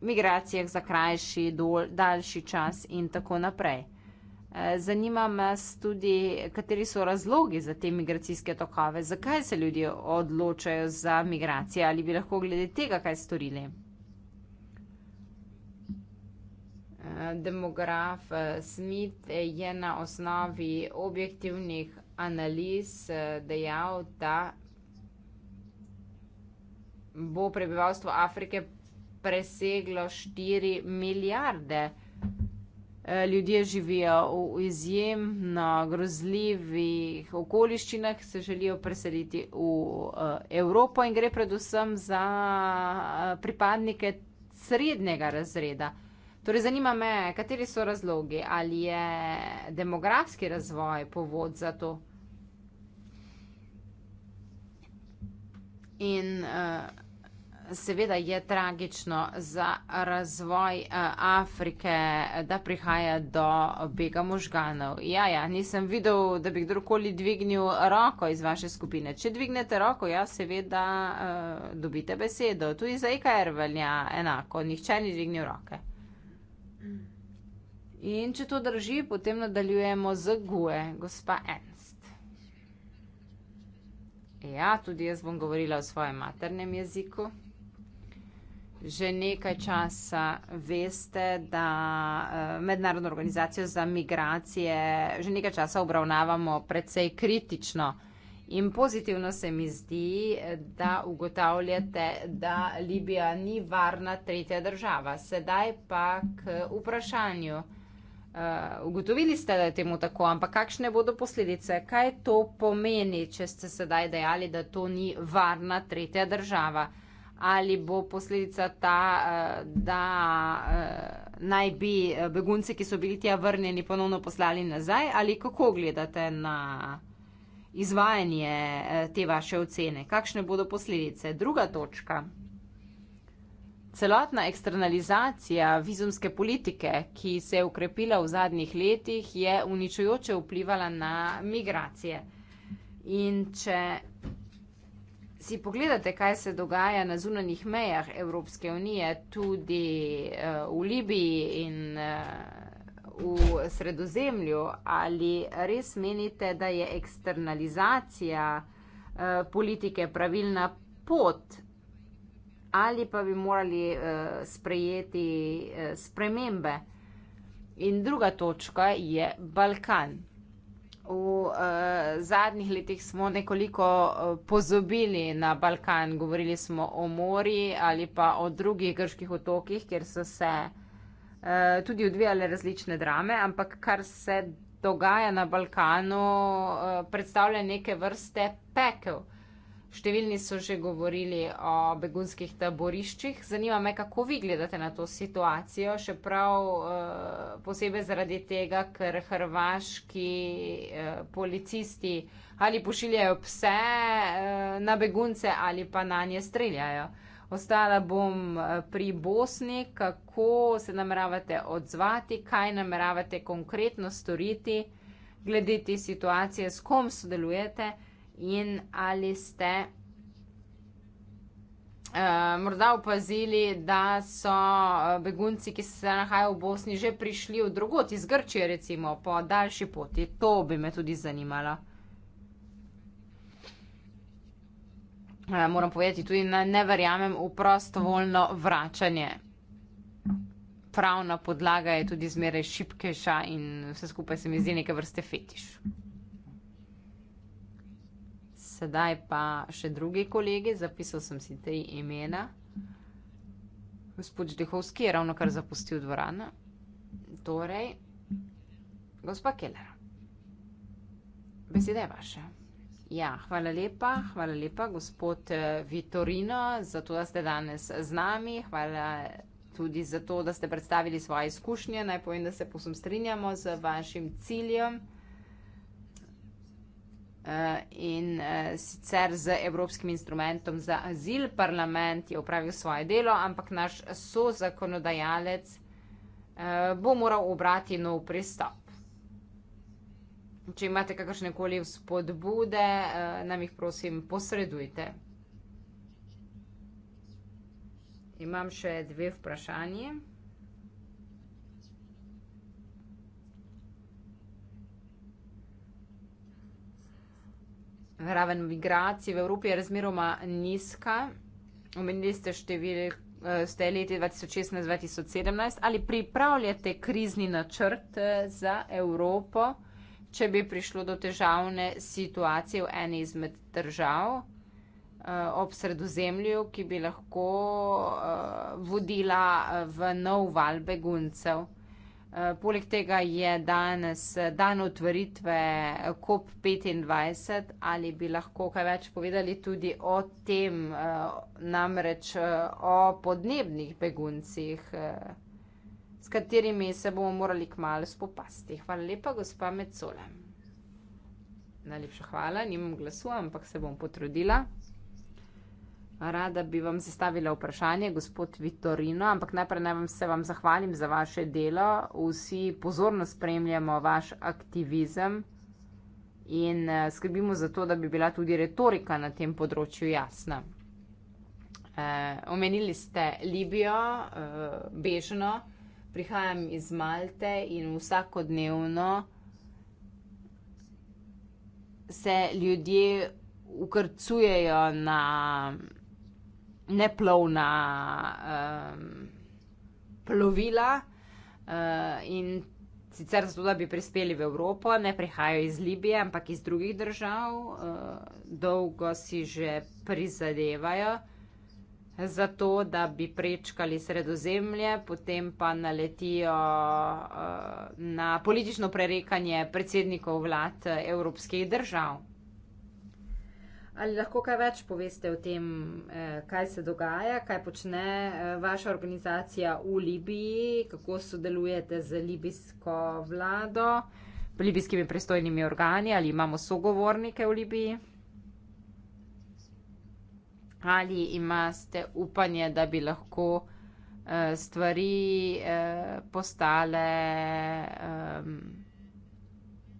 migracijah za krajši, daljši čas in tako naprej. Eh, zanima me tudi, kateri so razlogi za te migracijske tokove, zakaj se ljudje odločajo za migracije ali bi lahko glede tega kaj storili. Eh, demograf eh, Smith je na osnovi objektivnih analiz dejal, da bo prebivalstvo Afrike preseglo 4 milijarde ljudje živijo v izjemno grozljivih okoliščinah, se želijo preseliti v eh, Evropo in gre predvsem za eh, pripadnike srednjega razreda. Torej, zanima me, kateri so razlogi, ali je demografski razvoj povod za to. In uh, seveda je tragično za razvoj eh, Afrike, da prihaja do bega možganov. Ja, ja, nisem videl, da bi kdorkoli dvignil roko iz vaše skupine. Če dvignete roko, ja, seveda eh, dobite besedo. Tudi za IKR e velja enako, nihče ni dvignil roke. In če to drži, potem nadaljujemo z GUE, gospa Enst. Ja, tudi jaz bom govorila v svojem maternem jeziku že nekaj časa veste, da eh, Mednarodno organizacijo za migracije že nekaj časa obravnavamo precej kritično. In pozitivno se mi zdi, da ugotavljate, da Libija ni varna tretja država. Sedaj pa k vprašanju. Uh, ugotovili ste, da je temu tako, ampak kakšne bodo posledice? Kaj to pomeni, če ste sedaj dejali, da to ni varna tretja država? Uh, ali bo posledica ta, eh, da eh, naj bi eh, begunci, ki so bili tja vrnjeni, ponovno poslali nazaj, ali kako gledate na izvajanje te vaše ocene? Kakšne bodo posledice? Druga točka. Celotna eksternalizacija vizumske politike, ki se je ukrepila v zadnjih letih, je uničujoče vplivala na migracije. In če si pogledate, kaj se dogaja na zunanjih mejah Evropske unije, tudi uh, v Libiji in uh, v Sredozemlju, ali res menite, da je eksternalizacija uh, politike pravilna pot? Ali pa bi morali uh, sprejeti uh, spremembe. In druga točka je Balkan v uh, zadnjih letih smo nekoliko uh, pozobili na Balkan, govorili smo o mori ali pa o drugih grških otokih, kjer so se uh, tudi odvijale različne drame, ampak kar se dogaja na Balkanu, uh, predstavlja neke vrste pekel. Uh, Številni so že govorili o begunskih taboriščih. Zanima me, kako vi gledate na to situacijo, še prav uh, posebej zaradi tega, ker hrvaški uh, policisti ali pošiljajo pse uh, na begunce ali pa na nje streljajo. Ostala bom pri Bosni, kako se nameravate odzvati, kaj nameravate konkretno storiti, glede te situacije, s kom sodelujete in ali ste Uh, morda opazili, da so eh, begunci, ki se nahajajo v Bosni, že prišli v drugot iz Grčije, recimo po daljši poti. To bi me tudi zanimalo. Uh, moram povedati tudi, da ne verjamem v prostovoljno vračanje. Pravna podlaga je tudi zmeraj šipkeša in vse skupaj se mi zdi neke vrste fetiš sedaj pa še drugi kolegi, zapisal sem si te imena. Gospod Žehovski je ravno kar zapustil dvorano. Torej, gospa Keller, beseda je vaša. Ja, hvala lepa, hvala lepa, gospod eh, Vitorino, za to, da ste danes z nami. Hvala tudi za to, da ste predstavili svoje izkušnje. Naj povem, da se posem strinjamo z vašim ciljem. Eh, in eh, sicer z Evropskim instrumentom za azil. Parlament je upravil svoje delo, ampak naš sozakonodajalec eh, bo moral obrati nov pristop. Če imate kakršne koli spodbude, nam jih prosim posredujte. Imam še dve vprašanje. raven migracij v Evropi je razmeroma nizka. Omenili ste številke. Eh, ste leti 2016-2017 ali pripravljate krizni načrt eh, za Evropo, če bi prišlo do težavne situacije v eni izmed držav eh, ob sredozemlju, ki bi lahko vodila v nov val beguncev? Eh, poleg tega je danes dan otvoritve COP25. Ali bi lahko kaj več povedali tudi o tem, eh, namreč eh, o podnebnih beguncih, s katerimi se bomo morali kmalo spopasti? Hvala lepa, gospa Mecole. Najlepša hvala, nimam glasu, ampak se bom potrudila. Rada bi vam zastavila vprašanje, gospod Vitorino, ampak najprej naj vam se vam zahvalim za vaše delo. Vsi pozorno spremljamo vaš aktivizem in eh, skrbimo za to, da bi bila tudi retorika na tem področju jasna. Eh, omenili ste Libijo, eh, bežno, prihajam iz Malte in vsakodnevno se ljudje ukrcujejo na neplovna um, plovila uh, in sicer zato, da bi prispeli v Evropo, ne prihajajo iz Libije, ampak iz drugih držav, uh, dolgo si že prizadevajo za to, da bi prečkali sredozemlje, potem pa naletijo uh, na politično prerekanje predsednikov vlad evropskih držav. Ali lahko kaj več poveste o tem, eh, kaj se dogaja, kaj počne eh, vaša organizacija v Libiji, kako sodelujete z libijsko vlado, libijskimi prestojnimi organi, ali imamo sogovornike v Libiji? Ali imate upanje, da bi lahko eh, stvari postale, ehm,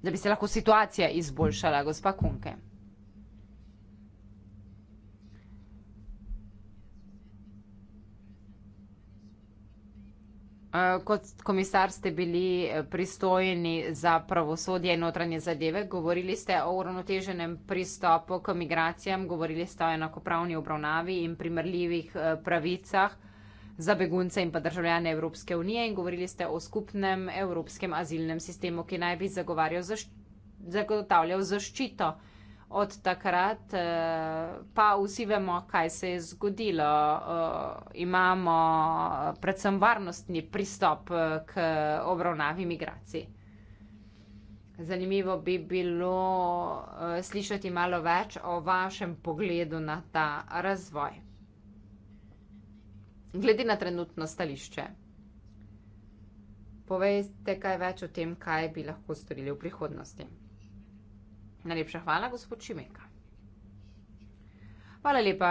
da bi se lahko situacija izboljšala, gospa Kunke? Eh, kot komisar ste bili eh, pristojni za pravosodje in notranje zadeve, govorili ste o uravnoteženem pristopu k migracijam, govorili ste o enakopravni obravnavi in primerljivih eh, pravicah za begunce in pa državljane Evropske unije in govorili ste o skupnem evropskem azilnem sistemu, ki naj bi zagovarjal zaš zagotavljal zaščito od takrat eh, pa vsi vemo, kaj se je zgodilo. Eh, imamo eh, predvsem varnostni pristop k obravnavi migracij. Zanimivo bi bilo slišati malo več o vašem pogledu na ta razvoj. Glede na trenutno stališče, povejte kaj več o tem, kaj bi lahko storili v prihodnosti. Najlepša hvala, gospod Šimeka. Hvala lepa,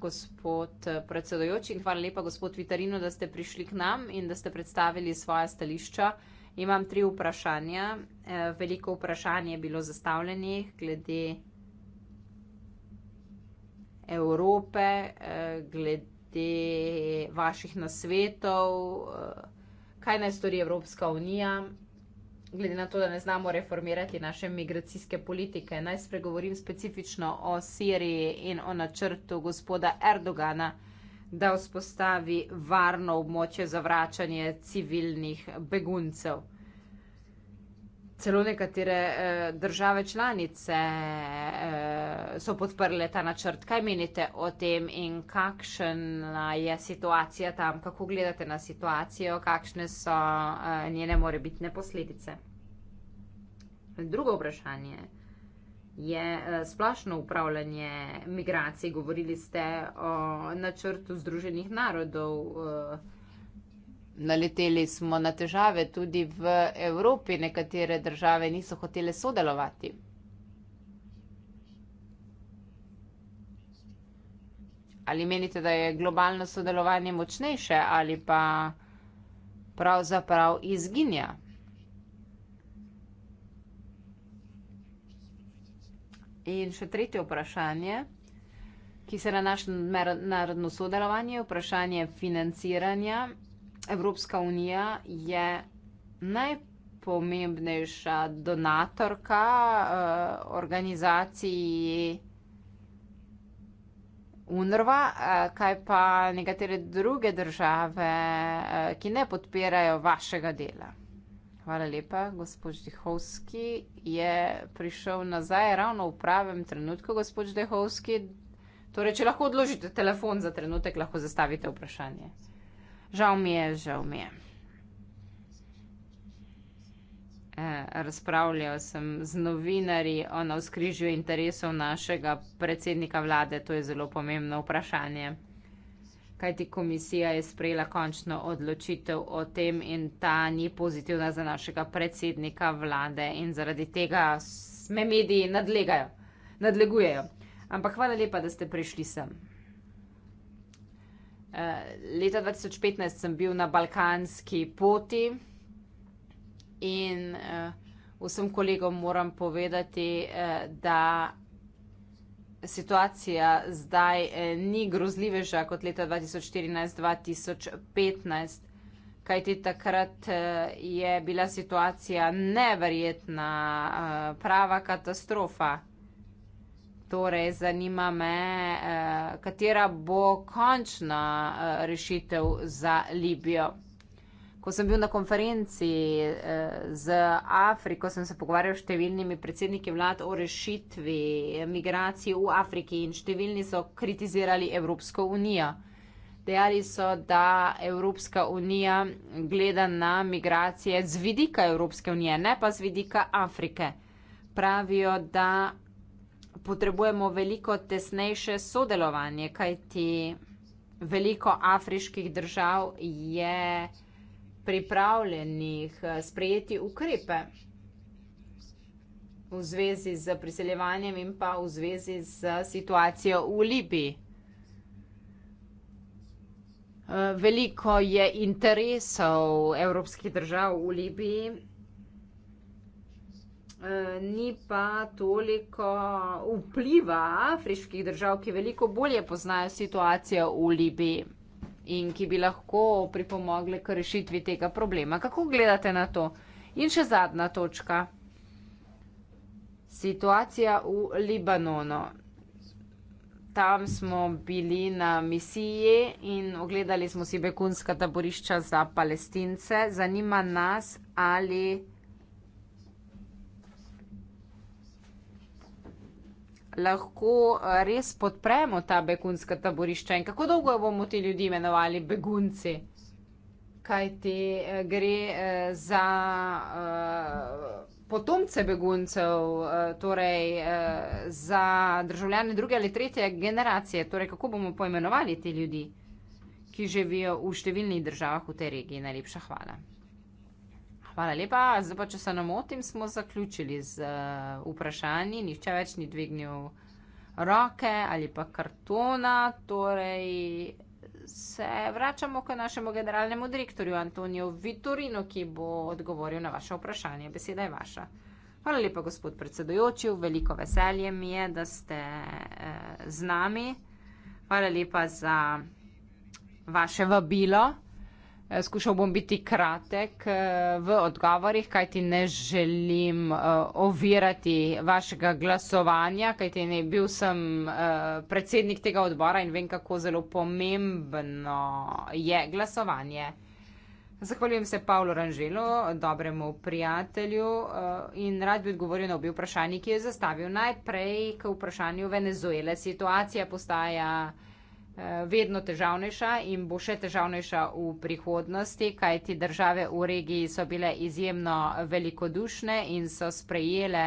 gospod eh, predsedojoči in hvala lepa, gospod Vitarino, da ste prišli k nam in da ste predstavili svoje stališča. Imam tri vprašanja. Eh, veliko vprašanje je bilo zastavljenih glede Evrope, eh, glede vaših nasvetov, kaj naj stori Evropska unija glede na to, da ne znamo reformirati naše migracijske politike. Naj spregovorim specifično o Siriji in o načrtu gospoda Erdogana, da vzpostavi varno območje za vračanje civilnih beguncev celo nekatere eh, države članice eh, so podprle ta načrt. Kaj menite o tem in kakšna je situacija tam? Kako gledate na situacijo, kakšne so eh, njene morebitne posledice? Drugo vprašanje je eh, splošno upravljanje migracij. Govorili ste o načrtu Združenih narodov. Eh, naleteli smo na težave tudi v Evropi, nekatere države niso hotele sodelovati. Ali menite, da je globalno sodelovanje močnejše ali pa pravzaprav izginja? In še tretje vprašanje, ki se nanaša na narodno sodelovanje, vprašanje financiranja Evropska unija je najpomembnejša donatorka uh, organizaciji UNRWA, uh, kaj pa nekatere druge države, uh, ki ne podpirajo vašega dela. Hvala lepa, gospod Dehovski je prišel nazaj ravno v pravem trenutku, gospod Dehovski. Torej, če lahko odložite telefon za trenutek, lahko zastavite vprašanje. Žal mi je, žal mi je. E, razpravljal sem z novinarji o navskrižju interesov našega predsednika vlade. To je zelo pomembno vprašanje. Kajti komisija je sprejela končno odločitev o tem in ta ni pozitivna za našega predsednika vlade in zaradi tega me mediji nadlegajo, nadlegujejo. Ampak hvala lepa, da ste prišli sem. Eh, leta 2015 sem bil na balkanski poti in uh, vsem kolegom moram povedati, uh, da situacija zdaj uh, ni grozljiveža kot leta 2014-2015. Kaj ti takrat je bila situacija neverjetna, prava katastrofa. Torej, zanima me, eh, katera bo končna eh, rešitev za Libijo. Ko sem bil na konferenci eh, z Afriko, sem se pogovarjal s številnimi predsedniki vlad o rešitvi migracij v Afriki in številni so kritizirali Evropsko unijo. Dejali so, da Evropska unija gleda na migracije z vidika Evropske unije, ne pa z vidika Afrike. Pravijo, da potrebujemo veliko tesnejše sodelovanje, kajti veliko afriških držav je pripravljenih eh, sprejeti ukrepe v zvezi z priseljevanjem in pa v zvezi z situacijo v Libiji. Eh, veliko je interesov evropskih držav v Libiji. Eh, ni pa toliko vpliva afriških držav, ki veliko bolje poznajo situacijo v Libiji in ki bi lahko pripomogli k rešitvi tega problema. Kako gledate na to? In še zadnja točka. Situacija v Libanonu. Tam smo bili na misiji in ogledali smo si begunska taborišča za palestince. Zanima nas, ali. lahko eh, res podpremo ta begunska taborišča in kako dolgo bomo ti ljudi imenovali begunci? Kaj ti eh, gre eh, za potomce beguncev, torej za državljane druge ali tretje generacije? Torej, kako bomo poimenovali te ljudi, ki živijo v številnih državah v tej regiji? Najlepša hvala hvala lepa. Zdaj pa, če se namotim, smo zaključili z uh, vprašanji. Nihče več ni dvignil roke ali pa kartona. Torej, se vračamo k našemu generalnemu direktorju Antoniju Vitorinu, ki bo odgovoril na vaše vprašanje. Beseda je vaša. Hvala lepa, gospod predsedujoči. Veliko veselje mi je, da ste uh, z nami. Hvala lepa za vaše vabilo. Eh, skušal bom biti kratek eh, v odgovorih, kajti ne želim eh, ovirati vašega glasovanja, kajti ne bil sem predsednik tega odbora in vem, kako zelo pomembno je glasovanje. Zahvaljujem se Pavlu Ranželu, dobremu prijatelju in rad bi odgovoril na obi vprašanji, ki je zastavil najprej k vprašanju Venezuele. Situacija postaja. Eh, vedno težavnejša in bo še težavnejša v prihodnosti, kajti države v regiji so bile izjemno velikodušne in so sprejele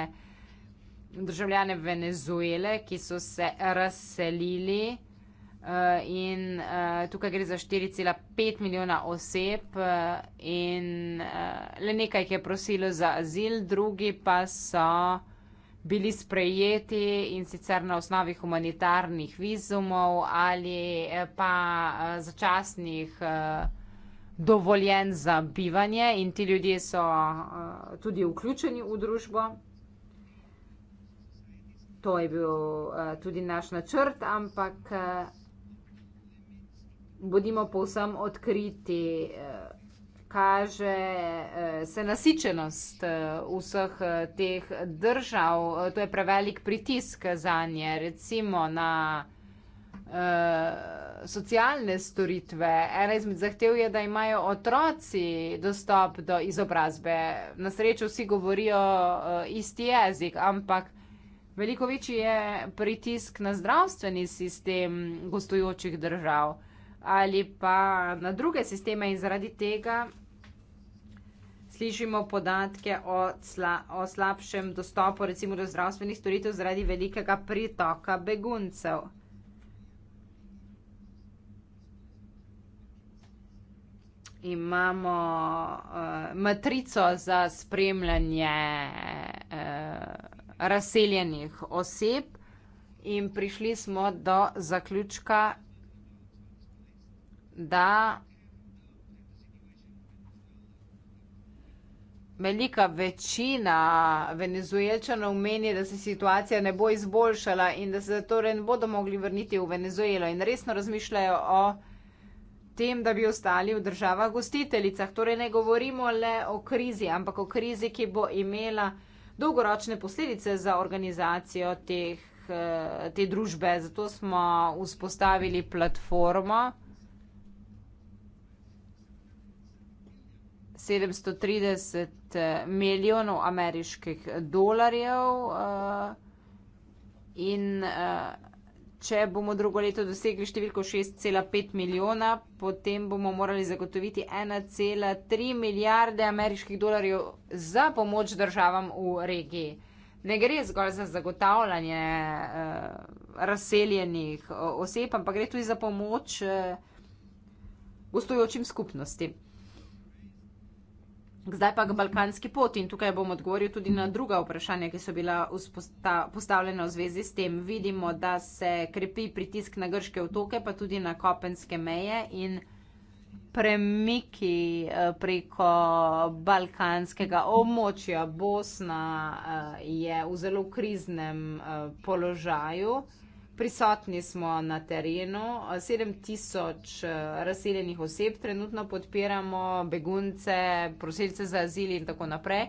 državljane Venezuele, ki so se razselili eh, in eh, tukaj gre za 4,5 milijona oseb in le nekaj jih je prosilo za azil, drugi pa so bili sprejeti in sicer na osnovi humanitarnih vizumov ali eh, pa eh, začasnih eh, dovoljen za bivanje in ti ljudje so tudi vključeni v družbo. To je bil tudi naš načrt, ampak bodimo povsem odkriti vsega, kaže eh, se nasičenost eh, vseh eh, teh držav, to je prevelik pritisk za nje, recimo na socialne storitve. Ena izmed zahtev je, da imajo otroci dostop do izobrazbe. Na srečo vsi govorijo isti jezik, ampak veliko večji je pritisk na zdravstveni sistem gostujočih držav ali pa na druge sisteme in zaradi tega slišimo podatke o, sla, o slabšem dostopu recimo do zdravstvenih storitev zaradi velikega pritoka beguncev. Imamo uh, matrico za spremljanje uh, razseljenih oseb in prišli smo do zaključka, da velika večina venezuelčanov meni, da se situacija ne bo izboljšala in da se torej ne bodo mogli vrniti v Venezuelo in resno razmišljajo o tem, da bi ostali v državah gostiteljicah. Torej ne govorimo le o krizi, ampak o krizi, ki bo imela dolgoročne posledice za organizacijo teh, eh, te družbe. Zato smo vzpostavili platformo. 730 eh, milijonov ameriških dolarjev. Eh, in eh, če bomo drugo leto dosegli številko 6,5 milijona, potem bomo morali zagotoviti 1,3 milijarde ameriških dolarjev za pomoč državam v regiji. Ne gre zgolj za zagotavljanje razseljenih oseb, ampak gre tudi za pomoč gostujočim skupnostim. Zdaj pa k balkanski poti in tukaj bom odgovoril tudi na druga vprašanja, ki so bila postavljena v zvezi s tem. Vidimo, da se krepi pritisk na grške otoke, pa tudi na kopenske meje in premiki eh, preko balkanskega območja. Bosna eh, je v zelo kriznem eh, položaju prisotni smo na terenu. 7000 eh, razseljenih oseb trenutno podpiramo, begunce, prosilce za azil in tako naprej.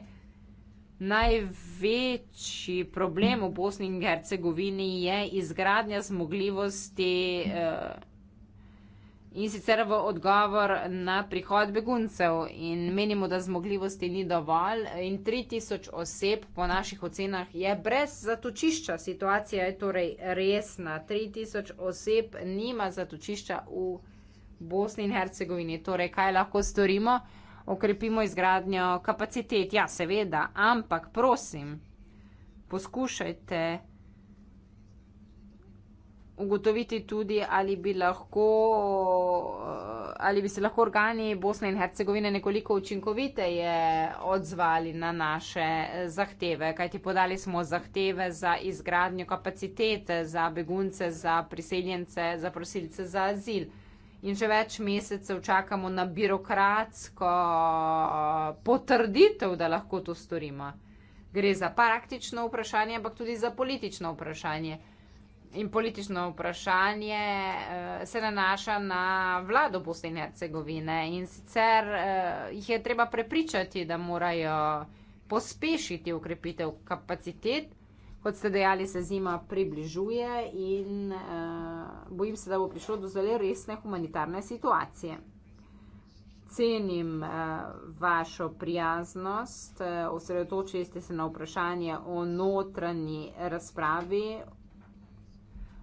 Največji problem v Bosni in Hercegovini je izgradnja zmogljivosti. Eh, In sicer v odgovor na prihod beguncev in menimo, da zmogljivosti ni dovolj in 3000 oseb po naših ocenah je brez zatočišča. Situacija je torej resna. 3000 oseb nima zatočišča v Bosni in Hercegovini. Torej, kaj lahko storimo? Okrepimo izgradnjo kapacitet. Ja, seveda, ampak prosim, poskušajte ugotoviti tudi, ali bi, lahko, eh, ali bi se lahko organi Bosne in Hercegovine nekoliko učinkoviteje odzvali na naše eh, zahteve. Kajti podali smo zahteve za izgradnjo kapacitete za begunce, za priseljence, za prosilce za azil. In že več mesecev čakamo na birokratsko eh, potrditev, da lahko to storimo. Gre za praktično vprašanje, ampak tudi za politično vprašanje in politično vprašanje eh, se nanaša na vlado Bosne in Hercegovine in sicer eh, jih je treba prepričati, da morajo pospešiti ukrepitev kapacitet. Kot ste dejali, se zima približuje in uh, bojim se, da bo prišlo do zelo resne humanitarne situacije. Cenim uh, vašo prijaznost, uh, osredotočili ste se na vprašanje o notranji razpravi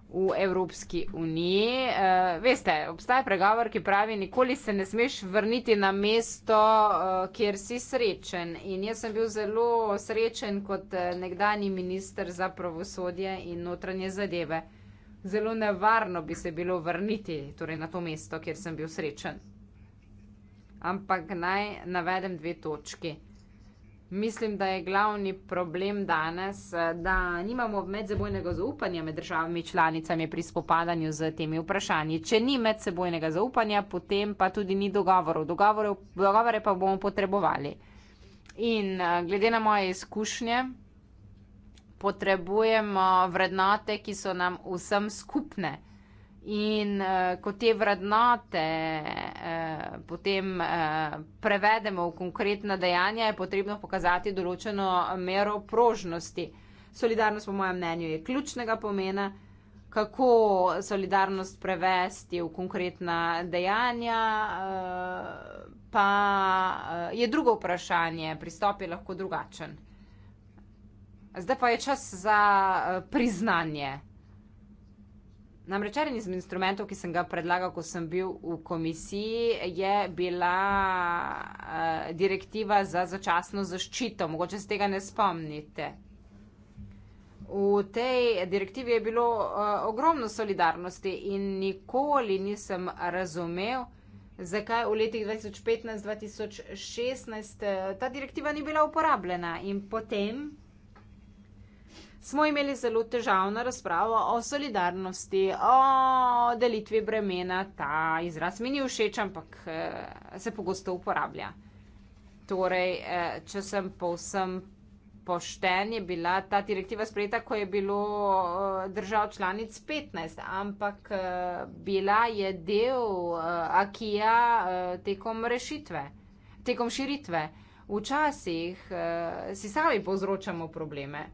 v Evropski uniji. Uh, veste, obstaja pregovor, ki pravi, nikoli se ne smeš vrniti na mesto, uh, kjer si srečen. In jaz sem bil zelo srečen kot eh, nekdani minister za pravosodje in notranje zadeve. Zelo nevarno bi se bilo vrniti torej na to mesto, kjer sem bil srečen. Ampak naj navedem dve točki. Mislim, da je glavni problem danes, eh, da nimamo medsebojnega zaupanja med državami članicami pri spopadanju z temi vprašanji. Če ni medsebojnega zaupanja, potem pa tudi ni dogovorov. Dogovore, dogovore pa bomo potrebovali. In eh, glede na moje izkušnje, potrebujemo vrednote, ki so nam vsem skupne. In uh, ko te vrednote uh, potem uh, prevedemo v konkretna dejanja, je potrebno pokazati določeno mero prožnosti. Solidarnost, po mojem mnenju, je ključnega pomena, kako solidarnost prevesti v konkretna dejanja, uh, pa uh, je drugo vprašanje, pristop je lahko drugačen. Zdaj pa je čas za uh, priznanje. Namreč eden izmed instrumentov, ki sem ga predlagal, ko sem bil v komisiji, je bila uh, direktiva za začasno zaščito. Mogoče se tega ne spomnite. V tej direktivi je bilo uh, ogromno solidarnosti in nikoli nisem razumel, zakaj v letih 2015-2016 eh, ta direktiva ni bila uporabljena. In potem smo imeli zelo težavno razpravo o solidarnosti, o delitvi bremena. Ta izraz mi ni všeč, ampak eh, se pogosto uporablja. Torej, eh, če sem povsem pošten, je bila ta direktiva sprejeta, ko je bilo eh, držav članic 15, ampak eh, bila je del eh, akija eh, tekom rešitve, tekom širitve. Včasih eh, si sami povzročamo probleme.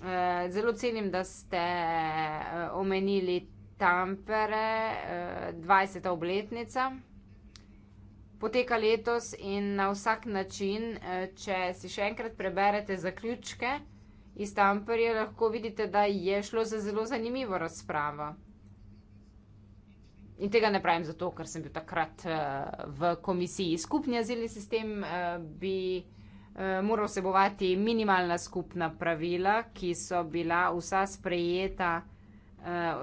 Uh, zelo cenim, da ste uh, omenili Tampere, uh, eh, 20. obletnica. Poteka letos in na vsak način, uh, če si še enkrat preberete zaključke iz Tamperja, lahko vidite, da je šlo za zelo zanimivo razpravo. In tega ne pravim zato, ker sem bil takrat uh, v komisiji skupnja zili sistem. Uh, Eh, mora vsebovati minimalna skupna pravila, ki so bila vsa sprejeta eh,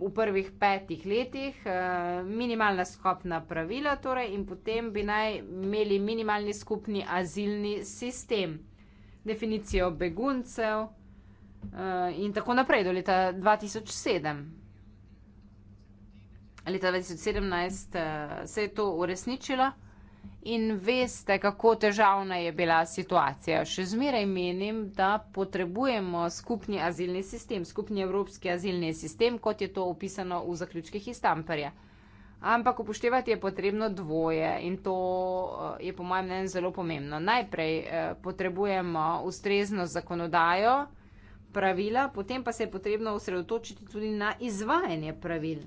v prvih petih letih, eh, minimalna skupna pravila, torej, in potem bi naj imeli minimalni skupni azilni sistem, definicijo beguncev in tako naprej do leta 2007. Leta 2017 se je to uresničilo in veste, kako težavna je bila situacija. Še zmeraj menim, da potrebujemo skupni azilni sistem, skupni evropski azilni sistem, kot je to opisano v zaključkih iz Tamperja. Ampak upoštevati je potrebno dvoje in to eh, je po mojem mnenju zelo pomembno. Najprej eh, potrebujemo ustrezno zakonodajo, pravila, potem pa se je potrebno osredotočiti tudi na izvajanje pravil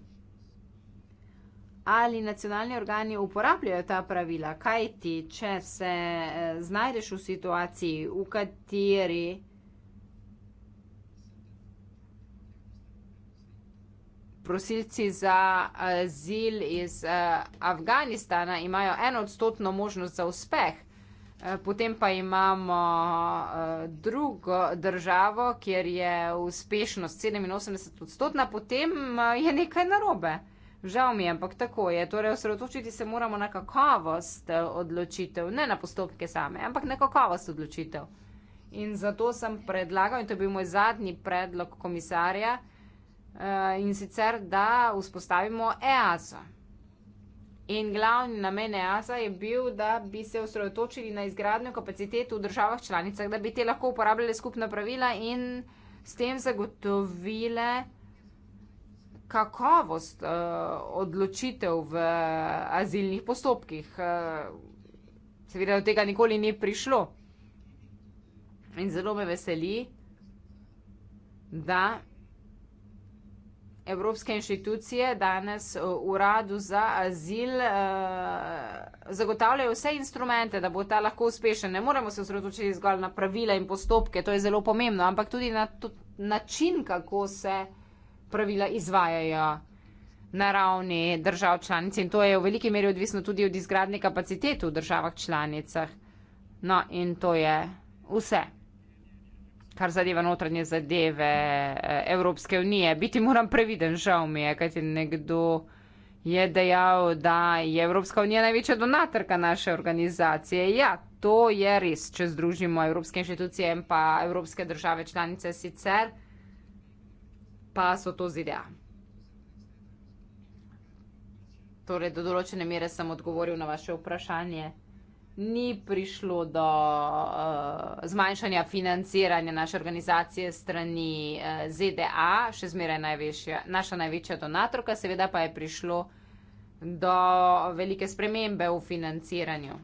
ali nacionalni organi uporabljajo ta pravila, kaj ti, če se eh, znajdeš v situaciji, v kateri prosilci za eh, azil iz eh, Afganistana imajo eno odstotno možnost za uspeh. Potem pa imamo drugo državo, kjer je uspešnost 87 odstotna, potem je nekaj narobe. Žal mi je, ampak tako je. Torej, osredotočiti se moramo na kakovost eh, odločitev, ne na postopke same, ampak na kakovost odločitev. In zato sem predlagal, in to je bil moj zadnji predlog komisarja, eh, in sicer, da vzpostavimo EASO. In glavni namen EASA je bil, da bi se osredotočili na izgradnjo kapacitet v državah članicah, da bi te lahko uporabljali skupna pravila in s tem zagotovile kakovost uh, odločitev v azilnih postopkih. Uh, seveda do tega nikoli ni prišlo. In zelo me veseli, da evropske inštitucije danes eh, uradu za azil uh, zagotavljajo vse instrumente, da bo ta lahko uspešen. Ne moremo se osredotočiti zgolj na pravila in postopke, to je zelo pomembno, ampak tudi na to, način, kako se pravila izvajajo na ravni držav članic in to je v veliki meri odvisno tudi od izgradne kapacitete v državah članicah. No in to je vse, kar zadeva notranje zadeve eh, Evropske unije. Biti moram previden, žal mi je, kajti nekdo je dejal, da je Evropska unija največja donatorka naše organizacije. Ja, to je res, če združimo evropske inštitucije in pa evropske države članice sicer pa so to ZDA. Torej, do določene mere sem odgovoril na vaše vprašanje. Ni prišlo do uh, zmanjšanja financiranja naše organizacije strani uh, eh, ZDA, še zmeraj največja, naša največja donatorka, seveda pa je prišlo do velike spremembe v financiranju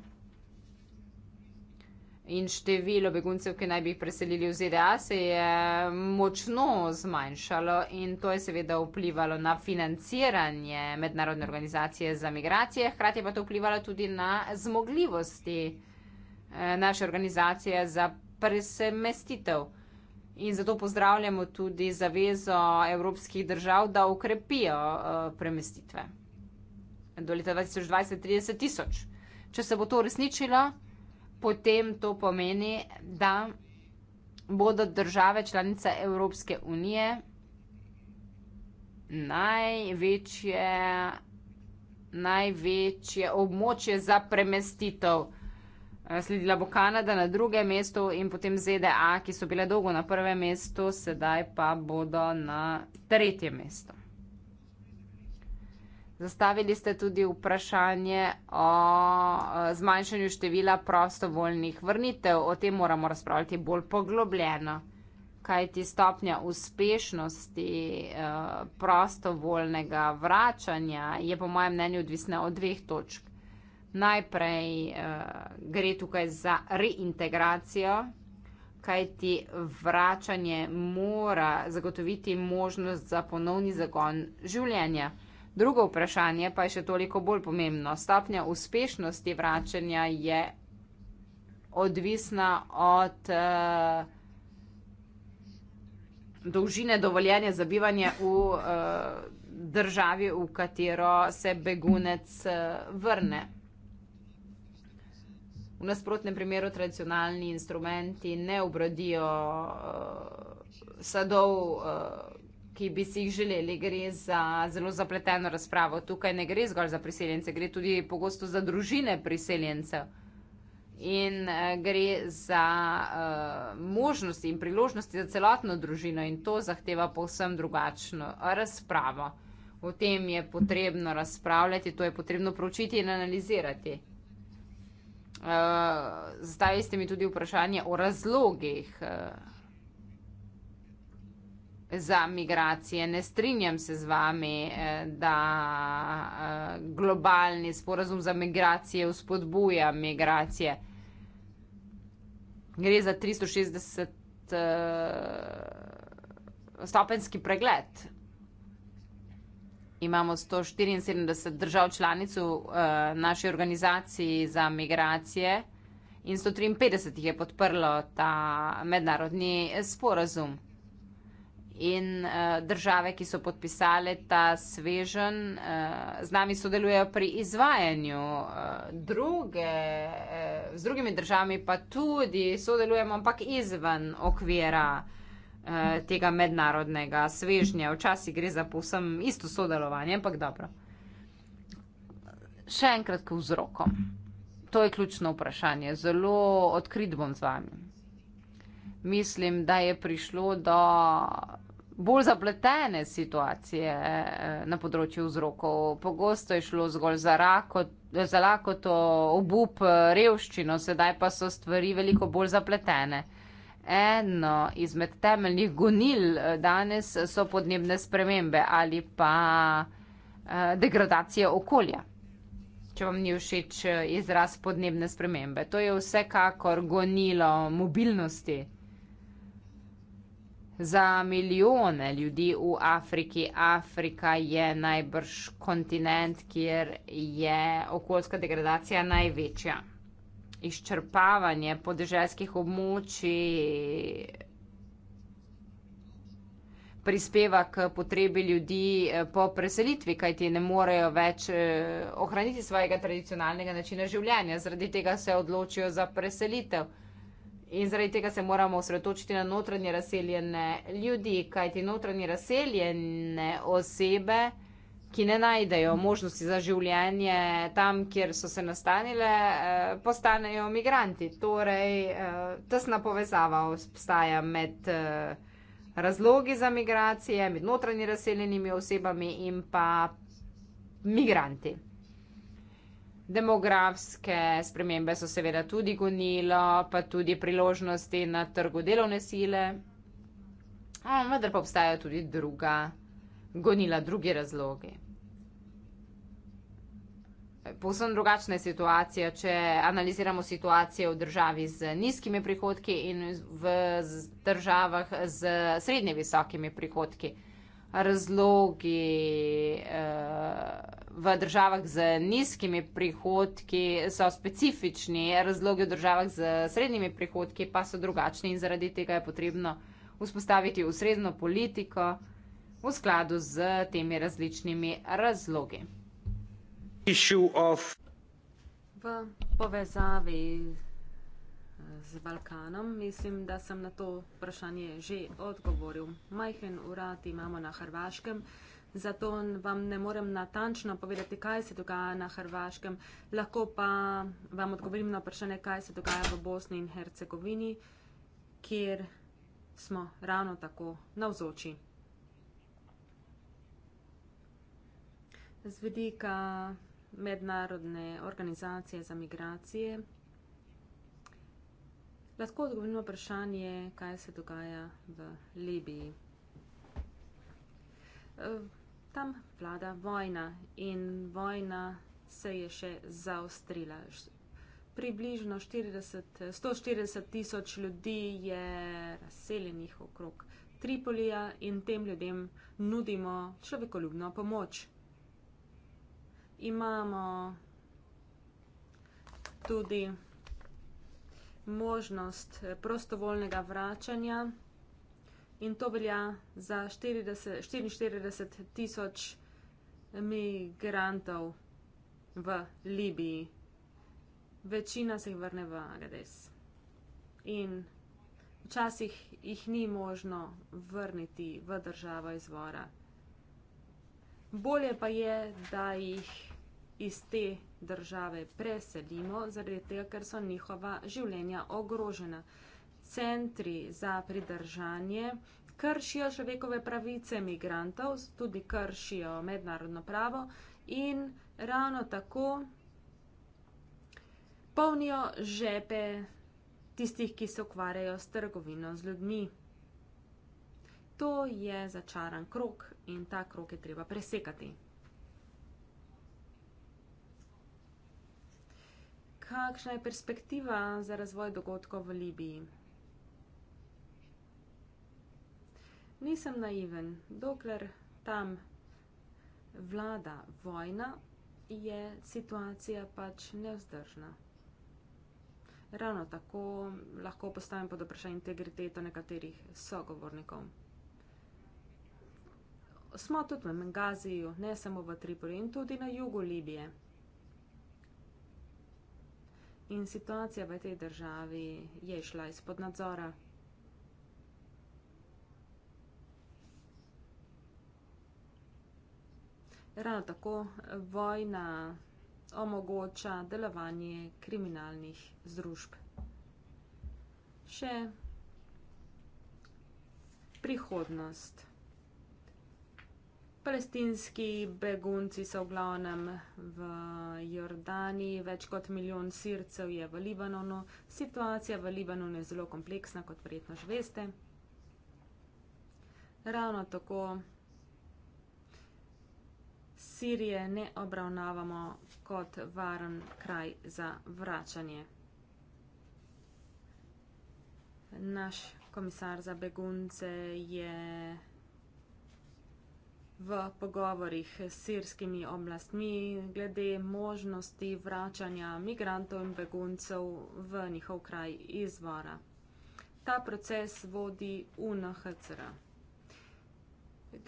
in število beguncev, ki naj bi jih preselili v ZDA, se je močno zmanjšalo in to je seveda vplivalo na financiranje mednarodne organizacije za migracije, hkrati pa to vplivalo tudi na zmogljivosti eh, naše organizacije za presemestitev. In zato pozdravljamo tudi zavezo evropskih držav, da okrepijo eh, premestitve do leta 2020-2030 tisoč. Če se bo to uresničilo, potem to pomeni, da bodo države članice Evropske unije največje, največje območje za premestitev. Sledila bo Kanada na drugem mestu in potem ZDA, ki so bile dolgo na prvem mestu, sedaj pa bodo na tretjem mestu. Zastavili ste tudi vprašanje o e, zmanjšanju števila prostovoljnih vrnitev. O tem moramo razpravljati bolj poglobljeno, kajti stopnja uspešnosti e, prostovoljnega vračanja je po mojem mnenju odvisna od dveh točk. Najprej e, gre tukaj za reintegracijo, kajti vračanje mora zagotoviti možnost za ponovni zagon življenja. Drugo vprašanje pa je še toliko bolj pomembno. Stopnja uspešnosti vračanja je odvisna od uh, dolžine dovoljenja za bivanje v uh, državi, v katero se begunec uh, vrne. V nasprotnem primeru tradicionalni instrumenti ne obrodijo uh, sadov. Uh, ki bi si jih želeli. Gre za zelo zapleteno razpravo. Tukaj ne gre zgolj za priseljence, gre tudi pogosto za družine priseljencev. In eh, gre za uh, možnosti in priložnosti za celotno družino in to zahteva povsem drugačno razpravo. O tem je potrebno razpravljati, to je potrebno pročiti in analizirati. Uh, eh, zastavili ste mi tudi vprašanje o razlogih. Uh, za migracije. Ne strinjam se z vami, eh, da eh, globalni sporazum za migracije uspodbuja migracije. Gre za 360 uh, stopenski pregled. Imamo 174 držav članic v uh, naši organizaciji za migracije in 153 jih je podprlo ta mednarodni sporazum in uh, države, ki so podpisale ta svežen, uh, z nami sodelujejo pri izvajanju. Uh, druge, uh, z drugimi državami pa tudi sodelujemo, ampak izven okvira uh, tega mednarodnega svežnja. Včasih gre za povsem isto sodelovanje, ampak dobro. Še enkrat k vzrokom. To je ključno vprašanje. Zelo odkrit bom z vami. Mislim, da je prišlo do bolj zapletene situacije eh, na področju vzrokov. Pogosto je šlo zgolj za, rako, za lakoto, obup, eh, revščino, sedaj pa so stvari veliko bolj zapletene. Eno izmed temeljnih gonil eh, danes so podnebne spremembe ali pa degradacija okolja. Če vam ni všeč izraz podnebne spremembe, to je vsekakor gonilo mobilnosti. Za milijone ljudi v Afriki, Afrika je najbrž kontinent, kjer je okoljska degradacija največja. Izčrpavanje podeželskih območij prispeva k potrebi ljudi eh, po preselitvi, kajti ne morejo več eh, ohraniti svojega tradicionalnega načina življenja. Zradi tega se odločijo za preselitev. In zaradi tega se moramo osredotočiti na notranje razseljene ljudi, kajti notranje razseljene osebe, ki ne najdejo možnosti za življenje tam, kjer so se nastanile, eh, postanejo migranti. Torej, eh, tesna povezava obstaja med eh, razlogi za migracije, med notranje razseljenimi osebami in pa migranti. Demografske spremembe so seveda tudi gonilo, pa tudi priložnosti na trgu delovne sile. No, vendar pa obstajajo tudi druga gonila, drugi razlogi. Povsem drugačna je situacija, če analiziramo situacijo v državi z nizkimi prihodki in v državah z srednje visokimi prihodki razlogi eh, v državah z nizkimi prihodki, so specifični, razlogi v državah z srednjimi prihodki pa so drugačni in zaradi tega je potrebno vzpostaviti ustrezno politiko v skladu z temi različnimi razlogi. V povezavi Balkanom. Mislim, da sem na to vprašanje že odgovoril. Majhen urad imamo na Hrvaškem, zato vam ne morem natančno povedati, kaj se dogaja na Hrvaškem. Lahko pa vam odgovorim na vprašanje, kaj se dogaja v Bosni in Hercegovini, kjer smo ravno tako navzoči. Z vidika mednarodne organizacije za migracije lahko odgovorimo vprašanje, kaj se dogaja v Libiji. E, tam vlada vojna in vojna se je še zaostrila. Približno 40, 140 tisoč ljudi je razseljenih okrog Tripolija in tem ljudem nudimo človekoljubno pomoč. Imamo tudi možnost eh, prostovoljnega vračanja in to velja za 40, 44 tisoč migrantov v Libiji. Večina se jih vrne v Agades. In včasih jih ni možno vrniti v državo izvora. Bolje pa je, da jih iz te države preselimo, zaradi tega, ker so njihova življenja ogrožena. Centri za pridržanje kršijo človekove pravice migrantov, tudi kršijo mednarodno pravo in ravno tako polnijo žepe tistih, ki se ukvarjajo s trgovino z ljudmi. To je začaran krok in ta krok je treba presekati. Kakšna je perspektiva za razvoj dogodkov v Libiji? Nisem naiven. Dokler tam vlada vojna, je situacija pač nevzdržna. Ravno tako lahko postavim pod vprašanje integriteto nekaterih sogovornikov. Smo tudi v Mengaziju, ne samo v Tripoli in tudi na jugu Libije in situacija v tej državi je šla izpod nadzora. Ravno tako vojna omogoča delovanje kriminalnih združb. Še prihodnost palestinski begunci so v glavnem v Jordani, več kot milijon sircev je v Libanonu. Situacija v Libanonu je zelo kompleksna, kot verjetno že veste. Ravno tako Sirije ne obravnavamo kot varen kraj za vračanje. Naš komisar za begunce je v pogovorih s sirskimi oblastmi glede možnosti vračanja migrantov in beguncev v njihov kraj izvora. Ta proces vodi UNHCR.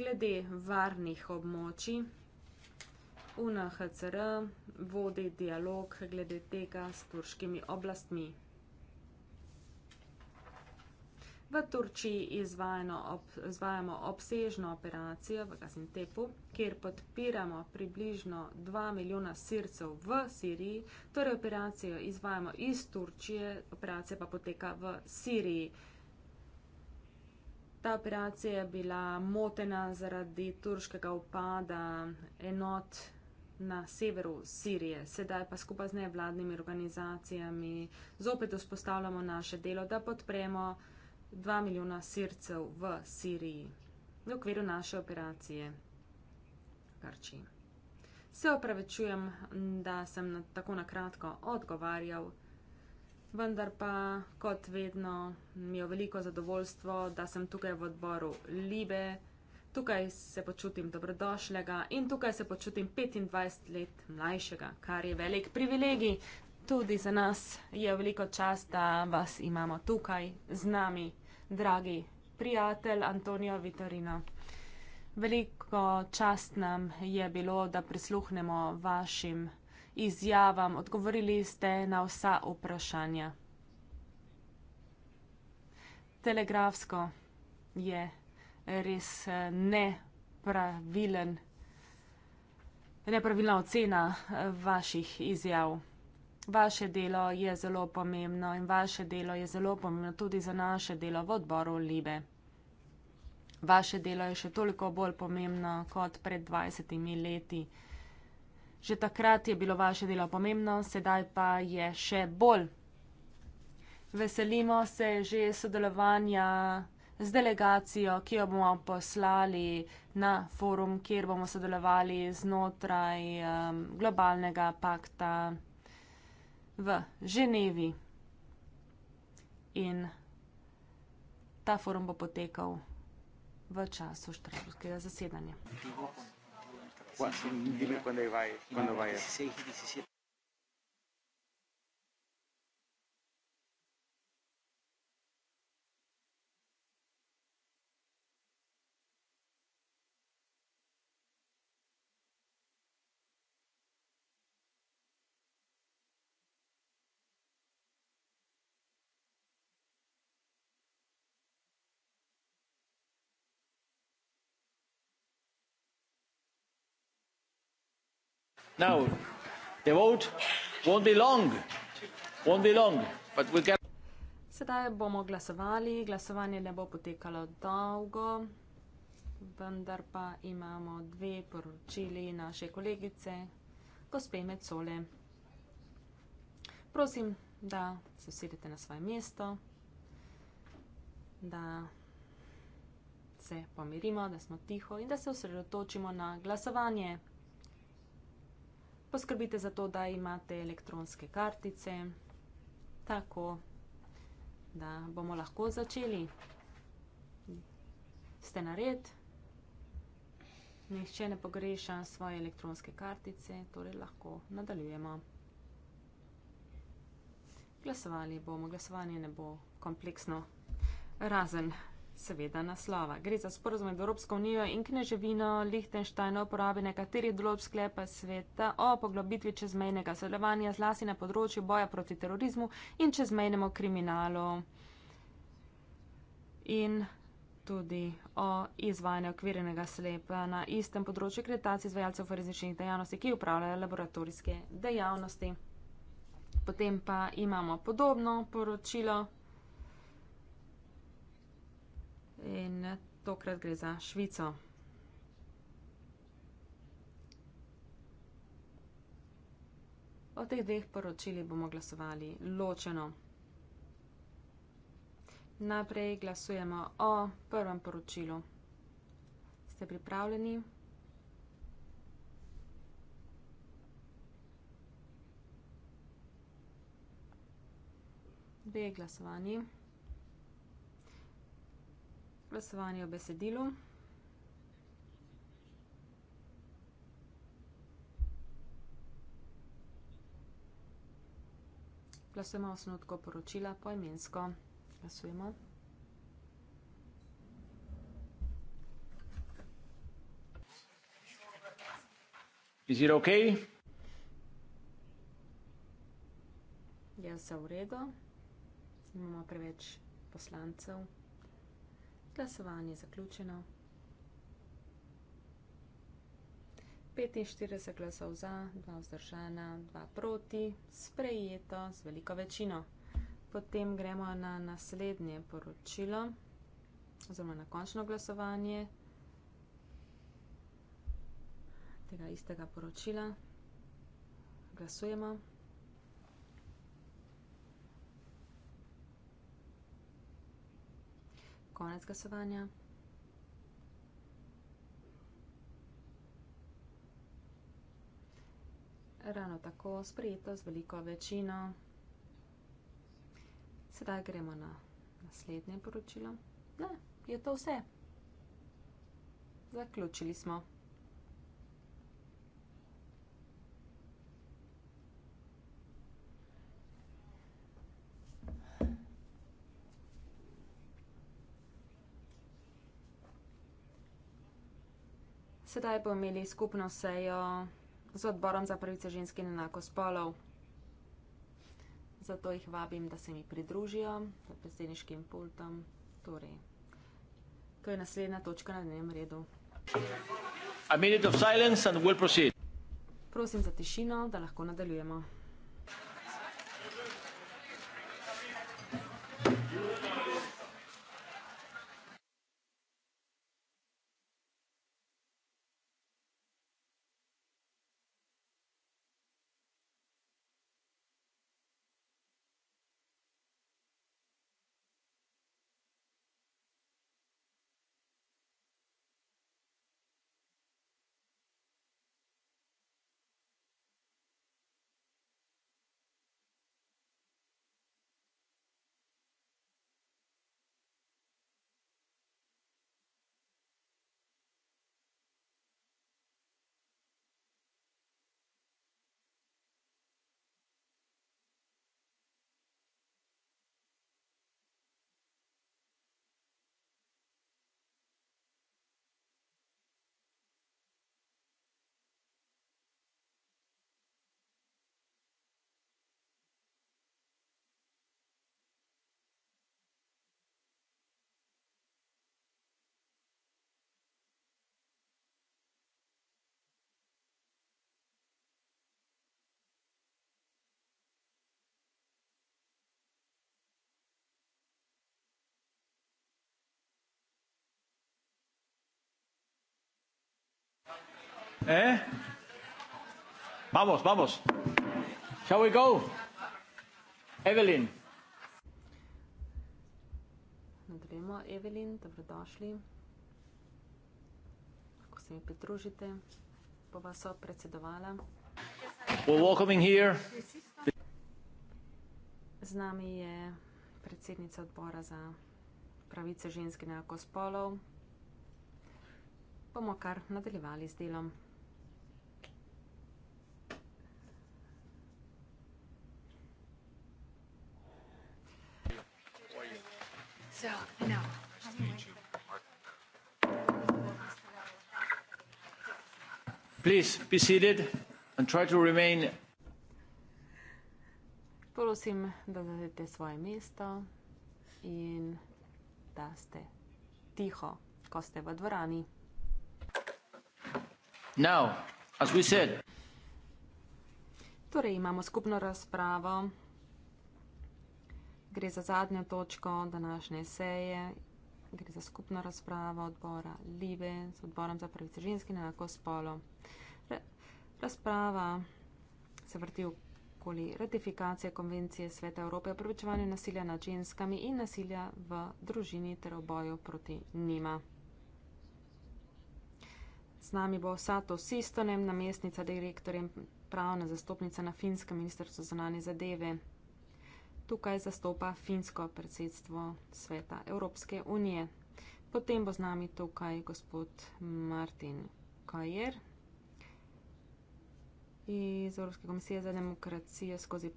Glede varnih območij, UNHCR vodi dialog glede tega s turškimi oblastmi. V Turčiji ob, izvajamo obsežno operacijo v Gazintepu, kjer podpiramo približno 2 milijona sircev v Siriji. Torej operacijo izvajamo iz Turčije, operacija pa poteka v Siriji. Ta operacija je bila motena zaradi turškega upada enot na severu Sirije. Sedaj pa skupaj z nevladnimi organizacijami zopet vzpostavljamo naše delo, da podpremo 2 milijona sircev v Siriji v okviru naše operacije v Grčiji. Se opravičujem, da sem na, tako na kratko odgovarjal, vendar pa, kot vedno, mi je veliko zadovoljstvo, da sem tukaj v odboru Libe, tukaj se počutim dobrodošlega in tukaj se počutim 25 let mlajšega, kar je velik privilegij. Tudi za nas je veliko čast, da vas imamo tukaj z nami dragi prijatelj Antonija Vitarina. Veliko čast nam je bilo, da prisluhnemo vašim izjavam. Odgovorili ste na vsa vprašanja. Telegrafsko je res nepravilen, nepravilna ocena eh, vaših izjav vaše delo je zelo pomembno in vaše delo je zelo pomembno tudi za naše delo v odboru Libe. Vaše delo je še toliko bolj pomembno kot pred 20 leti. Že takrat je bilo vaše delo pomembno, sedaj pa je še bolj. Veselimo se že sodelovanja z delegacijo, ki jo bomo poslali na forum, kjer bomo sodelovali znotraj um, globalnega pakta v Ženevi. In ta forum bo potekal v času štrasburskega zasedanja. 16, 17. Sedaj bomo glasovali, glasovanje ne bo potekalo dolgo, vendar pa imamo dve poročili naše kolegice, gospe Mecole. Prosim, da se sedete na svoje mesto, da se pomirimo, da smo tiho in da se osredotočimo na glasovanje poskrbite za to, da imate elektronske kartice, tako da bomo lahko začeli. Ste na red? Nihče ne pogreša svoje elektronske kartice, torej lahko nadaljujemo. Glasovali bomo, glasovanje ne bo kompleksno, razen seveda naslova. Gre za sporozum med Evropsko unijo in kneževino Lihtenštajna o porabi nekaterih določb sklepa sveta o poglobitvi čezmejnega sodelovanja zlasti na področju boja proti terorizmu in čezmejnemu kriminalu in tudi o izvajanju okvirjenega slepa na istem področju kreditacij izvajalcev forenzičnih dejavnosti, ki upravljajo laboratorijske dejavnosti. Potem pa imamo podobno poročilo In tokrat gre za Švico. O teh dveh poročili bomo glasovali ločeno. Najprej glasujemo o prvem poročilu. Ste pripravljeni? Dve glasovanji glasovanje o besedilu. Glasujemo o osnutku poročila poimensko. Glasujemo. Is it okay? Je vse v redu? Imamo preveč poslancev? Glasovanje zaključeno. 45 glasov za, 2 vzdržana, 2 proti, sprejeto z veliko večino. Potem gremo na naslednje poročilo, oziroma na končno glasovanje tega istega poročila. Glasujemo. konec glasovanja. Ravno tako sprejeto z veliko večino. Sedaj gremo na naslednje poročilo. Ne, je to vse. Zaključili smo. Sedaj bomo imeli skupno sejo z odborom za pravice žensk in enako spolov. Zato jih vabim, da se mi pridružijo pred predsedniškim pultom. Torej, to je naslednja točka na dnevnem redu. Prosim za tišino, da lahko nadaljujemo. ¿Eh? Vamos, vamos. Shall we go? Evelyn. Nadaljujemo, Evelyn, dobrodošli. Lahko se mi pridružite, bo vas odpredsedovala. Z nami je predsednica odbora za pravice ženske na okospolov. Bomo kar nadaljevali z delom. So, no. Please be seated and try to remain. Prosim, da zadete svoje mesto in da ste tiho, ko ste v dvorani. Now, as we said. Torej, imamo skupno razpravo gre za zadnjo točko današnje seje, gre za skupno razpravo odbora Libe z odborom za pravice ženske in enako spolo. Razprava se vrti okoli ratifikacije konvencije Sveta Evrope o prevečevanju nasilja nad ženskami in nasilja v družini ter oboju proti njima. Z nami bo Sato Sistonem, namestnica direktorja pravna zastopnica na finskem ministrstvu zunanje zadeve tukaj zastopa finsko predsedstvo sveta Evropske unije. Potem bo z nami tukaj gospod Martin Kajer iz Evropske komisije za demokracijo skozi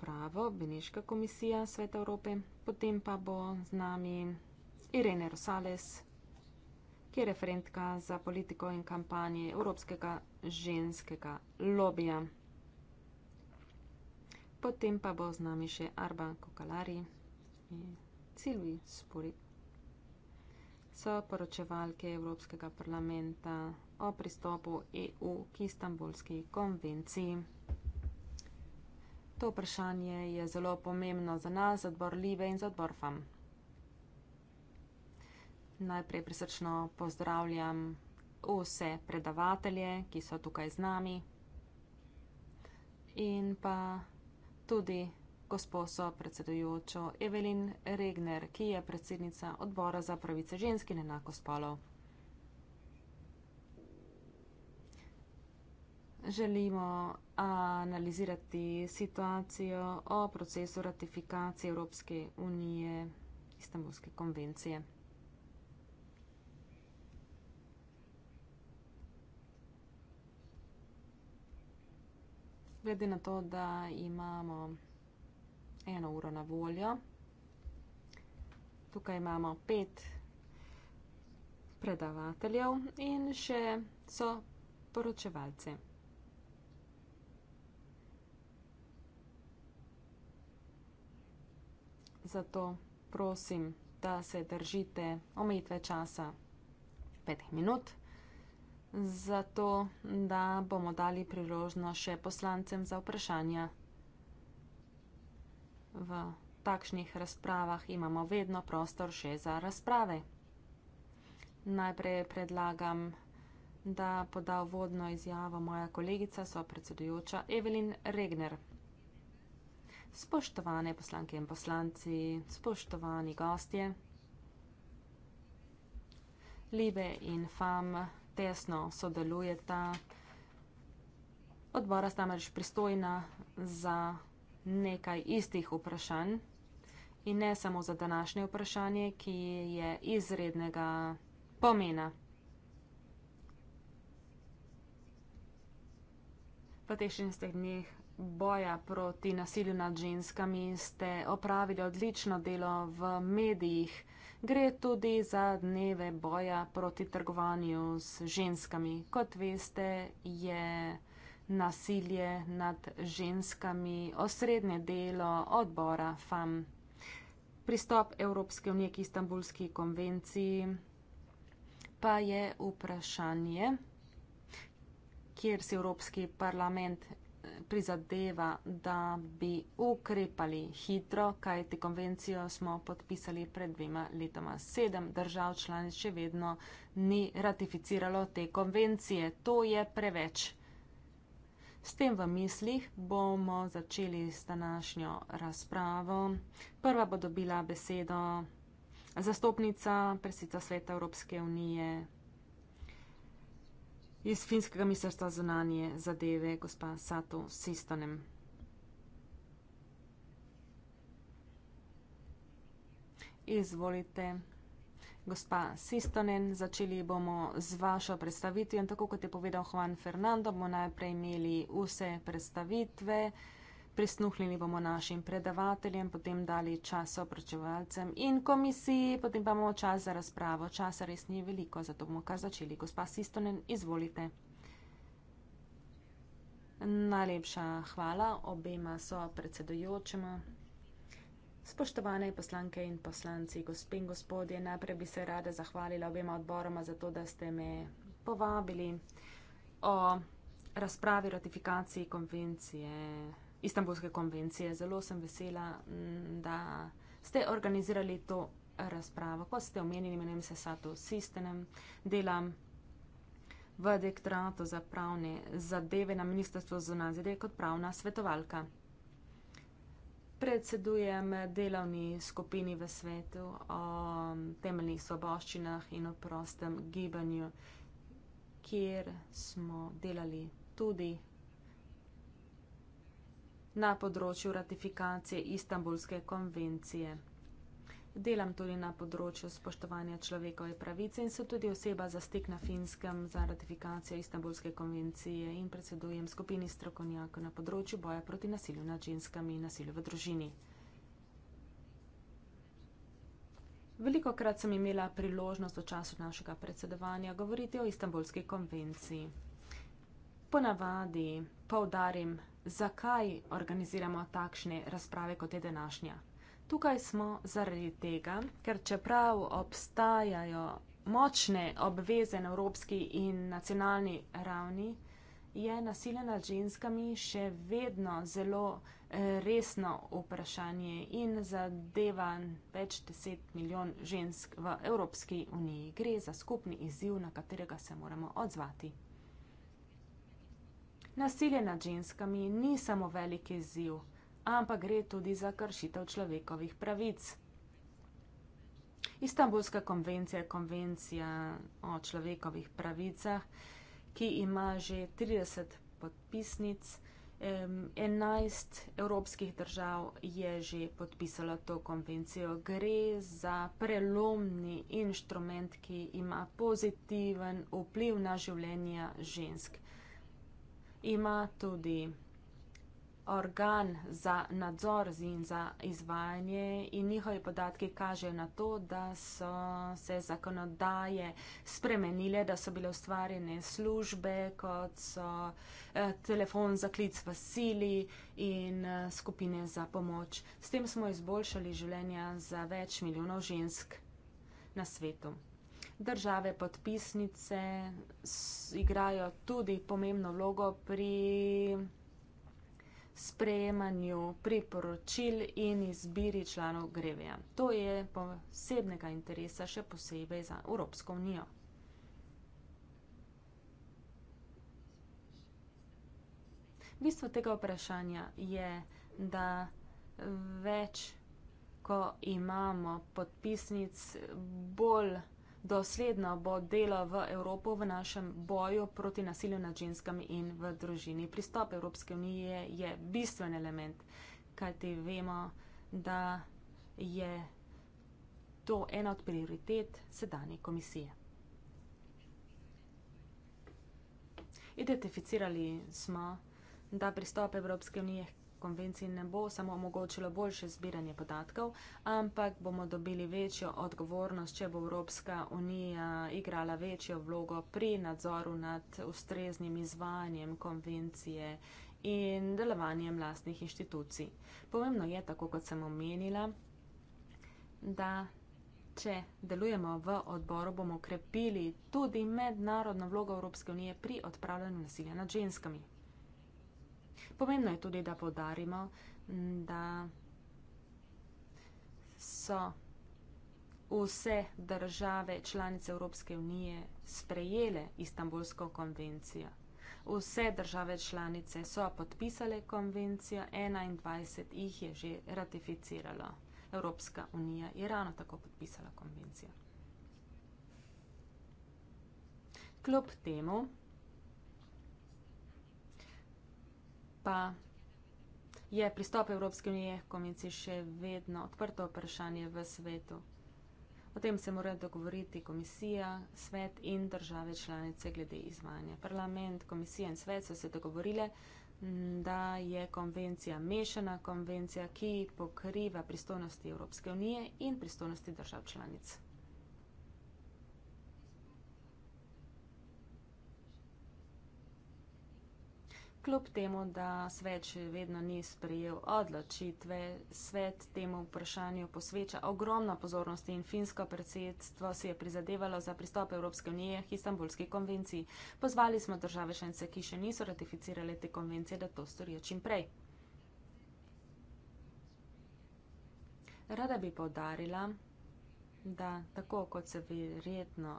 pravo, Beneška komisija sveta Evrope. Potem pa bo z nami Irene Rosales, ki je referentka za politiko in kampanje Evropskega ženskega lobija. Potem pa bo z nami še Arba Kokalari in Silvi Spuri. So poročevalke Evropskega parlamenta o pristopu EU k Istanbulski konvenciji. To vprašanje je zelo pomembno za nas, za odbor Live in za odbor FAM. Najprej prisrčno pozdravljam vse predavatelje, ki so tukaj z nami in pa tudi gospodo predsedujočo Evelin Regner, ki je predsednica odbora za pravice žensk in enako spolov. Želimo analizirati situacijo o procesu ratifikacije Evropske unije Istanbulske konvencije. glede na to, da imamo eno uro na voljo. Tukaj imamo pet predavateljev in še so poročevalce. Zato prosim, da se držite omejitve časa petih minut zato da bomo dali priložnost še poslancem za vprašanja. V takšnih razpravah imamo vedno prostor še za razprave. Najprej predlagam, da poda vodno izjavo moja kolegica, so predsedujoča Evelin Regner. Spoštovane poslanke in poslanci, spoštovani gostje, Libe in Fam, tesno sodelujeta. Odbora sta namreč pristojna za nekaj istih vprašanj in ne samo za današnje vprašanje, ki je izrednega pomena. V teh 16 dneh boja proti nasilju nad ženskami ste opravili odlično delo v medijih. Gre tudi za dneve boja proti trgovanju z ženskami. Kot veste, je nasilje nad ženskami osrednje delo odbora FAM. Pristop Evropske unije k Istanbulski konvenciji pa je vprašanje, kjer si Evropski parlament prizadeva, da bi ukrepali hitro, kajti konvencijo smo podpisali pred dvema letoma. Sedem držav članic še vedno ni ratificiralo te konvencije. To je preveč. S tem v mislih bomo začeli s današnjo razpravo. Prva bo dobila besedo zastopnica, presica Sveta Evropske unije, iz finskega ministrstva za zunanje zadeve, gospa Sato Sistonem. Izvolite, gospa Sistonen, začeli bomo z vašo predstavitvijo in tako kot je povedal Juan Fernando, bomo najprej imeli vse predstavitve prisluhnili bomo našim predavateljem, potem dali čas opročevalcem in komisiji, potem pa bomo čas za razpravo. Časa res ni veliko, zato bomo kar začeli. Gospa Sistonen, izvolite. Najlepša hvala obema so predsedojočima. Spoštovane poslanke in poslanci, gospe in gospodje, najprej bi se rada zahvalila obema odboroma za to, da ste me povabili o razpravi ratifikaciji konvencije Istanbulske konvencije. Zelo sem vesela, mm, da ste organizirali to razpravo. Ko ste omenili, menim se Sato Sistenem, delam v dektoratu za pravne zadeve na Ministrstvu zunazide kot pravna svetovalka. Predsedujem delovni skupini v svetu o mm, temeljnih svoboščinah in o prostem gibanju, kjer smo delali tudi na področju ratifikacije Istanbulske konvencije. Delam tudi na področju spoštovanja človekove pravice in so tudi oseba za stik na finskem za ratifikacijo Istanbulske konvencije in predsedujem skupini strokovnjakov na področju boja proti nasilju nad ženskami in nasilju v družini. Veliko krat sem imela priložnost v času našega predsedovanja govoriti o Istanbulski konvenciji. Ponavadi poudarim zakaj organiziramo takšne razprave kot je današnja. Tukaj smo zaradi tega, ker čeprav obstajajo močne obveze na evropski in nacionalni ravni, je nasilje nad ženskami še vedno zelo eh, resno vprašanje in zadeva več deset milijon žensk v Evropski uniji. Gre za skupni izziv, na katerega se moramo odzvati. Nasilje nad ženskami ni samo velik izziv, ampak gre tudi za kršitev človekovih pravic. Istanbulska konvencija je konvencija o človekovih pravicah, ki ima že 30 podpisnic. 11 evropskih držav je že podpisalo to konvencijo. Gre za prelomni inštrument, ki ima pozitiven vpliv na življenja žensk ima tudi organ za nadzor in za izvajanje in njihovi podatki kažejo na to, da so se zakonodaje spremenile, da so bile ustvarjene službe, kot so eh, telefon za klic v sili in eh, skupine za pomoč. S tem smo izboljšali življenja za več milijonov žensk na svetu države podpisnice igrajo tudi pomembno vlogo pri sprejemanju priporočil in izbiri članov greveja. To je posebnega interesa še posebej za Evropsko unijo. Bistvo tega vprašanja je, da več, ko imamo podpisnic, bolj dosledno bo delo v Evropo v našem boju proti nasilju nad ženskami in v družini. Pristop Evropske unije je bistven element, kajti vemo, da je to ena od prioritet sedanje komisije. Identificirali smo, da pristop Evropske unije konvenciji ne bo samo omogočilo boljše zbiranje podatkov, ampak bomo dobili večjo odgovornost, če bo Evropska unija igrala večjo vlogo pri nadzoru nad ustreznim izvajanjem konvencije in delovanjem lastnih inštitucij. Pomembno je, tako kot sem omenila, da če delujemo v odboru, bomo krepili tudi mednarodno vlogo Evropske unije pri odpravljanju nasilja nad ženskami. Pomembno je tudi, da podarimo, da so vse države članice Evropske unije sprejele Istanbulsko konvencijo. Vse države članice so podpisale konvencijo, 21 jih je že ratificiralo. Evropska unija je ravno tako podpisala konvencijo. Kljub temu, pa je pristop Evropske unije k konvenciji še vedno odprto vprašanje v svetu. O tem se morajo dogovoriti komisija, svet in države članice glede izvajanja. Parlament, komisija in svet so se dogovorile, da je konvencija mešana konvencija, ki pokriva pristojnosti Evropske unije in pristojnosti držav članic. Kljub temu, da svet še vedno ni sprejel odločitve, svet temu vprašanju posveča ogromno pozornosti in finsko predsedstvo si je prizadevalo za pristop Evropske unije k istambulski konvenciji. Pozvali smo države šence, ki še niso ratificirale te konvencije, da to storijo čim prej. Rada bi povdarila, da tako kot se verjetno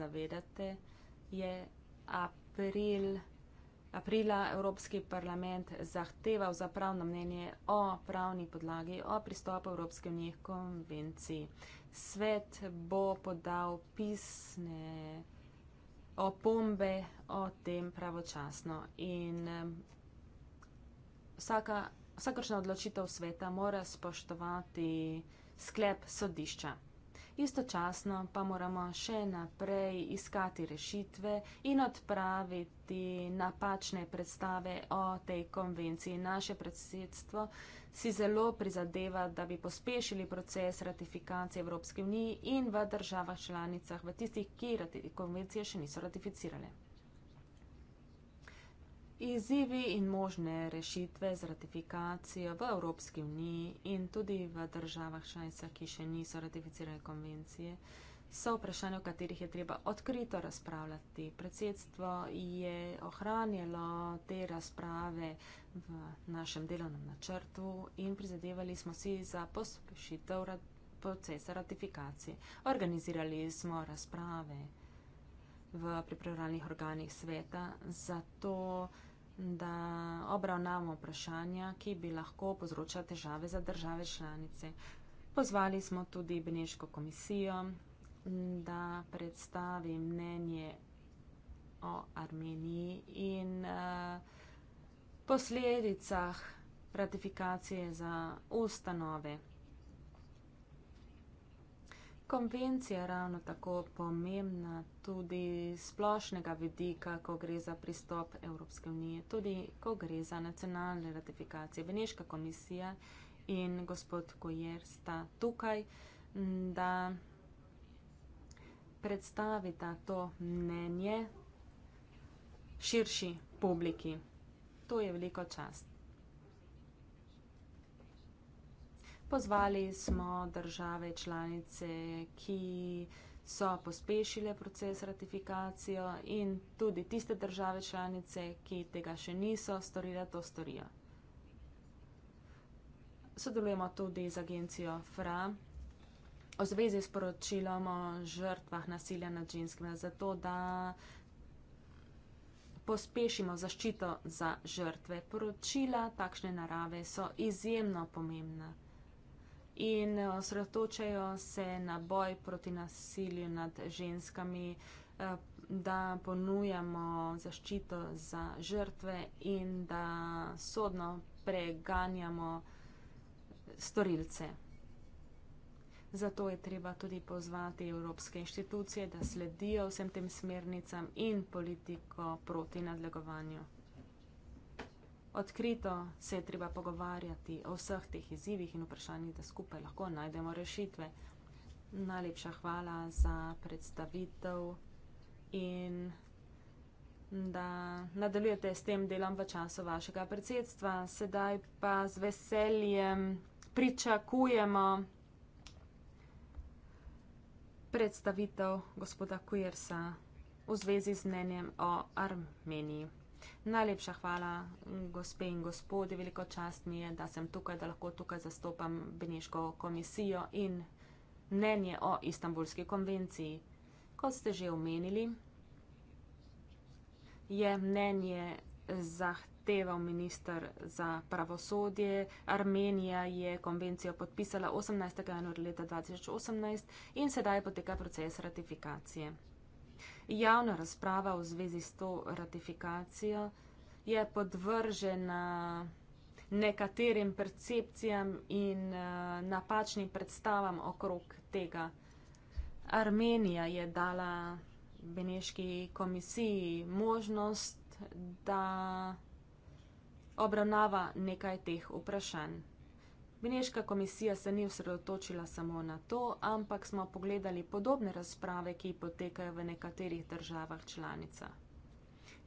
zavedate, je april aprila Evropski parlament zahteval za pravno mnenje o pravni podlagi, o pristopu Evropske unije k konvenciji. Svet bo podal pisne opombe o tem pravočasno in vsaka, vsakršna odločitev sveta mora spoštovati sklep sodišča istočasno pa moramo še naprej iskati rešitve in odpraviti napačne predstave o tej konvenciji. Naše predsedstvo si zelo prizadeva, da bi pospešili proces ratifikacije Evropske unije in v državah članicah, v tistih, ki konvencije še niso ratificirale. Izzivi in možne rešitve z ratifikacijo v Evropski uniji in tudi v državah šajsa, ki še niso ratificirali konvencije, so vprašanje, o katerih je treba odkrito razpravljati. Predsedstvo je ohranjalo te razprave v našem delovnem načrtu in prizadevali smo si za pospešitev rat procesa ratifikacije. Organizirali smo razprave v pripravljalnih organih sveta, zato da obravnamo vprašanja, ki bi lahko povzročali težave za države članice. Pozvali smo tudi Beneško komisijo, da predstavi mnenje o Armeniji in uh, posledicah ratifikacije za ustanove konvencija ravno tako pomembna tudi splošnega vidika, ko gre za pristop Evropske unije, tudi ko gre za nacionalne ratifikacije. Veneška komisija in gospod Kojer sta tukaj, da predstavita to mnenje širši publiki. To je veliko čast. Pozvali smo države članice, ki so pospešile proces ratifikacijo in tudi tiste države članice, ki tega še niso storile, to storijo. Sodelujemo tudi z agencijo FRA o zvezi s poročilom o žrtvah nasilja nad ženskami, zato da pospešimo zaščito za žrtve. Poročila takšne narave so izjemno pomembna in eh, osredotočajo se na boj proti nasilju nad ženskami, eh, da ponujamo zaščito za žrtve in da sodno preganjamo storilce. Zato je treba tudi pozvati evropske inštitucije, da sledijo vsem tem smernicam in politiko proti nadlegovanju. Odkrito se je treba pogovarjati o vseh teh izzivih in vprašanjih, da skupaj lahko najdemo rešitve. Najlepša hvala za predstavitev in da nadaljujete s tem delom v času vašega predsedstva. Sedaj pa z veseljem pričakujemo predstavitev gospoda Kujersa v zvezi z mnenjem o Armeniji. Najlepša hvala, gospe in gospode. Veliko čast mi je, da sem tukaj, da lahko tukaj zastopam Beneško komisijo in mnenje o Istanbulski konvenciji. Kot ste že omenili, je mnenje zahteval minister za pravosodje. Armenija je konvencijo podpisala 18. januarja leta 2018 in sedaj poteka proces ratifikacije. Javna razprava v zvezi s to ratifikacijo je podvržena nekaterim percepcijam in uh, napačnim predstavam okrog tega. Armenija je dala Beneški komisiji možnost, da obravnava nekaj teh vprašanj. Beneška komisija se ni usredotočila samo na to, ampak smo pogledali podobne razprave, ki potekajo v nekaterih državah članica.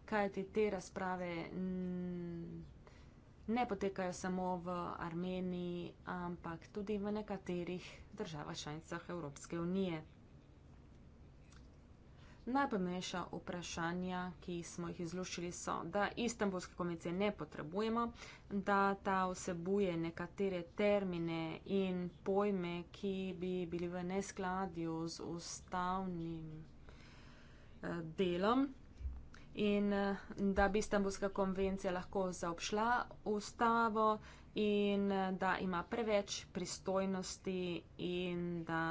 Kaj ti te razprave mm, ne potekajo samo v Armeniji, ampak tudi v nekaterih državah članicah Evropske unije. Najpomembnejša vprašanja, ki smo jih izluščili, so, da Istanbulske konvencije ne potrebujemo, da ta vsebuje nekatere termine in pojme, ki bi bili v neskladju z ustavnim eh, delom in eh, da bi Istanbulska konvencija lahko zaobšla ustavo in eh, da ima preveč pristojnosti in da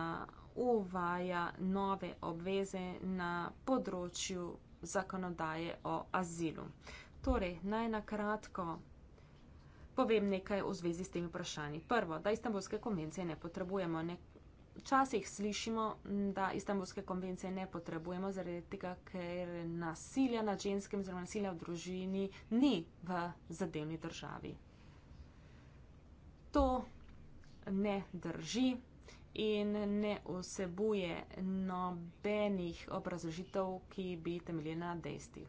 uvaja nove obveze na področju zakonodaje o azilu. Torej, naj na kratko povem nekaj v zvezi s temi vprašanji. Prvo, da istambulske konvencije ne potrebujemo. Ne Včasih slišimo, da istambulske konvencije ne potrebujemo, zaradi tega, ker nasilja nad ženskim oziroma nasilja v družini ni v zadevni državi. To ne drži in ne vsebuje nobenih obrazložitev, ki bi temeljila na dejstvih.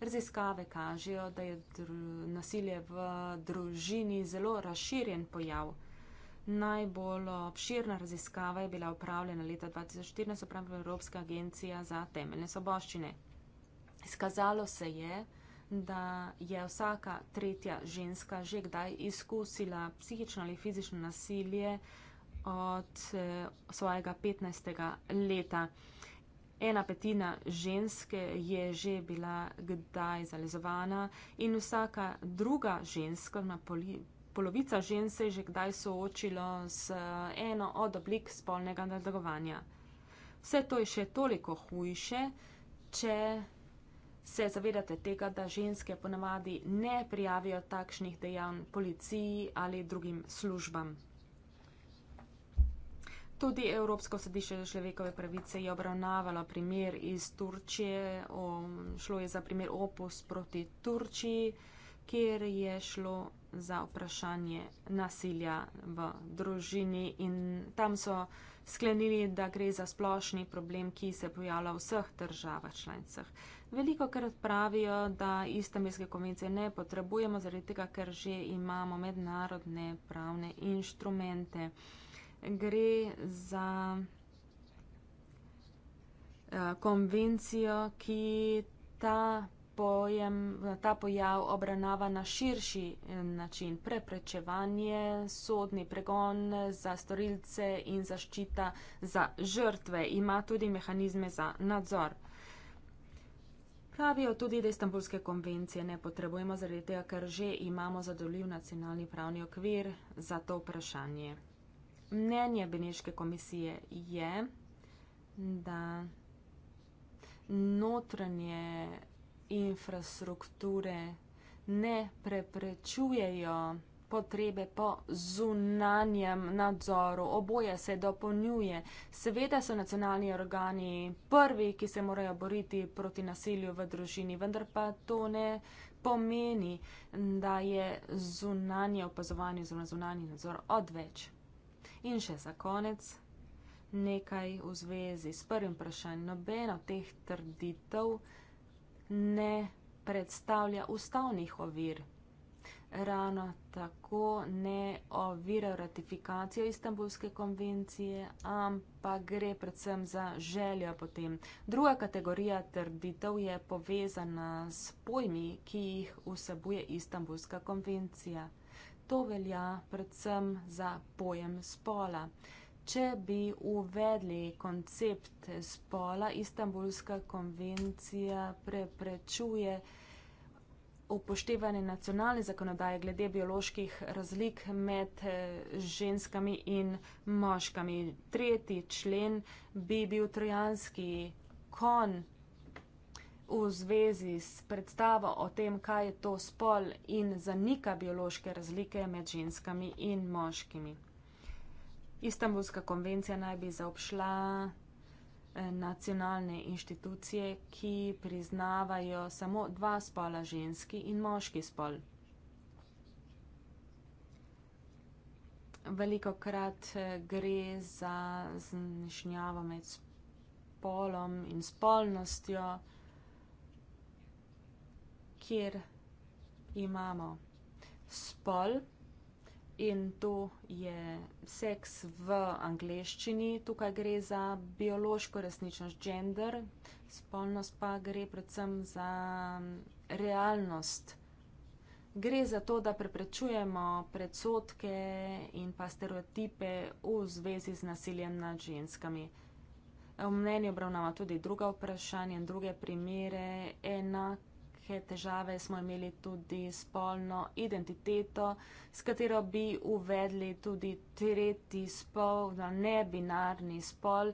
Raziskave kažejo, da je nasilje v družini zelo razširjen pojav. Najbolj obširna raziskava je bila upravljena leta 2014, pravi Evropska agencija za temeljne soboščine. Izkazalo se je, da je vsaka tretja ženska že kdaj izkusila psihično ali fizično nasilje, uh, od eh, svojega 15. leta. Ena petina ženske je že bila kdaj zalezovana in vsaka druga ženska, na poli, polovica žensk se je že kdaj soočilo z eh, eno od oblik spolnega nadlegovanja. Vse to je še toliko hujše, če se zavedate tega, da ženske ponavadi ne prijavijo takšnih dejanj policiji ali drugim službam. Tudi Evropsko sodišče za človekove pravice je obravnavalo primer iz Turčije. O, šlo je za primer opus proti Turčiji, kjer je šlo za vprašanje nasilja v družini in tam so sklenili, da gre za splošni problem, ki se pojavlja v vseh državah članicah. Veliko krat pravijo, da istambilske konvencije ne potrebujemo, zaradi tega, ker že imamo mednarodne pravne inštrumente gre za eh, konvencijo, ki ta pojem, ta pojav obravnava na širši eh, način. Preprečevanje, sodni pregon za storilce in zaščita za žrtve. Ima tudi mehanizme za nadzor. Pravijo tudi, da istambulske konvencije ne potrebujemo zaradi tega, ker že imamo zadoljiv nacionalni pravni okvir za to vprašanje mnenje Beneške komisije je, da notranje infrastrukture ne preprečujejo potrebe po zunanjem nadzoru. Oboje se dopolnjuje. Seveda so nacionalni organi prvi, ki se morajo boriti proti nasilju v družini, vendar pa to ne pomeni, da je zunanje opazovanje oziroma zunanji nadzor odveč. In še za konec nekaj v zvezi s prvim vprašanjem. Nobena od teh trditev ne predstavlja ustavnih ovir. Rano tako ne ovira ratifikacijo Istanbulske konvencije, ampak gre predvsem za željo potem. Druga kategorija trditev je povezana s pojmi, ki jih vsebuje Istanbulska konvencija. To velja predvsem za pojem spola. Če bi uvedli koncept spola, Istanbulska konvencija preprečuje upoštevanje nacionalne zakonodaje glede bioloških razlik med eh, ženskami in moškami. Tretji člen bi bil trojanski kon v zvezi s predstavo o tem, kaj je to spol in zanika biološke razlike med ženskami in moškimi. Istanbulska konvencija naj bi zaobšla eh, nacionalne inštitucije, ki priznavajo samo dva spola, ženski in moški spol. Veliko krat eh, gre za znišnjavo med spolom in spolnostjo kjer imamo spol in to je seks v angleščini. Tukaj gre za biološko resničnost, gender, spolnost pa gre predvsem za mm, realnost. Gre za to, da preprečujemo predsotke in pa stereotipe v zvezi z nasiljem nad ženskami. V mnenju obravnava tudi druga vprašanja in druge primere enak velike težave smo imeli tudi spolno identiteto, s katero bi uvedli tudi tretji spol, ne binarni spol,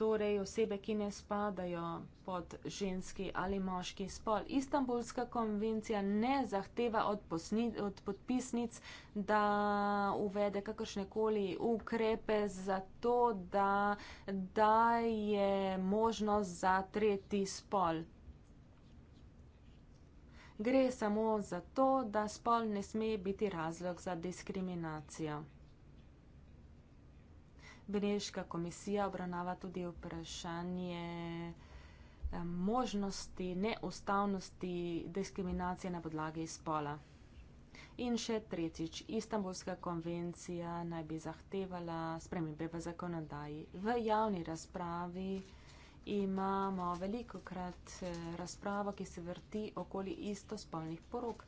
torej osebe, ki ne spadajo pod ženski ali moški spol. Istanbulska konvencija ne zahteva od, posni, od podpisnic, da uvede kakršnekoli ukrepe za to, da, da je možnost za tretji spol. Gre samo za to, da spol ne sme biti razlog za diskriminacijo. Beneška komisija obravnava tudi vprašanje eh, možnosti neustavnosti diskriminacije na podlagi spola. In še tretjič, Istanbulska konvencija naj bi zahtevala spremembe v zakonodaji. V javni razpravi imamo veliko krat eh, razpravo, ki se vrti okoli istospolnih porok.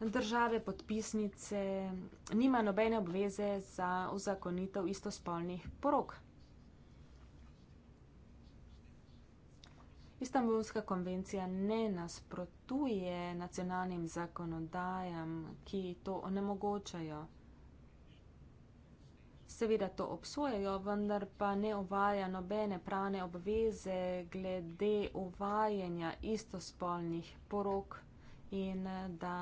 Države podpisnice nima nobene obveze za uzakonitev istospolnih porok. Istanbulska konvencija ne nasprotuje nacionalnim zakonodajam, ki to onemogočajo seveda to obsojajo, vendar pa ne uvaja nobene pravne obveze glede uvajanja istospolnih porok in da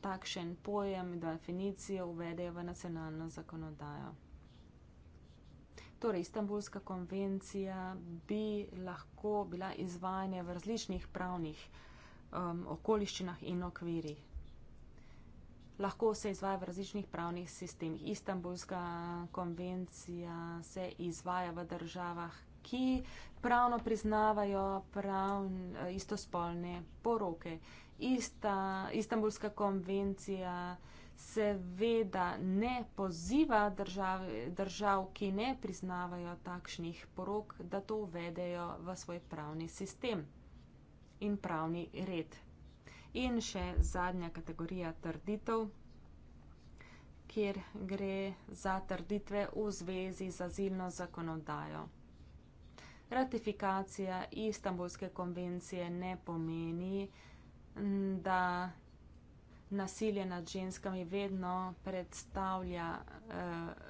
takšen pojem, da definicijo uvedejo v nacionalno zakonodajo. Torej, Istanbulska konvencija bi lahko bila izvajanje v različnih pravnih um, okoliščinah in okvirih lahko se izvaja v različnih pravnih sistemih. Istanbulska konvencija se izvaja v državah, ki pravno priznavajo pravn, istospolne poroke. Ista, Istanbulska konvencija seveda ne poziva držav, držav, ki ne priznavajo takšnih porok, da to uvedejo v svoj pravni sistem in pravni red. In še zadnja kategorija trditev, kjer gre za trditve v zvezi z azilno zakonodajo. Ratifikacija Istanbulske konvencije ne pomeni, da nasilje nad ženskami vedno predstavlja eh,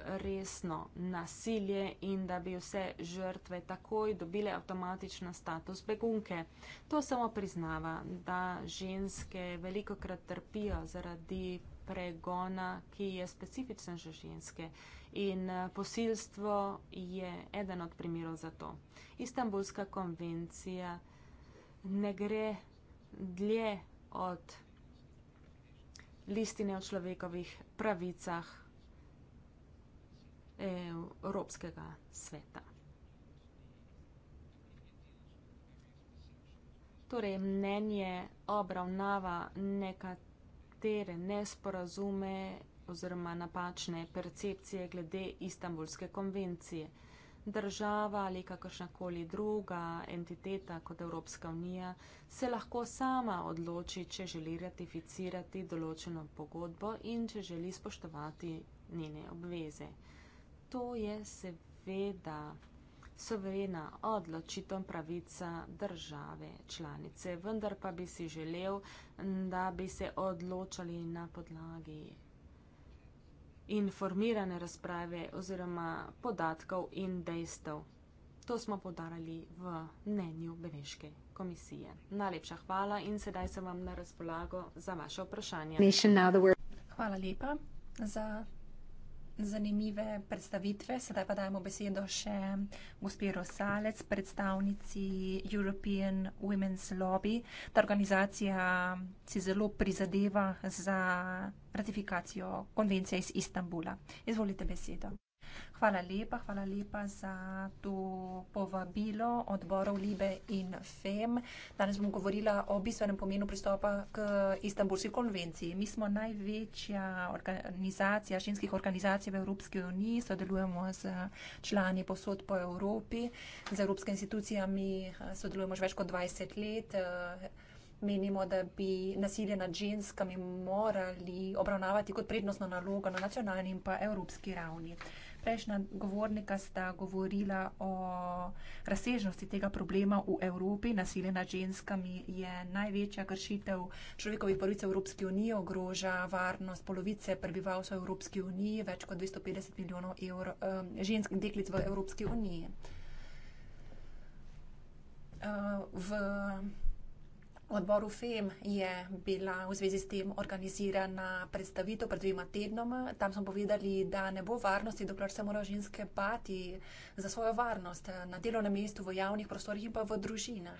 resno nasilje in da bi vse žrtve takoj dobile avtomatično status begunke. To samo priznava, da ženske veliko krat trpijo zaradi pregona, ki je specifičen za ženske in eh, posilstvo je eden od primerov za to. Istanbulska konvencija ne gre dlje od listine o človekovih pravicah Evropskega sveta. Torej, mnenje obravnava nekatere nesporazume oziroma napačne percepcije glede Istanbulske konvencije država ali kakršnakoli druga entiteta kot Evropska unija se lahko sama odloči, če želi ratificirati določeno pogodbo in če želi spoštovati njene obveze. To je seveda soverena odločitev pravica države članice, vendar pa bi si želel, da bi se odločali na podlagi informirane razprave oziroma podatkov in dejstev. To smo podarali v mnenju Beneške komisije. Najlepša hvala in sedaj sem vam na razpolago za vaše vprašanje. Hvala lepa za zanimive predstavitve. Sedaj pa dajmo besedo še gospe Rosalec, predstavnici European Women's Lobby. Ta organizacija si zelo prizadeva za ratifikacijo konvencije iz Istanbula. Izvolite besedo. Hvala lepa, hvala lepa za to povabilo odborov Libe in FEM. Danes bom govorila o bistvenem pomenu pristopa k Istanbulski konvenciji. Mi smo največja organizacija, ženskih organizacij v Evropski uniji, sodelujemo z člani posod po Evropi, z evropskimi institucijami sodelujemo že več kot 20 let. Menimo, da bi nasilje nad ženskami morali obravnavati kot prednostno nalogo na nacionalni in pa evropski ravni prejšnja govornika sta govorila o razsežnosti tega problema v Evropi. Nasilje nad ženskami je največja kršitev človekovih pravic v Evropski uniji, ogroža varnost polovice prebivalstva v Evropski uniji, več kot 250 milijonov evro, um, žensk in deklic v Evropski uniji. Uh, odboru FEM je bila v zvezi s tem organizirana predstavitev pred dvema tednoma. Tam smo povedali, da ne bo varnosti, dokler se morajo ženske bati za svojo varnost na delovnem mestu, v javnih prostorih in pa v družinah.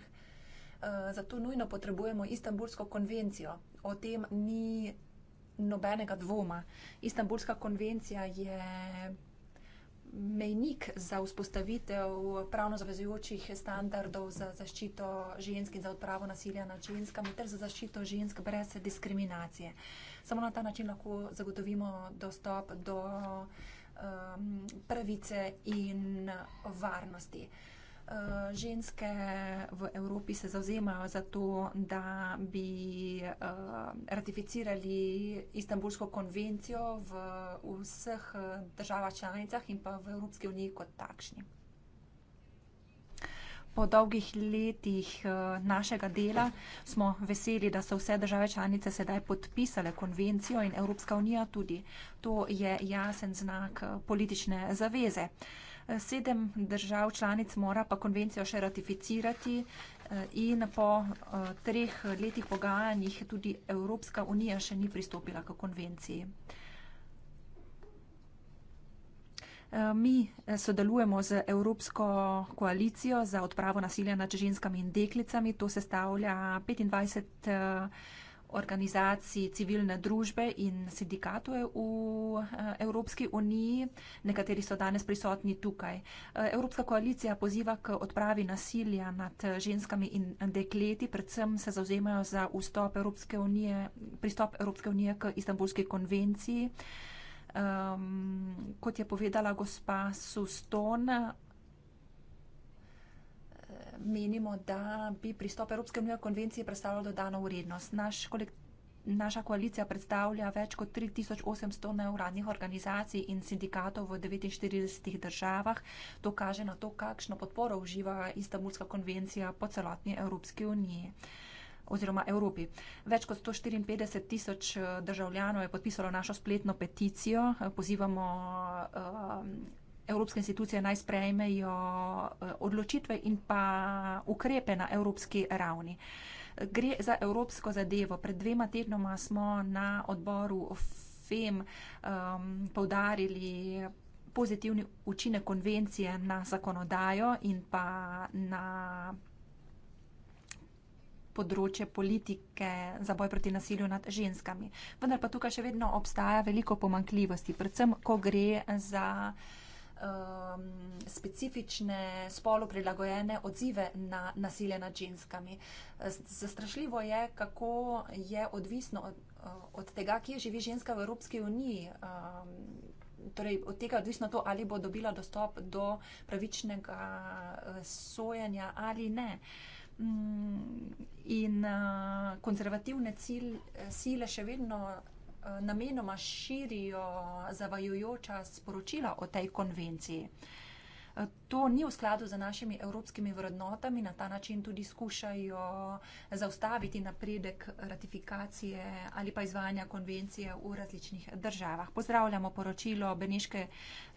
Eh, zato nujno potrebujemo Istanbulsko konvencijo. O tem ni nobenega dvoma. Istanbulska konvencija je mejnik za vzpostavitev pravno zavezujočih standardov za zaščito žensk in za odpravo nasilja nad ženskami ter za zaščito žensk brez diskriminacije. Samo na ta način lahko zagotovimo dostop do um, pravice in varnosti. Eh, ženske v Evropi se zauzemajo za to, da bi eh, ratificirali Istanbulsko konvencijo v vseh eh, državah članicah in pa v Evropski uniji kot takšni. Po dolgih letih našega dela smo veseli, da so vse države članice sedaj podpisale konvencijo in Evropska unija tudi. To je jasen znak politične zaveze. Sedem držav članic mora pa konvencijo še ratificirati eh, in po eh, treh letih pogajanjih tudi Evropska unija še ni pristopila k konvenciji. Eh, mi sodelujemo z Evropsko koalicijo za odpravo nasilja nad ženskami in deklicami. To sestavlja 25 organizacij civilne družbe in sindikatov v eh, Evropski uniji. Nekateri so danes prisotni tukaj. Eh, Evropska koalicija poziva k odpravi nasilja nad eh, ženskami in dekleti, predvsem se zauzemajo za vstop Evropske unije, pristop Evropske unije k Istanbulski konvenciji. Um, kot je povedala gospa Suston, menimo, da bi pristop Evropske unije konvencije predstavljal dodano vrednost. Naš kolek, naša koalicija predstavlja več kot 3800 neuradnih organizacij in sindikatov v 49 državah. To kaže na to, kakšno podporo uživa Istanbulska konvencija po celotni Evropski uniji oziroma Evropi. Več kot 154 tisoč eh, državljanov je podpisalo našo spletno peticijo. Eh, pozivamo uh, evropske institucije naj sprejmejo eh, odločitve in pa ukrepe na evropski ravni. Gre za evropsko zadevo. Pred dvema tednoma smo na odboru FEM um, ehm, povdarili pozitivni učinek konvencije na zakonodajo in pa na področje politike za boj proti nasilju nad ženskami. Vendar pa tukaj še vedno obstaja veliko pomankljivosti, predvsem, ko gre za uh, um, specifične spolu prilagojene odzive na nasilje nad ženskami. Zastrašljivo je, kako je odvisno od, uh, od tega, kje živi ženska v Evropski uniji. Um, Torej, od tega odvisno to, ali bo dobila dostop do pravičnega uh, sojanja ali ne. Mm, in uh, konzervativne cilj, sile še vedno Eh, namenoma širijo zavajujoča sporočila o tej konvenciji. Eh, to ni v skladu z našimi evropskimi vrednotami, na ta način tudi skušajo zaustaviti napredek ratifikacije ali pa izvajanja konvencije v različnih državah. Pozdravljamo poročilo Beneške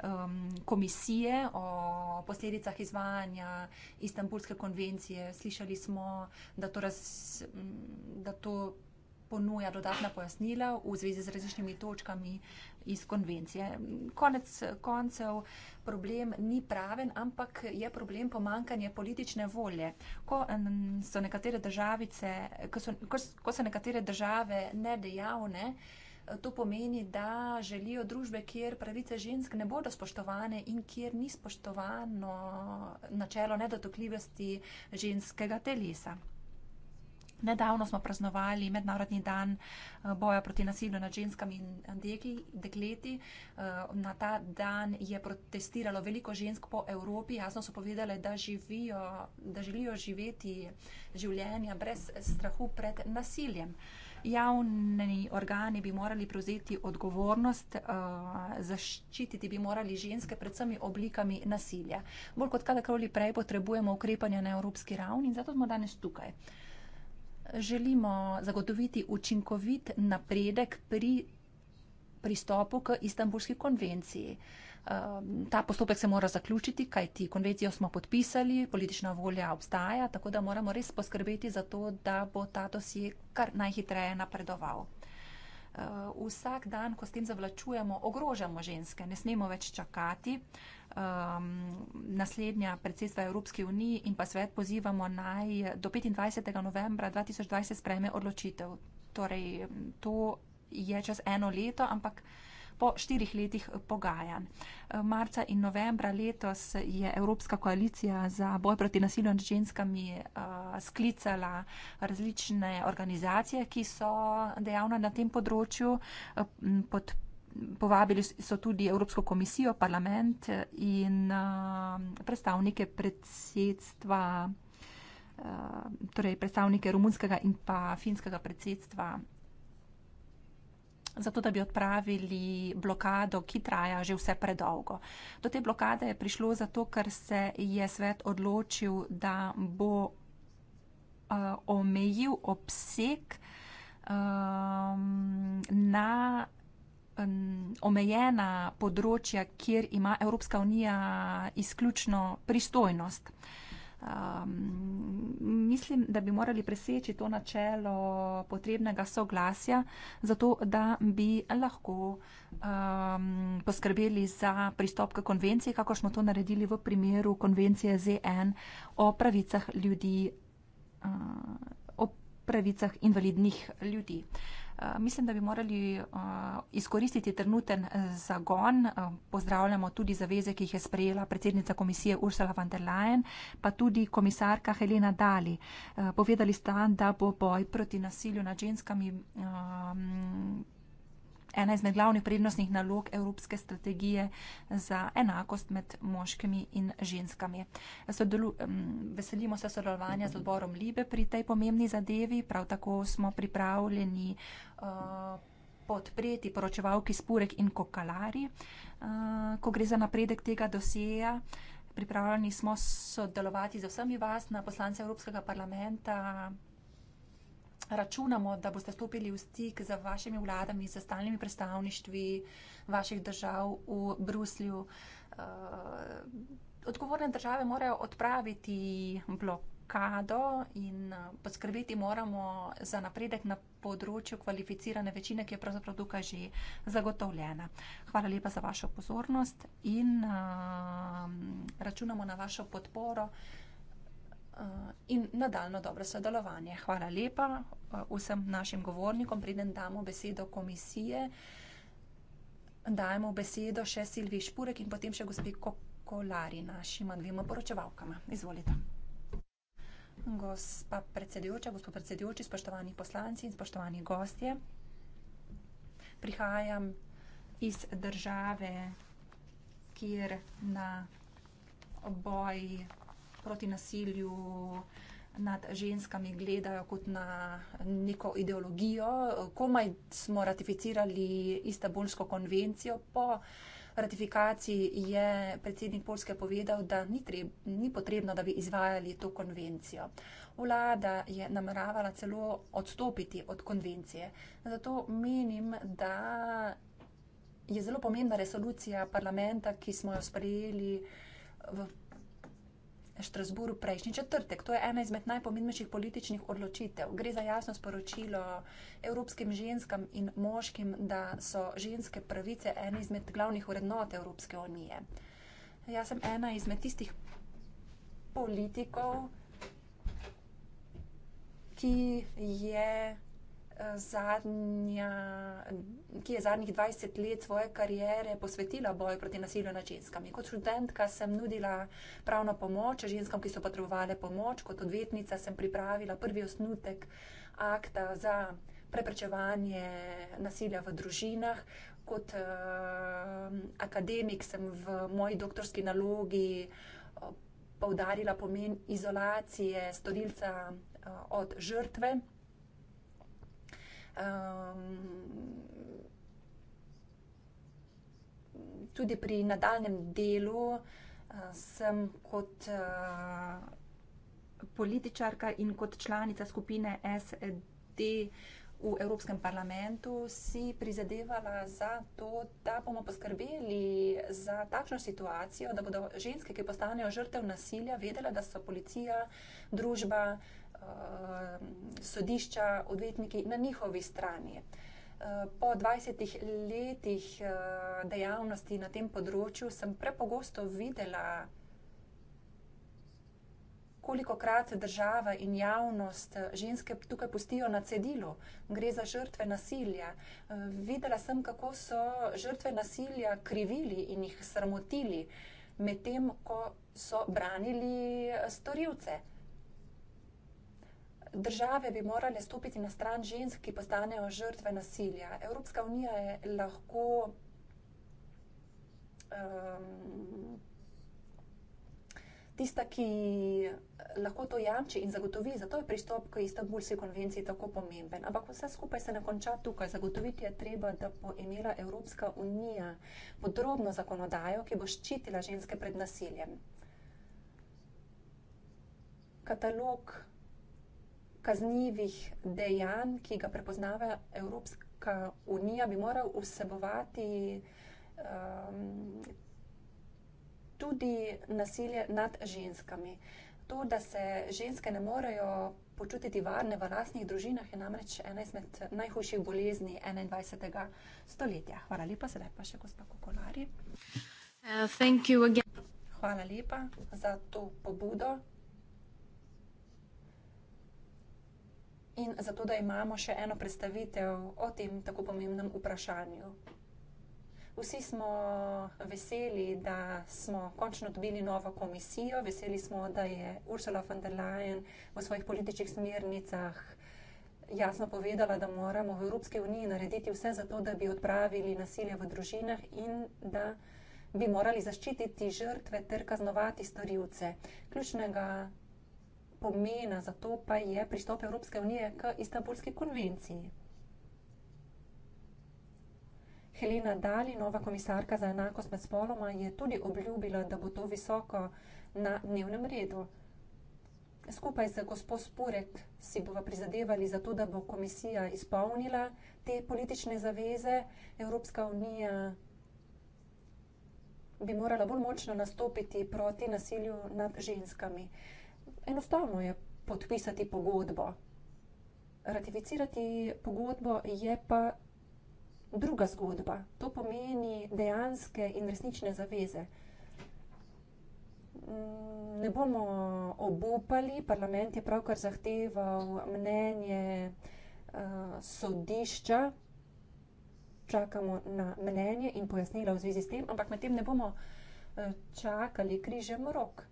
um, komisije o posledicah izvajanja Istanbulske konvencije. Slišali smo, da to, raz, da to ponuja dodatna pojasnila v zvezi z različnimi točkami iz konvencije. Konec koncev problem ni praven, ampak je problem pomankanje politične volje. Ko so nekatere, državice, ko so, ko so nekatere države nedejavne, To pomeni, da želijo družbe, kjer pravice žensk ne bodo spoštovane in kjer ni spoštovano načelo nedotokljivosti ženskega telesa. Nedavno smo praznovali Mednarodni dan eh, boja proti nasilju nad ženskami in dekli, dekleti. Eh, na ta dan je protestiralo veliko žensk po Evropi. Jasno so povedali, da, živijo, da želijo živeti življenja brez strahu pred nasiljem. Javni organi bi morali prevzeti odgovornost, eh, zaščititi bi morali ženske pred vsemi oblikami nasilja. Bolj kot kadarkoli prej potrebujemo ukrepanja na evropski ravni in zato smo danes tukaj želimo zagotoviti učinkovit napredek pri pristopu k Istanbulski konvenciji. Um, ta postopek se mora zaključiti, kajti konvencijo smo podpisali, politična volja obstaja, tako da moramo res poskrbeti za to, da bo ta dosje kar najhitreje napredoval uh, vsak dan, ko s tem zavlačujemo, ogrožamo ženske. Ne smemo več čakati. Um, naslednja predsedstva Evropske unije in pa svet pozivamo naj do 25. novembra 2020 spreme odločitev. Torej, to je čez eno leto, ampak po štirih letih pogajanj. Eh, marca in novembra letos je Evropska koalicija za boj proti nasilju nad ženskami eh, sklicala različne organizacije, ki so dejavne na tem področju. Eh, povabili so tudi Evropsko komisijo, parlament in predstavnike predsedstva. Torej, predstavnike rumunskega in pa finskega predsedstva zato da bi odpravili blokado, ki traja že vse predolgo. Do te blokade je prišlo zato, ker se je svet odločil, da bo uh, omejil obseg um, na omejena področja, kjer ima Evropska unija izključno pristojnost. Uh, Um, mislim, da bi morali preseči to načelo potrebnega soglasja, zato da bi lahko um, poskrbeli za pristop k konvenciji, kako smo to naredili v primeru konvencije ZN o pravicah ljudi, uh, o pravicah invalidnih ljudi. Uh, Eh, mislim, da bi morali eh, izkoristiti trenuten eh, zagon. Pozdravljamo tudi zaveze, ki jih je sprejela predsednica komisije Ursula von der Leyen, pa tudi komisarka Helena Dali. Povedali sta, da bo boj proti nasilju nad ženskami ena izmed glavnih prednostnih nalog Evropske strategije za enakost med moškimi in ženskami. Sodelu, veselimo se sodelovanja z odborom Libe pri tej pomembni zadevi, prav tako smo pripravljeni uh, podpreti poročevalki Spurek in Kokalari, uh, ko gre za napredek tega dosjeja. Pripravljeni smo sodelovati z vsemi vas na poslance Evropskega parlamenta, računamo, da boste stopili v stik z vašimi vladami, z stalnimi predstavništvi vaših držav v Bruslju. Eh, odgovorne države morajo odpraviti blokado in eh, poskrbeti moramo za napredek na področju kvalificirane večine, ki je pravzaprav tukaj že zagotovljena. Hvala lepa za vašo pozornost in eh, računamo na vašo podporo. Eh, in nadaljno dobro sodelovanje. Hvala lepa eh, vsem našim govornikom. Preden damo besedo komisije, dajemo besedo še Silvi Špurek in potem še gospe Kokolari, našima dvema poročevalkama. Izvolite. Gospa predsedujoča, gospod predsedujoči, spoštovani poslanci in spoštovani gostje. Prihajam iz države, kjer na oboji proti nasilju nad ženskami gledajo kot na neko ideologijo. Komaj smo ratificirali Istanbulsko konvencijo. Po ratifikaciji je predsednik Polske povedal, da ni, treb, ni potrebno, da bi izvajali to konvencijo. Vlada je nameravala celo odstopiti od konvencije. Zato menim, da je zelo pomembna resolucija parlamenta, ki smo jo sprejeli v Štrasburu prejšnji četrtek. To je ena izmed najpomembnejših političnih odločitev. Gre za jasno sporočilo evropskim ženskam in moškim, da so ženske pravice ena izmed glavnih vrednot Evropske unije. Jaz sem ena izmed tistih politikov, ki je zadnja, ki je zadnjih 20 let svoje karijere posvetila boju proti nasilju nad ženskami. Kot študentka sem nudila pravno pomoč ženskam, ki so potrebovali pomoč, kot odvetnica sem pripravila prvi osnutek akta za preprečevanje nasilja v družinah. Kot uh, akademik sem v moji doktorski nalogi eh, poudarila pomen izolacije storilca uh, od žrtve. Ehm, tudi pri nadaljem delu eh, sem kot eh, političarka in kot članica skupine SD e v Evropskem parlamentu si prizadevala za to, da bomo poskrbeli za takšno situacijo, da bodo ženske, ki postanejo žrtev nasilja, vedele, da so policija, družba, Eh, sodišča, odvetniki na njihovi strani. Eh, po 20 letih eh, dejavnosti na tem področju sem prepogosto videla, koliko krat država in javnost ženske tukaj pustijo na cedilu. Gre za žrtve nasilja. Videla sem, kako so žrtve nasilja krivili in jih sramotili, medtem ko so branili storilce države bi morale stopiti na stran žensk, ki postanejo žrtve nasilja. Evropska unija je lahko um, tista, ki eh, lahko to jamči in zagotovi. Zato je pristop k Istanbulski konvenciji tako pomemben. Ampak vse skupaj se ne konča tukaj. Zagotoviti je treba, da bo imela Evropska unija podrobno zakonodajo, ki bo ščitila ženske pred nasiljem. Katalog kaznjivih dejanj, ki ga prepoznava Evropska unija, bi moral vsebovati um, tudi nasilje nad ženskami. To, da se ženske ne morejo počutiti varne v lasnih družinah, je namreč ena izmed najhujših bolezni 21. stoletja. Hvala lepa, sedaj pa še gospa Kokolari. Uh, Hvala lepa za to pobudo. in zato, da imamo še eno predstavitev o tem tako pomembnem vprašanju. Vsi smo veseli, da smo končno dobili novo komisijo, veseli smo, da je Ursula von der Leyen v svojih političnih smernicah jasno povedala, da moramo v Evropske uniji narediti vse za to, da bi odpravili nasilje v družinah in da bi morali zaščititi žrtve ter kaznovati storilce. Ključnega pomena, zato pa je pristop Evropske unije k Istanbulski konvenciji. Helena Dali, nova komisarka za enakost med spoloma, je tudi obljubila, da bo to visoko na dnevnem redu. Skupaj z gospod Spurek si bova prizadevali za to, da bo komisija izpolnila te politične zaveze. Evropska unija bi morala bolj močno nastopiti proti nasilju nad ženskami enostavno je podpisati pogodbo. Ratificirati pogodbo je pa druga zgodba. To pomeni dejanske in resnične zaveze. Mm, ne bomo obupali, parlament je pravkar zahteval mnenje uh, sodišča, čakamo na mnenje in pojasnila v zvezi s tem, ampak medtem ne bomo uh, čakali križem rok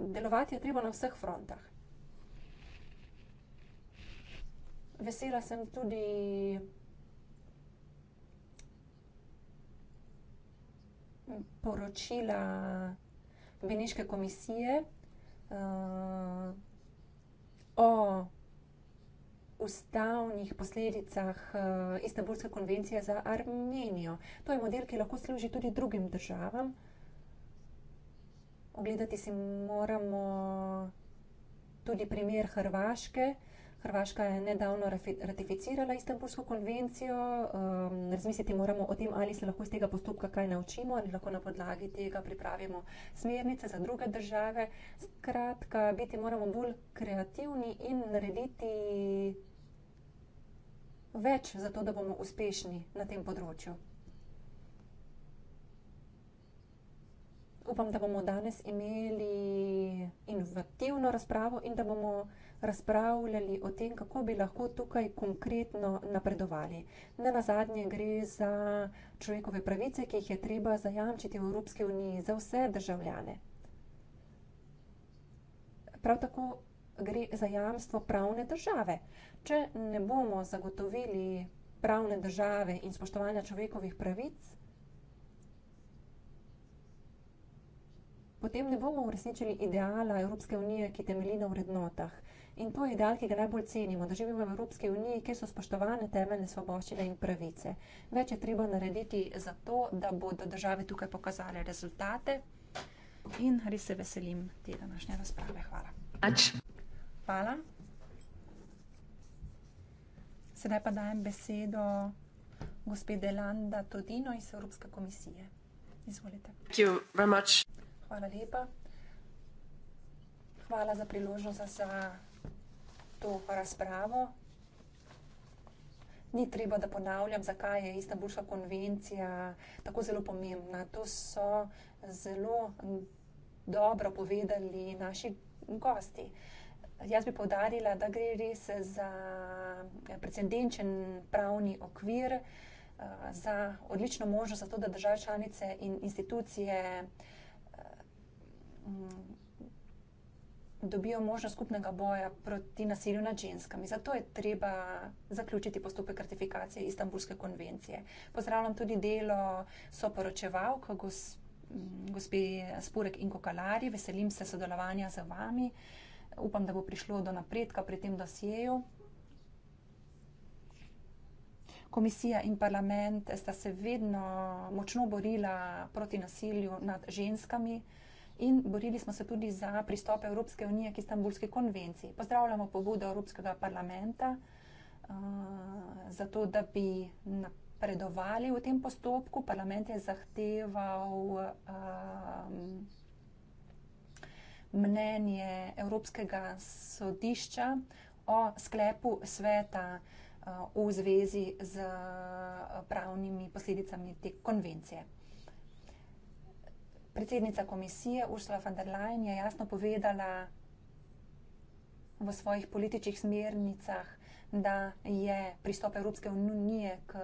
delovati je treba na vseh frontah. Vesela sem tudi, poročila Beniške komisije uh, o ustavnih posledicah uh, Istanbulske konvencije za Armenijo. To je model, ki lahko služi tudi drugim državam. Uh, ogledati si moramo tudi primer Hrvaške. Hrvaška je nedavno ratificirala Istanbulsko konvencijo. Um, razmisliti moramo o tem, ali se lahko iz tega postopka kaj naučimo, ali lahko na podlagi tega pripravimo smernice za druge države. Skratka, biti moramo bolj kreativni in narediti več za to, da bomo uspešni na tem področju. upam, da bomo danes imeli inovativno razpravo in da bomo razpravljali o tem, kako bi lahko tukaj konkretno napredovali. Ne na zadnje gre za človekove pravice, ki jih je treba zajamčiti v Evropski uniji za vse državljane. Prav tako gre za jamstvo pravne države. Če ne bomo zagotovili pravne države in spoštovanja človekovih pravic, potem ne bomo uresničili ideala Evropske unije, ki temelji na vrednotah. In to je ideal, ki ga najbolj cenimo, da živimo v Evropski uniji, kjer so spoštovane temeljne svoboščine in pravice. Več je treba narediti za to, da bodo države tukaj pokazale rezultate. In res se veselim te današnje razprave. Hvala. Pač. Hvala. Sedaj pa dajem besedo gospe Delanda Todino iz Evropske komisije. Izvolite. Hvala lepa. Hvala za priložnost za to razpravo. Ni treba, da ponavljam, zakaj je Istanbulska konvencija tako zelo pomembna. To so zelo dobro povedali naši gosti. Jaz bi povdarila, da gre res za precedenčen pravni okvir, za odlično možnost, za to, da države članice in institucije. Mm, dobijo možnost skupnega boja proti nasilju nad ženskami. Zato je treba zaključiti postopek ratifikacije Istanbulske konvencije. Pozdravljam tudi delo soporočevalka gos, mm, gospe Spurek in Kokalari. Veselim se sodelovanja z vami. Upam, da bo prišlo do napredka pri tem dosjeju. Komisija in parlament sta se vedno močno borila proti nasilju nad ženskami in borili smo se tudi za pristop Evropske unije k Istanbulski konvenciji. Pozdravljamo pobudo Evropskega parlamenta uh, eh, za to, da bi napredovali v tem postopku. Parlament je zahteval uh, mnenje Evropskega sodišča o sklepu sveta uh, v zvezi z pravnimi posledicami te konvencije predsednica komisije Ursula von der Leyen je jasno povedala v svojih političnih smernicah, da je pristop Evropske unije k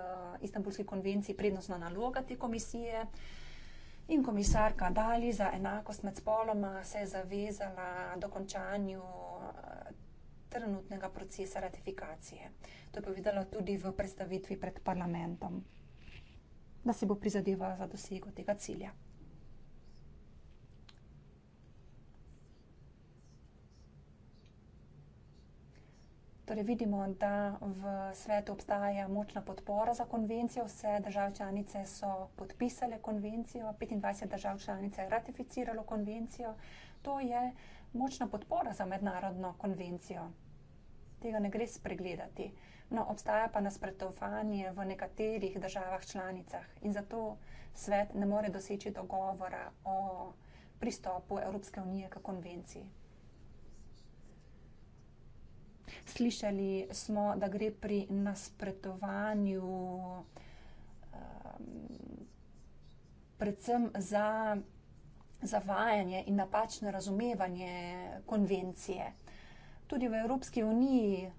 Istanbulski konvenciji prednostna naloga te komisije. In komisarka Dali za enakost med spoloma se je zavezala dokončanju eh, trenutnega procesa ratifikacije. To je povedala tudi v predstavitvi pred parlamentom, da si bo prizadevala za dosego tega cilja. Torej vidimo, da v svetu obstaja močna podpora za konvencijo. Vse države članice so podpisale konvencijo, 25 držav članice je ratificiralo konvencijo. To je močna podpora za mednarodno konvencijo. Tega ne gre spregledati. No, obstaja pa nasprotovanje v nekaterih državah članicah in zato svet ne more doseči dogovora o pristopu Evropske unije k konvenciji. Slišali smo, da gre pri nasprotovanju um, predvsem za zavajanje in napačno razumevanje konvencije. Tudi v Evropski uniji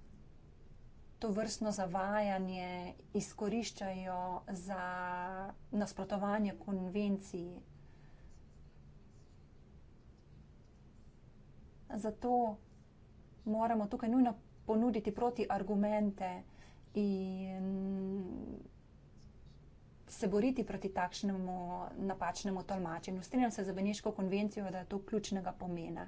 to vrstno zavajanje izkoriščajo za nasprotovanje konvenciji. Zato moramo tukaj nujno ponuditi protiargumente in se boriti proti takšnemu napačnemu tolmačenju. Strenjam se za Beneško konvencijo, da je to ključnega pomena.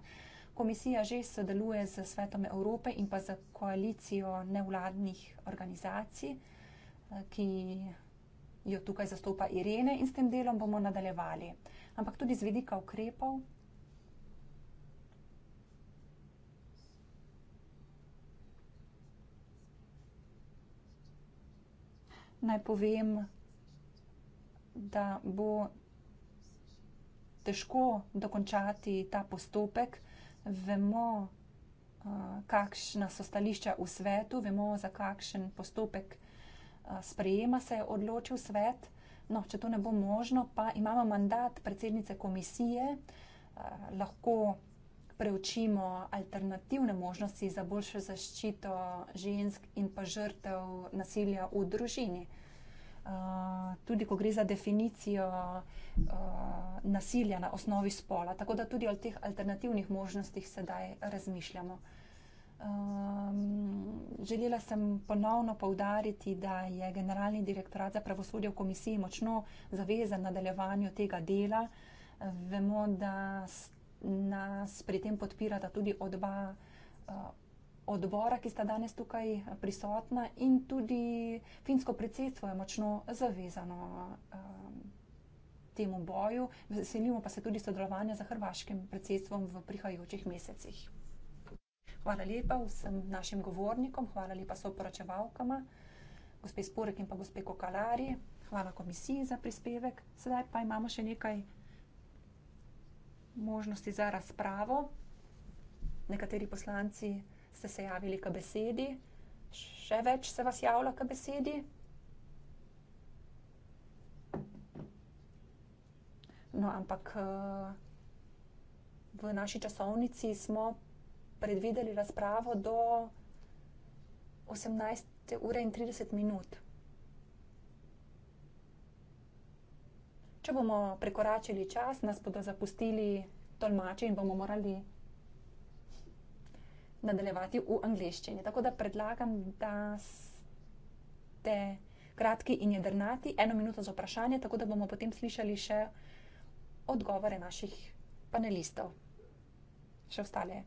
Komisija že sodeluje z Svetom Evrope in pa z koalicijo nevladnih organizacij, eh, ki jo tukaj zastopa Irene in s tem delom bomo nadaljevali. Ampak tudi z vidika ukrepov naj povem, da bo težko dokončati ta postopek. Vemo, eh, kakšna so stališča v svetu, vemo, za kakšen postopek eh, sprejema se je odločil svet. No, če to ne bo možno, pa imamo mandat predsednice komisije, eh, lahko preučimo alternativne možnosti za boljšo zaščito žensk in pa žrtev nasilja v družini. Uh, tudi, ko gre za definicijo uh, nasilja na osnovi spola. Tako da tudi o teh alternativnih možnostih sedaj razmišljamo. Um, želela sem ponovno povdariti, da je Generalni direktorat za pravosodje v komisiji močno zavezan nadaljevanju tega dela. Vemo, da nas pri tem podpirata tudi odba eh, odbora, ki sta danes tukaj eh, prisotna in tudi finsko predsedstvo je močno zavezano eh, temu boju. Veselimo pa se tudi sodelovanja za hrvaškim predsedstvom v prihajajočih mesecih. Hvala lepa vsem našim govornikom, hvala lepa soporočevalkama, gospe Sporek in pa gospe Kokalari, hvala komisiji za prispevek. Sedaj pa imamo še nekaj možnosti za razpravo. Nekateri poslanci ste se javili k besedi, še več se vas javlja k besedi. No, ampak v naši časovnici smo predvideli razpravo do 18 ure in 30 minut. če bomo prekoračili čas, nas bodo zapustili tolmači in bomo morali nadaljevati v angleščini. Tako da predlagam, da ste kratki in jedrnati, eno minuto za vprašanje, tako da bomo potem slišali še odgovore naših panelistov. Še ostale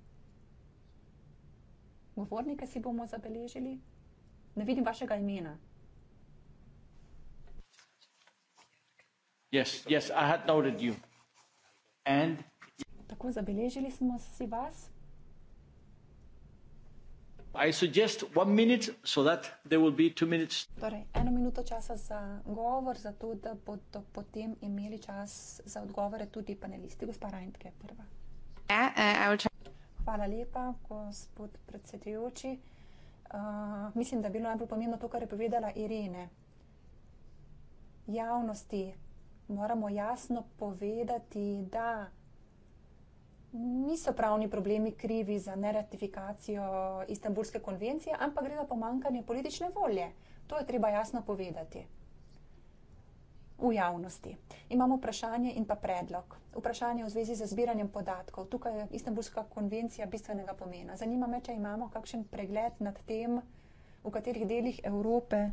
govornike si bomo zabeležili. Ne vidim vašega imena. Yes, yes, I had noted you. And... Tako zabeležili smo si vas. I suggest one minute so that there will be two minutes. Torej, eno minuto časa za govor, zato da bodo potem imeli čas za odgovore tudi panelisti. Gospa Rajntke prva. Yeah, ja, uh, Hvala lepa, gospod predsedujoči. Uh, mislim, da je bilo najbolj pomembno to, kar je povedala Irene. Javnosti, moramo jasno povedati, da niso pravni problemi krivi za neratifikacijo Istanbulske konvencije, ampak gre za pomankanje politične volje. To je treba jasno povedati v javnosti. Imamo vprašanje in pa predlog. Vprašanje v zvezi z zbiranjem podatkov. Tukaj je Istanbulska konvencija bistvenega pomena. Zanima me, če imamo kakšen pregled nad tem, v katerih delih Evrope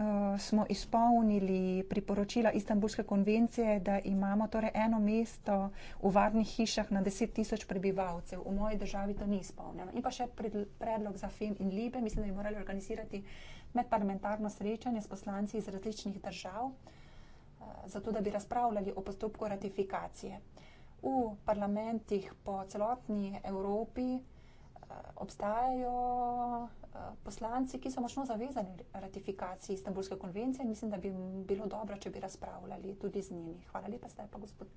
Eh, smo izpolnili priporočila Istanbulske konvencije, da imamo torej eno mesto v varnih hišah na deset tisoč prebivalcev. V moji državi to ni izpolnjeno. In pa še predlog za FEM in LIBE, mislim, da bi morali organizirati medparlamentarno srečanje s poslanci iz različnih držav, eh, zato da bi razpravljali o postopku ratifikacije. V parlamentih po celotni Evropi obstajajo eh, poslanci, ki so močno zavezani ratifikaciji Istanbulske konvencije in mislim, da bi bilo dobro, če bi razpravljali tudi z njimi. Hvala lepa, zdaj pa gospod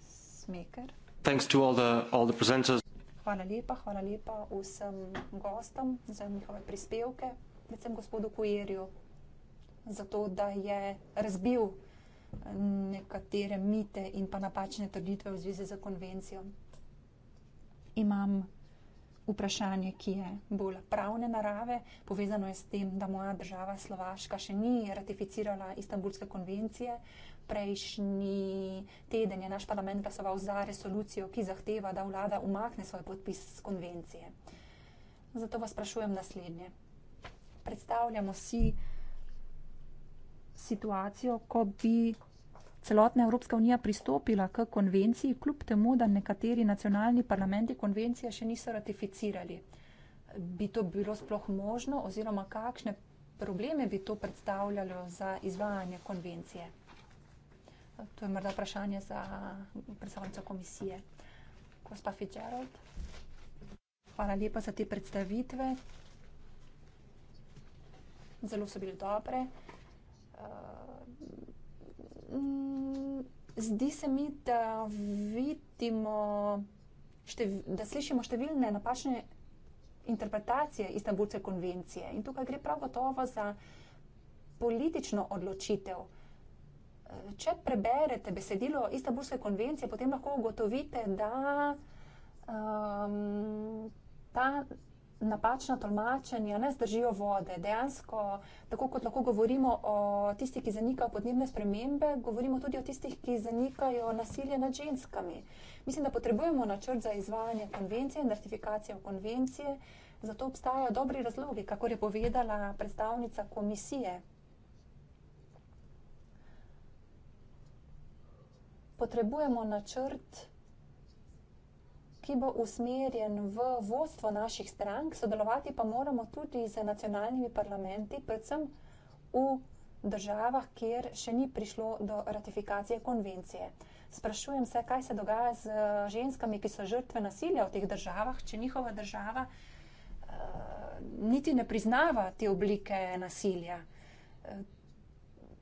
Smeker. All the, all the hvala lepa, hvala lepa vsem gostom za njihove prispevke, predvsem gospodu Kujerju, za to, da je razbil eh, nekatere mite in pa napačne trditve v zvezi z konvencijo. Imam vprašanje, ki je bolj pravne narave. Povezano je s tem, da moja država Slovaška še ni ratificirala Istanbulske konvencije. Prejšnji teden je naš parlament glasoval za resolucijo, ki zahteva, da vlada umakne svoj podpis z konvencije. Zato vas sprašujem naslednje. Predstavljamo si situacijo, ko bi celotna Evropska unija pristopila k konvenciji, kljub temu, da nekateri nacionalni parlamenti konvencije še niso ratificirali. Bi to bilo sploh možno oziroma kakšne probleme bi to predstavljalo za izvajanje konvencije? To je morda vprašanje za predstavnico komisije. Gospa Fitzgerald, hvala lepa za te predstavitve. Zelo so bile dobre. Mm, zdi se mi, da vidimo, štev, da slišimo številne napačne interpretacije Istanbulske konvencije. In tukaj gre prav gotovo za politično odločitev. Če preberete besedilo Istanbulske konvencije, potem lahko ugotovite, da um, ta napačna tolmačenja ne zdržijo vode. Dejansko, tako kot lahko govorimo o tistih, ki zanikajo podnebne spremembe, govorimo tudi o tistih, ki zanikajo nasilje nad ženskami. Mislim, da potrebujemo načrt za izvajanje konvencije in ratifikacijo konvencije, zato obstajajo dobri razlogi, kako je povedala predstavnica komisije. Potrebujemo načrt za izvajanje konvencije ki bo usmerjen v vodstvo naših strank, sodelovati pa moramo tudi z nacionalnimi parlamenti, predvsem v državah, kjer še ni prišlo do ratifikacije konvencije. Sprašujem se, kaj se dogaja z eh, ženskami, ki so žrtve nasilja v teh državah, če njihova država eh, niti ne priznava te oblike nasilja. Eh,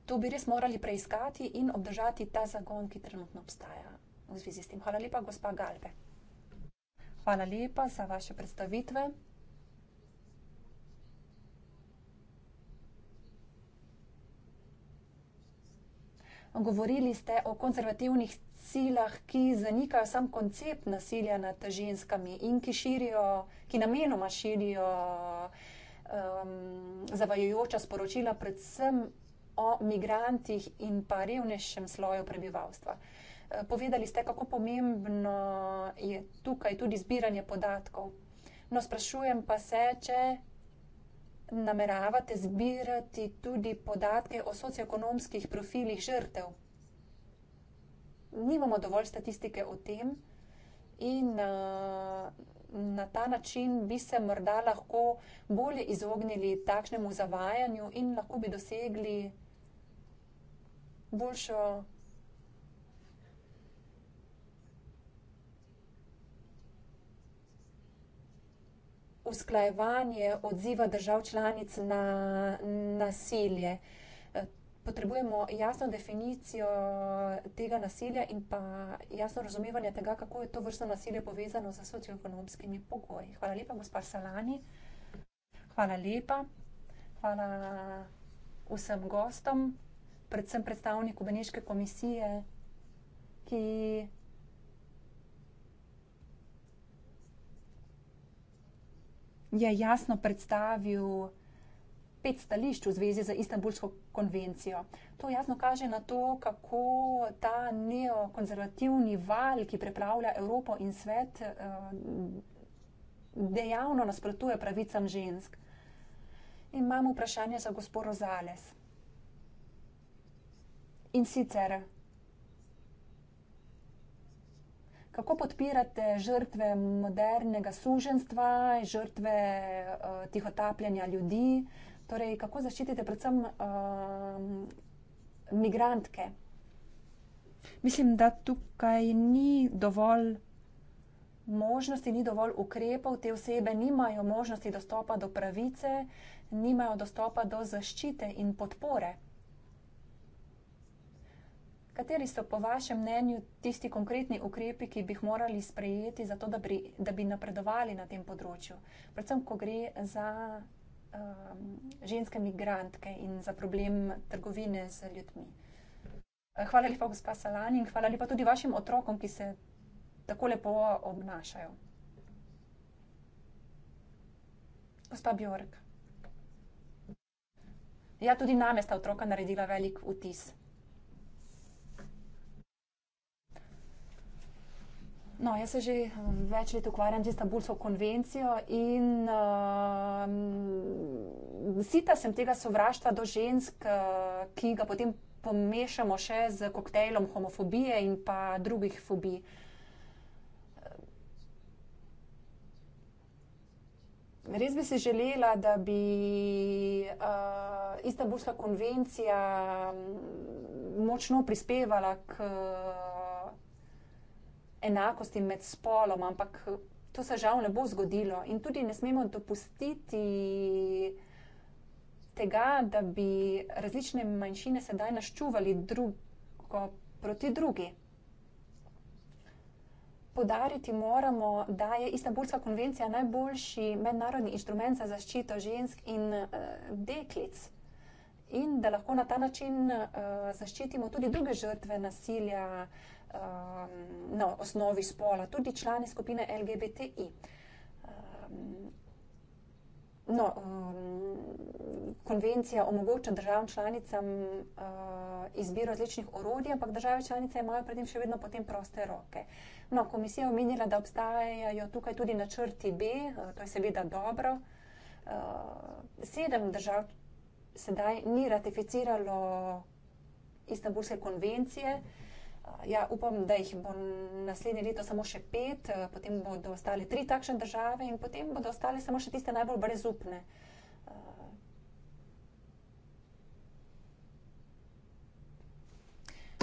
to bi res morali preiskati in obdržati ta zagon, ki trenutno obstaja v zvezi s tem. Hvala lepa, gospa Galbe. Hvala lepa za vaše predstavitve. Govorili ste o konservativnih silah, ki zanikajo sam koncept nasilja nad ženskami in ki širijo, ki namenoma širijo um, zavajajoča sporočila, predvsem o migrantih in pa revnejšem sloju prebivalstva. Uh, Povedali ste, kako pomembno je tukaj tudi zbiranje podatkov. No, sprašujem pa se, če nameravate zbirati tudi podatke o socioekonomskih profilih žrtev. Nimamo dovolj statistike o tem in uh, na ta način bi se morda lahko bolje izognili takšnemu zavajanju in lahko bi dosegli boljšo usklajevanje odziva držav članic na nasilje. E, potrebujemo jasno definicijo tega nasilja in pa jasno razumevanje tega, kako je to vrsto nasilje povezano z socioekonomskimi pogoji. Hvala lepa, gospa Salani. Hvala lepa. Hvala vsem gostom, predvsem predstavniku Beneške komisije, ki je jasno predstavil pet stališč v zvezi z Istanbulsko konvencijo. To jasno kaže na to, kako ta neokonzervativni val, ki prepravlja Evropo in svet, eh, dejavno nasprotuje pravicam žensk. In imamo vprašanje za gospod Rozales. In sicer, Kako podpirate žrtve modernega suženstva, žrtve uh, tihotapljanja ljudi, torej kako zaščitite predvsem uh, migrantke? Mislim, da tukaj ni dovolj možnosti, ni dovolj ukrepov, te osebe nimajo možnosti dostopa do pravice, nimajo dostopa do zaščite in podpore. Kateri so po vašem mnenju tisti konkretni ukrepi, ki bi jih morali sprejeti, zato, da, bi, da bi napredovali na tem področju? Predvsem, ko gre za um, ženske migrantke in za problem trgovine z ljudmi. Eh, hvala lepa, gospa Salani, in hvala lepa tudi vašim otrokom, ki se tako lepo obnašajo. Gospa Bjork. Ja, tudi name sta otroka naredila velik vtis. No, jaz se že um, več let ukvarjam z Istanbulsko konvencijo in uh, sita sem tega sovraštva do žensk, uh, ki ga potem pomešamo še z koktejlom homofobije in pa drugih fobij. Res bi si želela, da bi uh, Istanbulska konvencija um, močno prispevala k. Uh, enakosti med spoloma, ampak to se žal ne bo zgodilo. In tudi ne smemo dopustiti tega, da bi različne manjšine sedaj naščuvali drugo proti drugi. Podariti moramo, da je Istanbulska konvencija najboljši mednarodni inštrument za zaščito žensk in uh, deklic in da lahko na ta način uh, zaščitimo tudi druge žrtve nasilja uh, na osnovi spola, tudi člane skupine LGBTI. Uh, eh, no, um, konvencija omogoča državam članicam uh, izbiro različnih orodij, ampak države članice imajo pred tem še vedno potem proste roke. No, komisija je omenila, da obstajajo tukaj tudi načrti B, uh, to je seveda dobro. Uh, sedem držav sedaj ni ratificiralo Istanbulske konvencije. Ja, upam, da jih bo naslednje leto samo še pet, eh, potem bodo ostale tri takšne države in potem bodo ostale samo še tiste najbolj brezupne. Eh,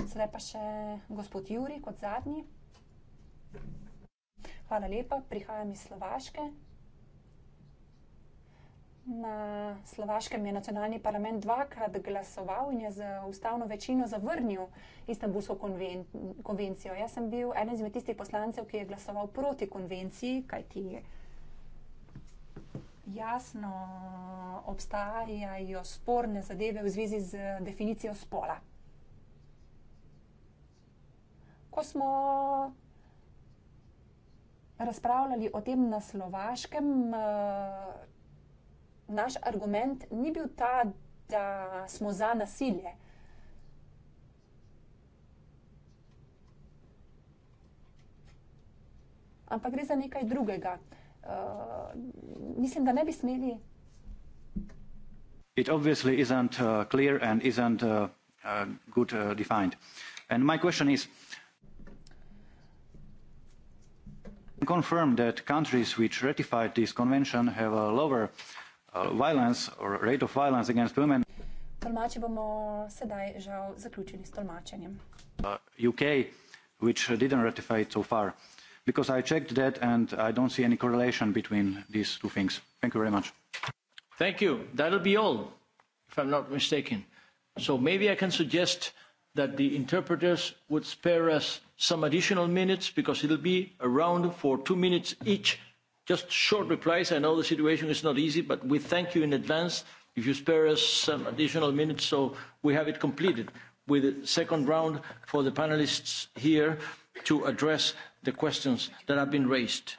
sedaj pa še gospod Juri kot zadnji. Hvala lepa, prihajam iz Slovaške. Na Slovaškem je nacionalni parlament dvakrat glasoval in je z ustavno večino zavrnil Istanbulsko konven konvencijo. Jaz sem bil eden izmed tistih poslancev, ki je glasoval proti konvenciji, kajti jasno obstajajo sporne zadeve v zvezi z definicijo spola. Ko smo razpravljali o tem na Slovaškem, naš argument ni bil ta, da smo za nasilje. Ampak gre za nekaj drugega. Uh, mislim, da ne bi smeli. It obviously isn't uh, clear and isn't uh, uh, good uh, defined. And my question is confirm that countries which ratified this convention have a lower uh, Uh, violence or rate of violence against women. Tolmači bomo sedaj žal zaključili s tolmačenjem. UK, uh, which didn't ratify it so far, because I checked that and I don't see any correlation between these two things. Thank you very much. Thank you. That'll be all, if I'm not mistaken. So maybe I can suggest that the interpreters would spare us some additional minutes because it'll be around for two minutes each just short replies i know the situation is not easy but we thank you in advance if you spare us some additional minutes so we have it completed with a second round for the panelists here to address the questions that have been raised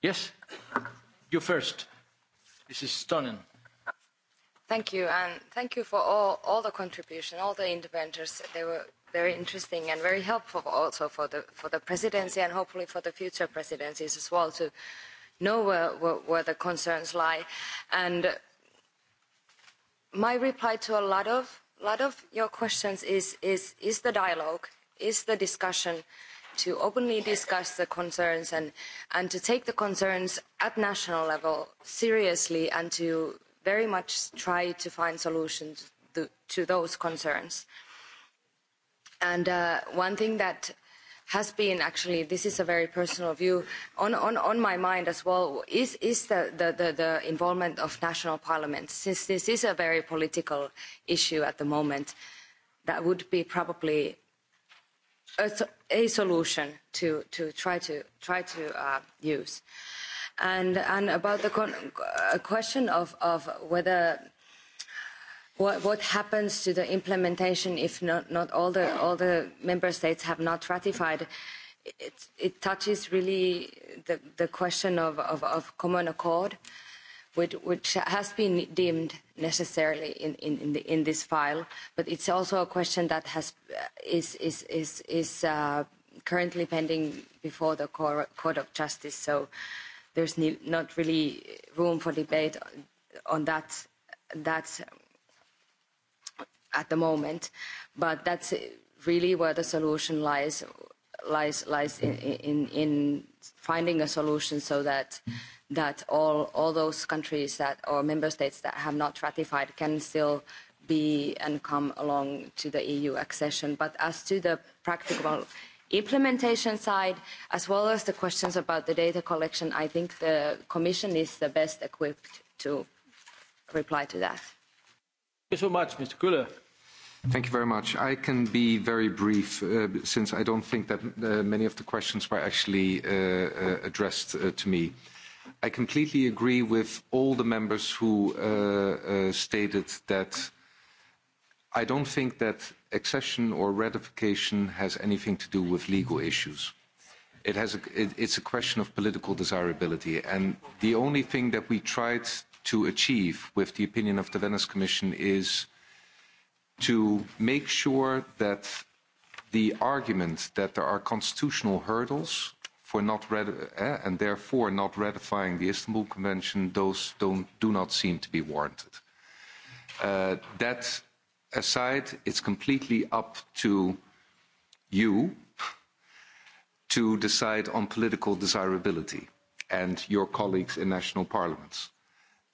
yes you first this is stunning thank you and thank you for all, all the contribution all the interventors they were very interesting and very helpful also for the for the presidency and hopefully for the future presidencies as well to know where where, where the concerns lie and my reply to a lot of a lot of your questions is is is the dialogue is the discussion to openly discuss the concerns and and to take the concerns at national level seriously and to very much try to find solutions to, to those concerns. And uh, one thing that has been actually, this is a very personal view, on, on, on my mind as well, is, is the, the, the, the involvement of national parliaments. Since this is a very political issue at the moment, that would be probably a, a solution to, to try to, try to uh, use. And, and about the con- uh, question of, of whether What, what happens to the implementation if not, not all, the, all the member states have not ratified? It, it touches really the, the question of, of, of common accord, which, which has been deemed necessarily in, in, in, the, in this file, but it's also a question that has, is, is, is, is uh, currently pending before the Court of Justice, so there's ne- not really room for debate on that. that at the moment. But that's really where the solution lies lies lies in in, in finding a solution so that that all all those countries that or member states that have not ratified can still be and come along to the EU accession. But as to the practical implementation side, as well as the questions about the data collection, I think the Commission is the best equipped to reply to that. Thank you so much, Mr. Kuller. Thank you very much. I can be very brief uh, since I don't think that uh, many of the questions were actually uh, uh, addressed uh, to me. I completely agree with all the members who uh, uh, stated that I don't think that accession or ratification has anything to do with legal issues. It has a, it, it's a question of political desirability. And the only thing that we tried to achieve with the opinion of the Venice Commission is to make sure that the argument that there are constitutional hurdles for not rat- eh, and therefore not ratifying the Istanbul Convention, those don't, do not seem to be warranted. Uh, that aside, it's completely up to you to decide on political desirability and your colleagues in national parliaments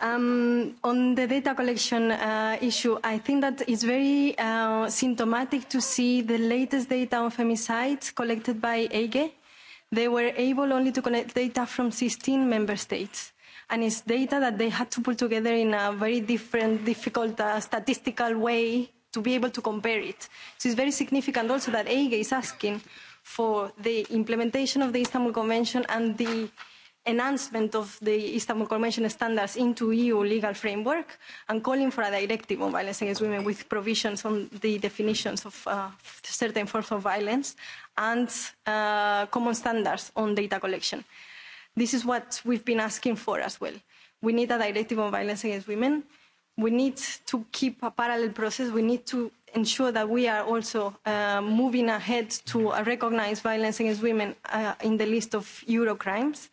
Um, on the data collection uh, issue, I think that it's very uh, symptomatic to see the latest data on femicides collected by EIGE. They were able only to collect data from 16 member states. And it's data that they had to pull together in a very different, difficult uh, statistical way to be able to compare it. So it's very significant also that EIGE is asking for the implementation of the Istanbul Convention and the enhancement of the Istanbul Convention standards into EU legal framework and calling for a directive on violence against women with provisions on the definitions of uh, certain forms of violence and uh, common standards on data collection. This is what we've been asking for as well. We need a directive on violence against women. We need to keep a parallel process. We need to ensure that we are also uh, moving ahead to uh, recognize violence against women uh, in the list of Eurocrimes. crimes.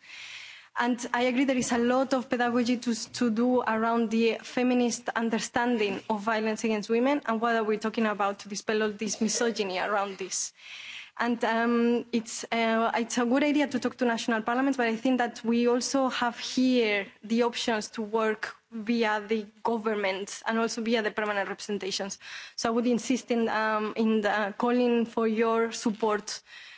And I agree there is a lot of pedagogy to, to do around the feminist understanding of violence against women and what are we talking about to dispel all this misogyny around this. And um, it's, uh, it's a good idea to talk to national parliaments, but I think that we also have here the options to work via the government and also via the permanent representations. So I would insist in, um, in the, uh, calling for your support uh,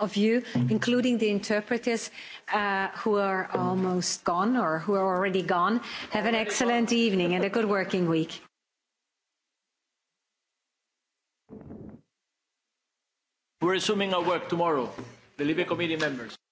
of you, including the interpreters uh, who are almost gone or who are already gone. Have an excellent evening and a good working week. We're resuming our work tomorrow, the Libya Committee members.